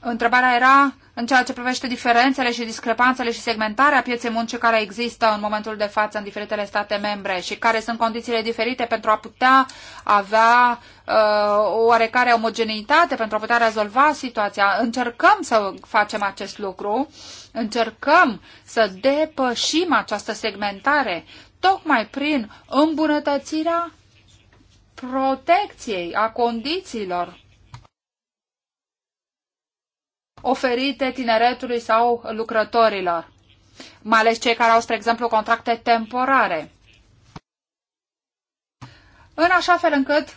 întrebarea era în ceea ce privește diferențele și discrepanțele și segmentarea pieței muncii care există în momentul de față în diferitele state membre și care sunt condițiile diferite pentru a putea avea uh, oarecare omogeneitate, pentru a putea rezolva situația. Încercăm să facem acest lucru. Uh, Încercăm să depășim această segmentare tocmai prin îmbunătățirea protecției a condițiilor oferite tineretului sau lucrătorilor, mai ales cei care au, spre exemplu, contracte temporare. În așa fel încât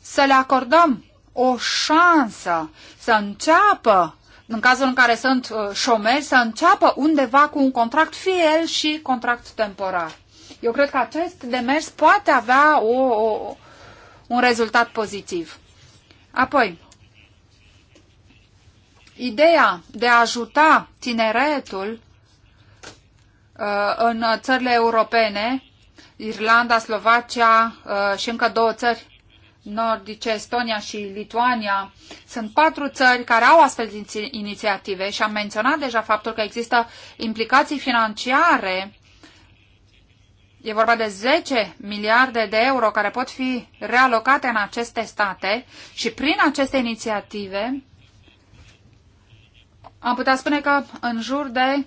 să le acordăm o șansă să înceapă în cazul în care sunt uh, șomeri, să înceapă undeva cu un contract, fie el și contract temporar. Eu cred că acest demers poate avea o, o, un rezultat pozitiv. Apoi, ideea de a ajuta tineretul uh, în țările europene, Irlanda, Slovacia uh, și încă două țări nordice, Estonia și Lituania, sunt patru țări care au astfel de inițiative și am menționat deja faptul că există implicații financiare. E vorba de 10 miliarde de euro care pot fi realocate în aceste state și prin aceste inițiative am putea spune că în jur de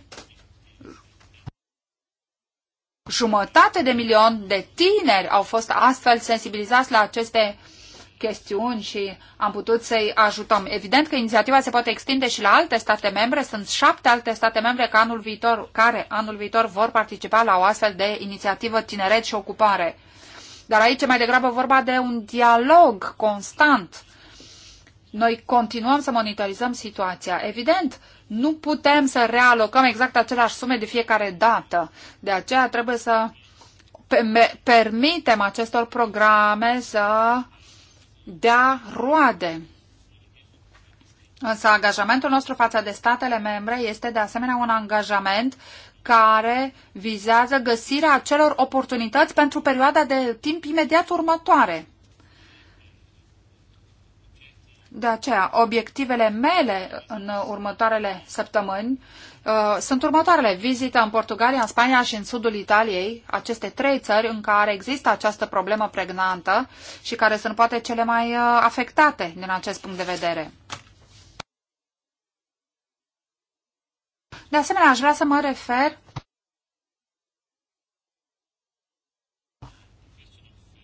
jumătate de milion de tineri au fost astfel sensibilizați la aceste chestiuni și am putut să-i ajutăm. Evident că inițiativa se poate extinde și la alte state membre. Sunt șapte alte state membre care anul viitor, care anul viitor vor participa la o astfel de inițiativă tineret și ocupare. Dar aici e mai degrabă vorba de un dialog constant. Noi continuăm să monitorizăm situația. Evident, nu putem să realocăm exact aceleași sume de fiecare dată. De aceea trebuie să permitem acestor programe să da, roade. Însă angajamentul nostru față de statele membre este de asemenea un angajament care vizează găsirea acelor oportunități pentru perioada de timp imediat următoare. De aceea, obiectivele mele în următoarele săptămâni Uh, sunt următoarele. vizite în Portugalia, în Spania și în sudul Italiei, aceste trei țări în care există această problemă pregnantă și care sunt poate cele mai uh, afectate din acest punct de vedere. De asemenea, aș vrea să mă refer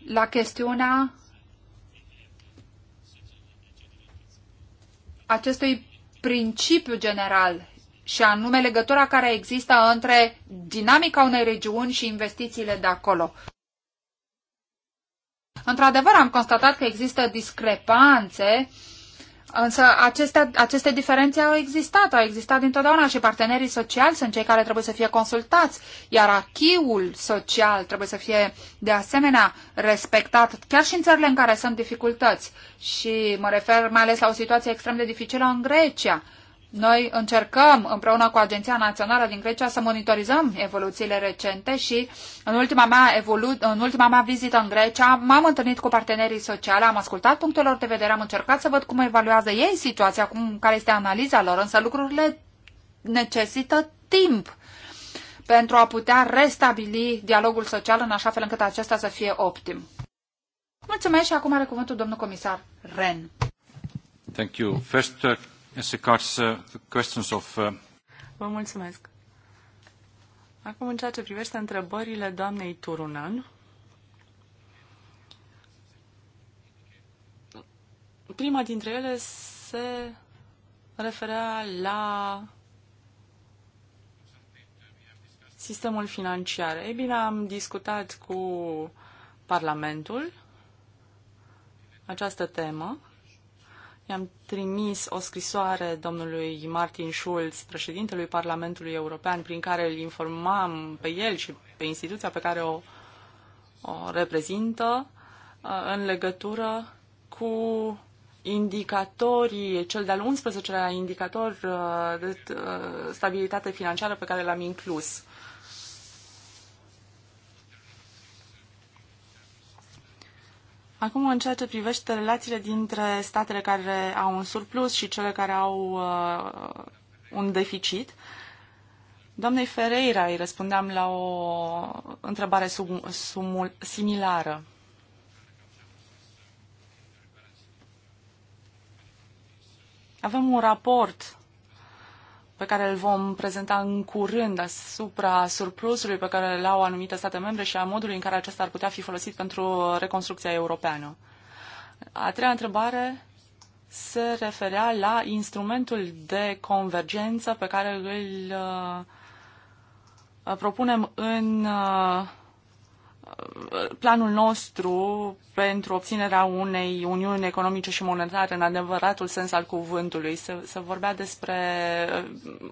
la chestiunea acestui principiu general și anume legătura care există între dinamica unei regiuni și investițiile de acolo. Într-adevăr, am constatat că există discrepanțe, însă aceste, aceste diferențe au existat, au existat dintotdeauna și partenerii sociali sunt cei care trebuie să fie consultați, iar achiul social trebuie să fie de asemenea respectat, chiar și în țările în care sunt dificultăți. Și mă refer mai ales la o situație extrem de dificilă în Grecia, noi încercăm împreună cu Agenția Națională din Grecia să monitorizăm evoluțiile recente și în ultima mea, evolu- în ultima mea vizită în Grecia m-am întâlnit cu partenerii sociale, am ascultat punctul lor de vedere, am încercat să văd cum evaluează ei situația, cum, care este analiza lor, însă lucrurile necesită timp pentru a putea restabili dialogul social în așa fel încât acesta să fie optim. Mulțumesc și acum are cuvântul domnul comisar Ren. Thank you. First, uh... As regards uh, the questions of... Uh... Vă mulțumesc. Acum, în ceea ce privește întrebările doamnei Turunan, prima dintre ele se referea la sistemul financiar. Ei bine, am discutat cu Parlamentul această temă I-am trimis o scrisoare domnului Martin Schulz, președintelui Parlamentului European, prin care îl informam pe el și pe instituția pe care o, o reprezintă uh, în legătură cu indicatorii, cel de-al 11-lea indicator uh, de uh, stabilitate financiară pe care l-am inclus Acum, în ceea ce privește relațiile dintre statele care au un surplus și cele care au uh, un deficit, doamnei Ferreira îi răspundeam la o întrebare sub, sub, similară. Avem un raport pe care îl vom prezenta în curând asupra surplusului pe care îl au anumite state membre și a modului în care acesta ar putea fi folosit pentru reconstrucția europeană. A treia întrebare se referea la instrumentul de convergență pe care îl uh, propunem în uh, planul nostru pentru obținerea unei uniuni economice și monetare în adevăratul sens al cuvântului. Se, se vorbea despre uh,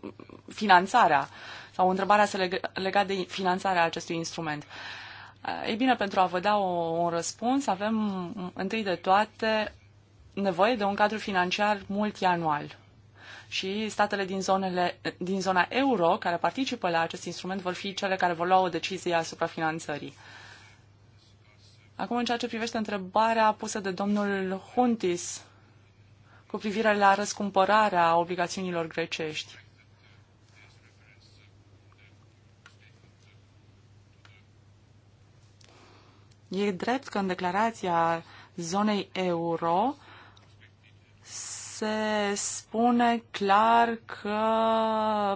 finanțarea sau întrebarea se lega, lega de finanțarea acestui instrument. Uh, ei bine, pentru a vă da o, un răspuns, avem întâi de toate nevoie de un cadru financiar multianual și statele din, zonele, din zona euro care participă la acest instrument vor fi cele care vor lua o decizie asupra finanțării. Acum, în ceea ce privește întrebarea pusă de domnul Huntis cu privire la răscumpărarea obligațiunilor grecești. E drept că în declarația zonei euro se spune clar că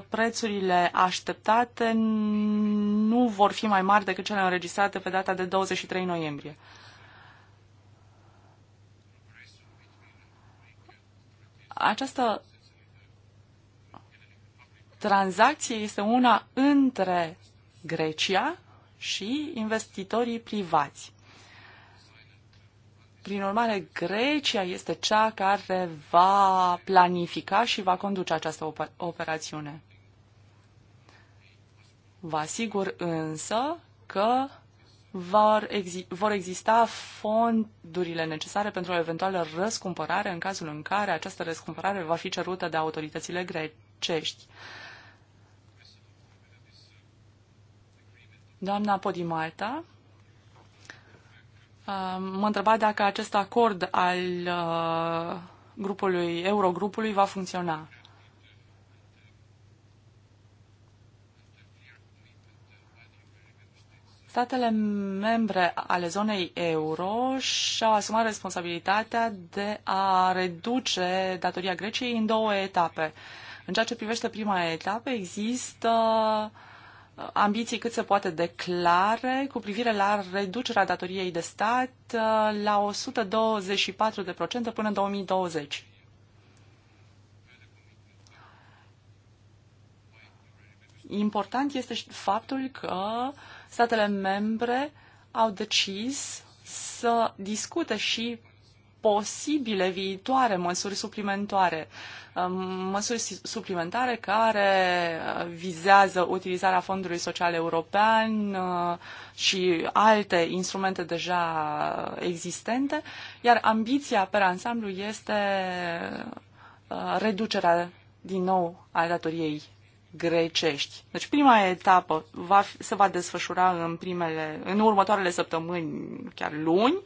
prețurile așteptate nu vor fi mai mari decât cele înregistrate pe data de 23 noiembrie. Această tranzacție este una între Grecia și investitorii privați. Prin urmare, Grecia este cea care va planifica și va conduce această oper- operațiune. Vă asigur însă că vor, exi- vor exista fondurile necesare pentru o eventuală răscumpărare în cazul în care această răscumpărare va fi cerută de autoritățile grecești. Doamna Podimata mă întreba dacă acest acord al uh, grupului, Eurogrupului va funcționa. Statele membre ale zonei euro și-au asumat responsabilitatea de a reduce datoria Greciei în două etape. În ceea ce privește prima etapă, există uh, ambiții cât se poate de clare cu privire la reducerea datoriei de stat uh, la 124% până în 2020. Important este și faptul că statele membre au decis să discute și posibile viitoare măsuri suplimentare, măsuri suplimentare care uh, vizează utilizarea Fondului Social European uh, și alte instrumente deja existente, iar ambiția pe ansamblu este uh, reducerea din nou a datoriei grecești. Deci prima etapă va, se va desfășura în, primele, în următoarele săptămâni, chiar luni.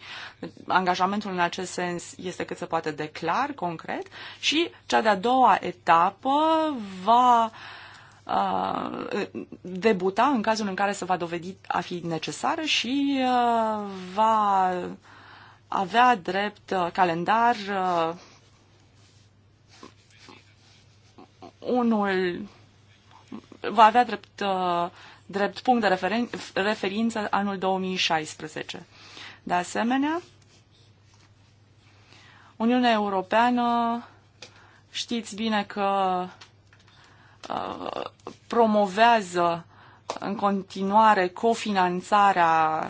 Angajamentul în acest sens este cât se poate de clar, concret. Și cea de-a doua etapă va uh, debuta în cazul în care se va dovedi a fi necesară și uh, va avea drept uh, calendar uh, unul va avea drept, uh, drept punct de referen, referință anul 2016. De asemenea, Uniunea Europeană știți bine că uh, promovează în continuare cofinanțarea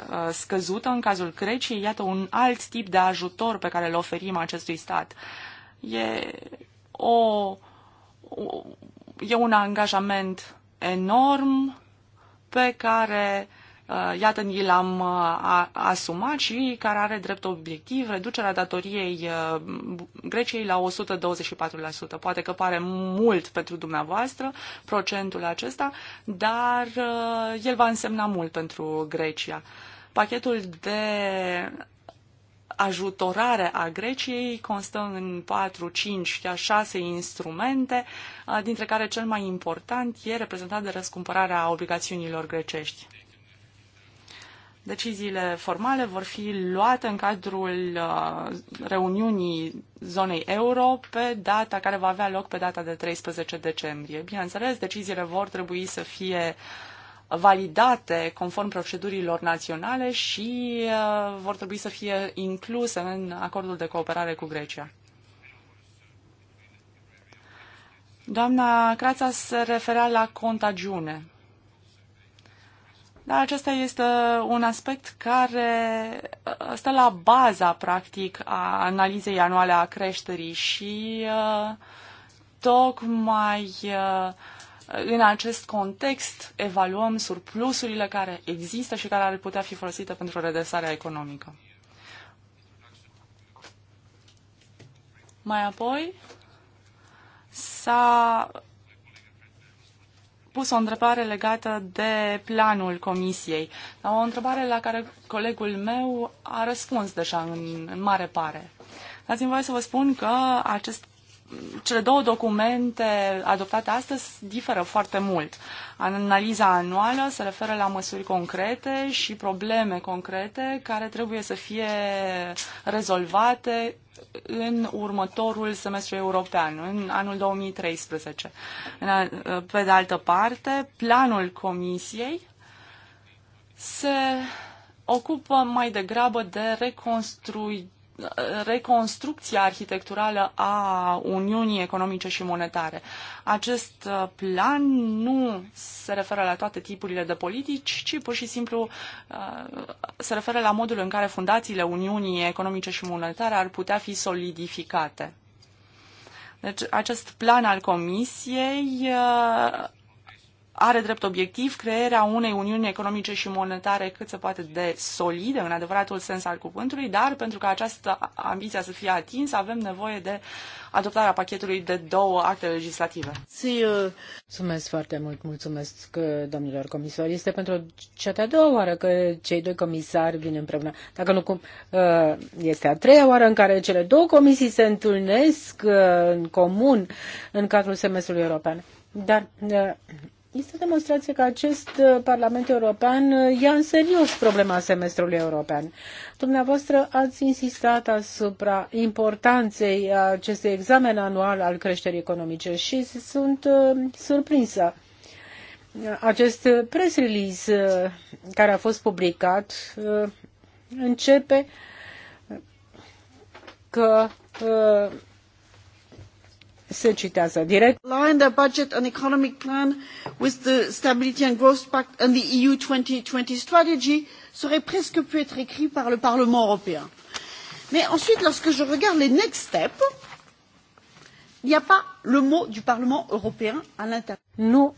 uh, scăzută în cazul Greciei, iată un alt tip de ajutor pe care îl oferim acestui stat. E, o, o, e un angajament enorm pe care, uh, iată, ni l-am uh, asumat și care are drept obiectiv reducerea datoriei uh, Greciei la 124%. Poate că pare mult pentru dumneavoastră procentul acesta, dar el va însemna mult pentru Grecia. Pachetul de ajutorare a Greciei constă în 4, 5, chiar 6 instrumente, dintre care cel mai important e reprezentat de răscumpărarea obligațiunilor grecești. Deciziile formale vor fi luate în cadrul reuniunii zonei euro pe data care va avea loc pe data de 13 decembrie. Bineînțeles, deciziile vor trebui să fie uh, validate conform procedurilor naționale și uh, vor trebui să fie incluse în acordul de cooperare cu Grecia. Doamna Crața se referea la contagiune. Dar acesta este un aspect care uh, stă la baza, practic, a analizei anuale a creșterii și uh, tocmai în acest context evaluăm surplusurile care există și care ar putea fi folosite pentru redresarea economică. Mai apoi s-a pus o întrebare legată de planul comisiei, o întrebare la care colegul meu a răspuns deja în, în mare pare. Dați-mi voie să vă spun că acest cele două documente adoptate astăzi diferă foarte mult. Analiza anuală se referă la măsuri concrete și probleme concrete care trebuie să fie rezolvate în următorul semestru european, în anul 2013. Pe de altă parte, planul Comisiei se ocupă mai degrabă de reconstrui reconstrucția arhitecturală a Uniunii Economice și Monetare. Acest uh, plan nu se referă la toate tipurile de politici, ci pur și simplu uh, se referă la modul în care fundațiile Uniunii Economice și Monetare ar putea fi solidificate. Deci acest plan al Comisiei uh, are drept obiectiv crearea unei uniuni economice și monetare cât se poate de solide, în adevăratul sens al cuvântului, dar pentru că această ambiție să fie atinsă, avem nevoie de adoptarea pachetului de două acte legislative. Uh, mulțumesc foarte mult, mulțumesc uh, domnilor comisari. Este pentru cea de-a doua oară că cei doi comisari vin împreună. Dacă nu cum, uh, este a treia oară în care cele două comisii se întâlnesc în comun în cadrul semestrului european. Dar este o demonstrație că acest uh, Parlament European uh, ia în serios problema semestrului european. Dumneavoastră ați insistat asupra importanței acestui examen anual al creșterii economice și sunt uh, surprinsă. Acest press release care a fost publicat începe că se citează direct. Line the budget and economic plan with the Stability and Growth Pact and the EU 2020 strategy serait presque pu être écrit par le Parlement européen. Mais ensuite, lorsque je regarde les next steps, n'y a pas le mot du Parlement européen à l'intérieur. Nu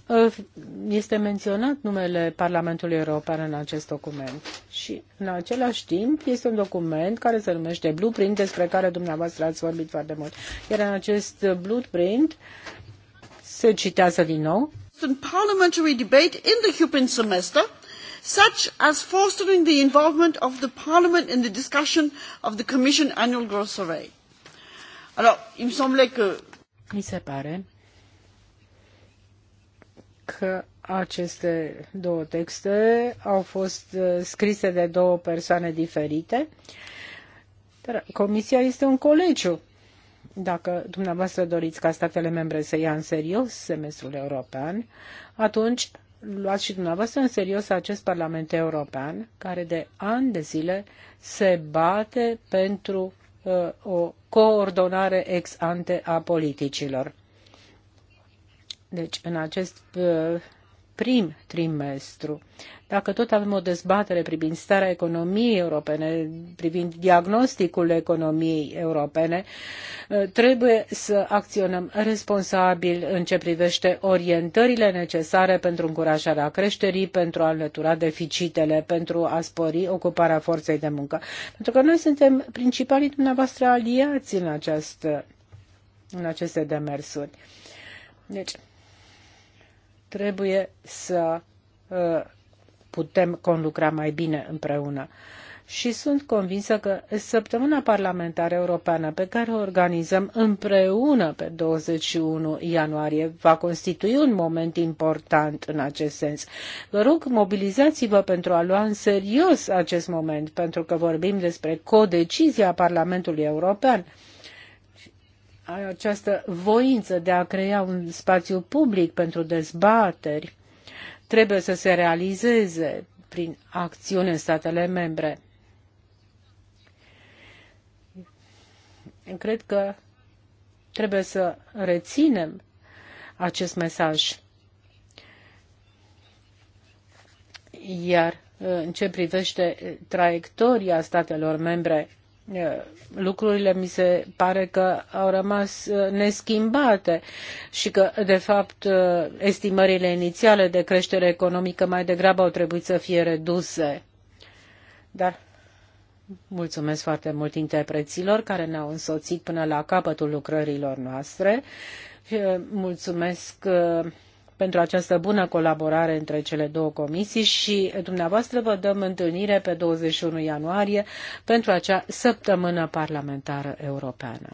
este menționat numele Parlamentului European în acest document. Și în același timp este un document care se numește Blueprint, despre care dumneavoastră ați vorbit foarte mult. Iar în acest Blueprint se citează din nou. Parliamentary debate in the European semester such as fostering the involvement of the Parliament in the discussion of the Commission annual growth survey. Alors, il me semblait que mi se pare că aceste două texte au fost uh, scrise de două persoane diferite, dar Comisia este un colegiu. Dacă dumneavoastră doriți ca statele membre să ia în serios semestrul european, atunci luați și dumneavoastră în serios acest Parlament European, care de ani de zile se bate pentru Uh, o coordonare ex ante a politicilor. Deci, în acest uh, prim trimestru. Dacă tot avem o dezbatere privind starea economiei europene, privind diagnosticul economiei europene, eh, trebuie să acționăm responsabil în ce privește orientările necesare pentru încurajarea creșterii, pentru a înlătura deficitele, pentru a spori ocuparea forței de muncă. Pentru că noi suntem principalii dumneavoastră aliați în, această, în aceste demersuri. Deci, trebuie să uh, putem conlucra mai bine împreună. Și sunt convinsă că săptămâna parlamentară europeană pe care o organizăm împreună pe 21 ianuarie va constitui un moment important în acest sens. Vă rog, mobilizați-vă pentru a lua în serios acest moment, pentru că vorbim despre codecizia Parlamentului European această voință de a crea un spațiu public pentru dezbateri trebuie să se realizeze prin acțiune în statele membre. Cred că trebuie să reținem acest mesaj. Iar în ce privește traiectoria statelor membre, lucrurile mi se pare că au rămas neschimbate și că, de fapt, estimările inițiale de creștere economică mai degrabă au trebuit să fie reduse. Dar mulțumesc foarte mult interpreților care ne-au însoțit până la capătul lucrărilor noastre. Mulțumesc pentru această bună colaborare între cele două comisii și dumneavoastră vă dăm întâlnire pe 21 ianuarie pentru acea săptămână parlamentară europeană.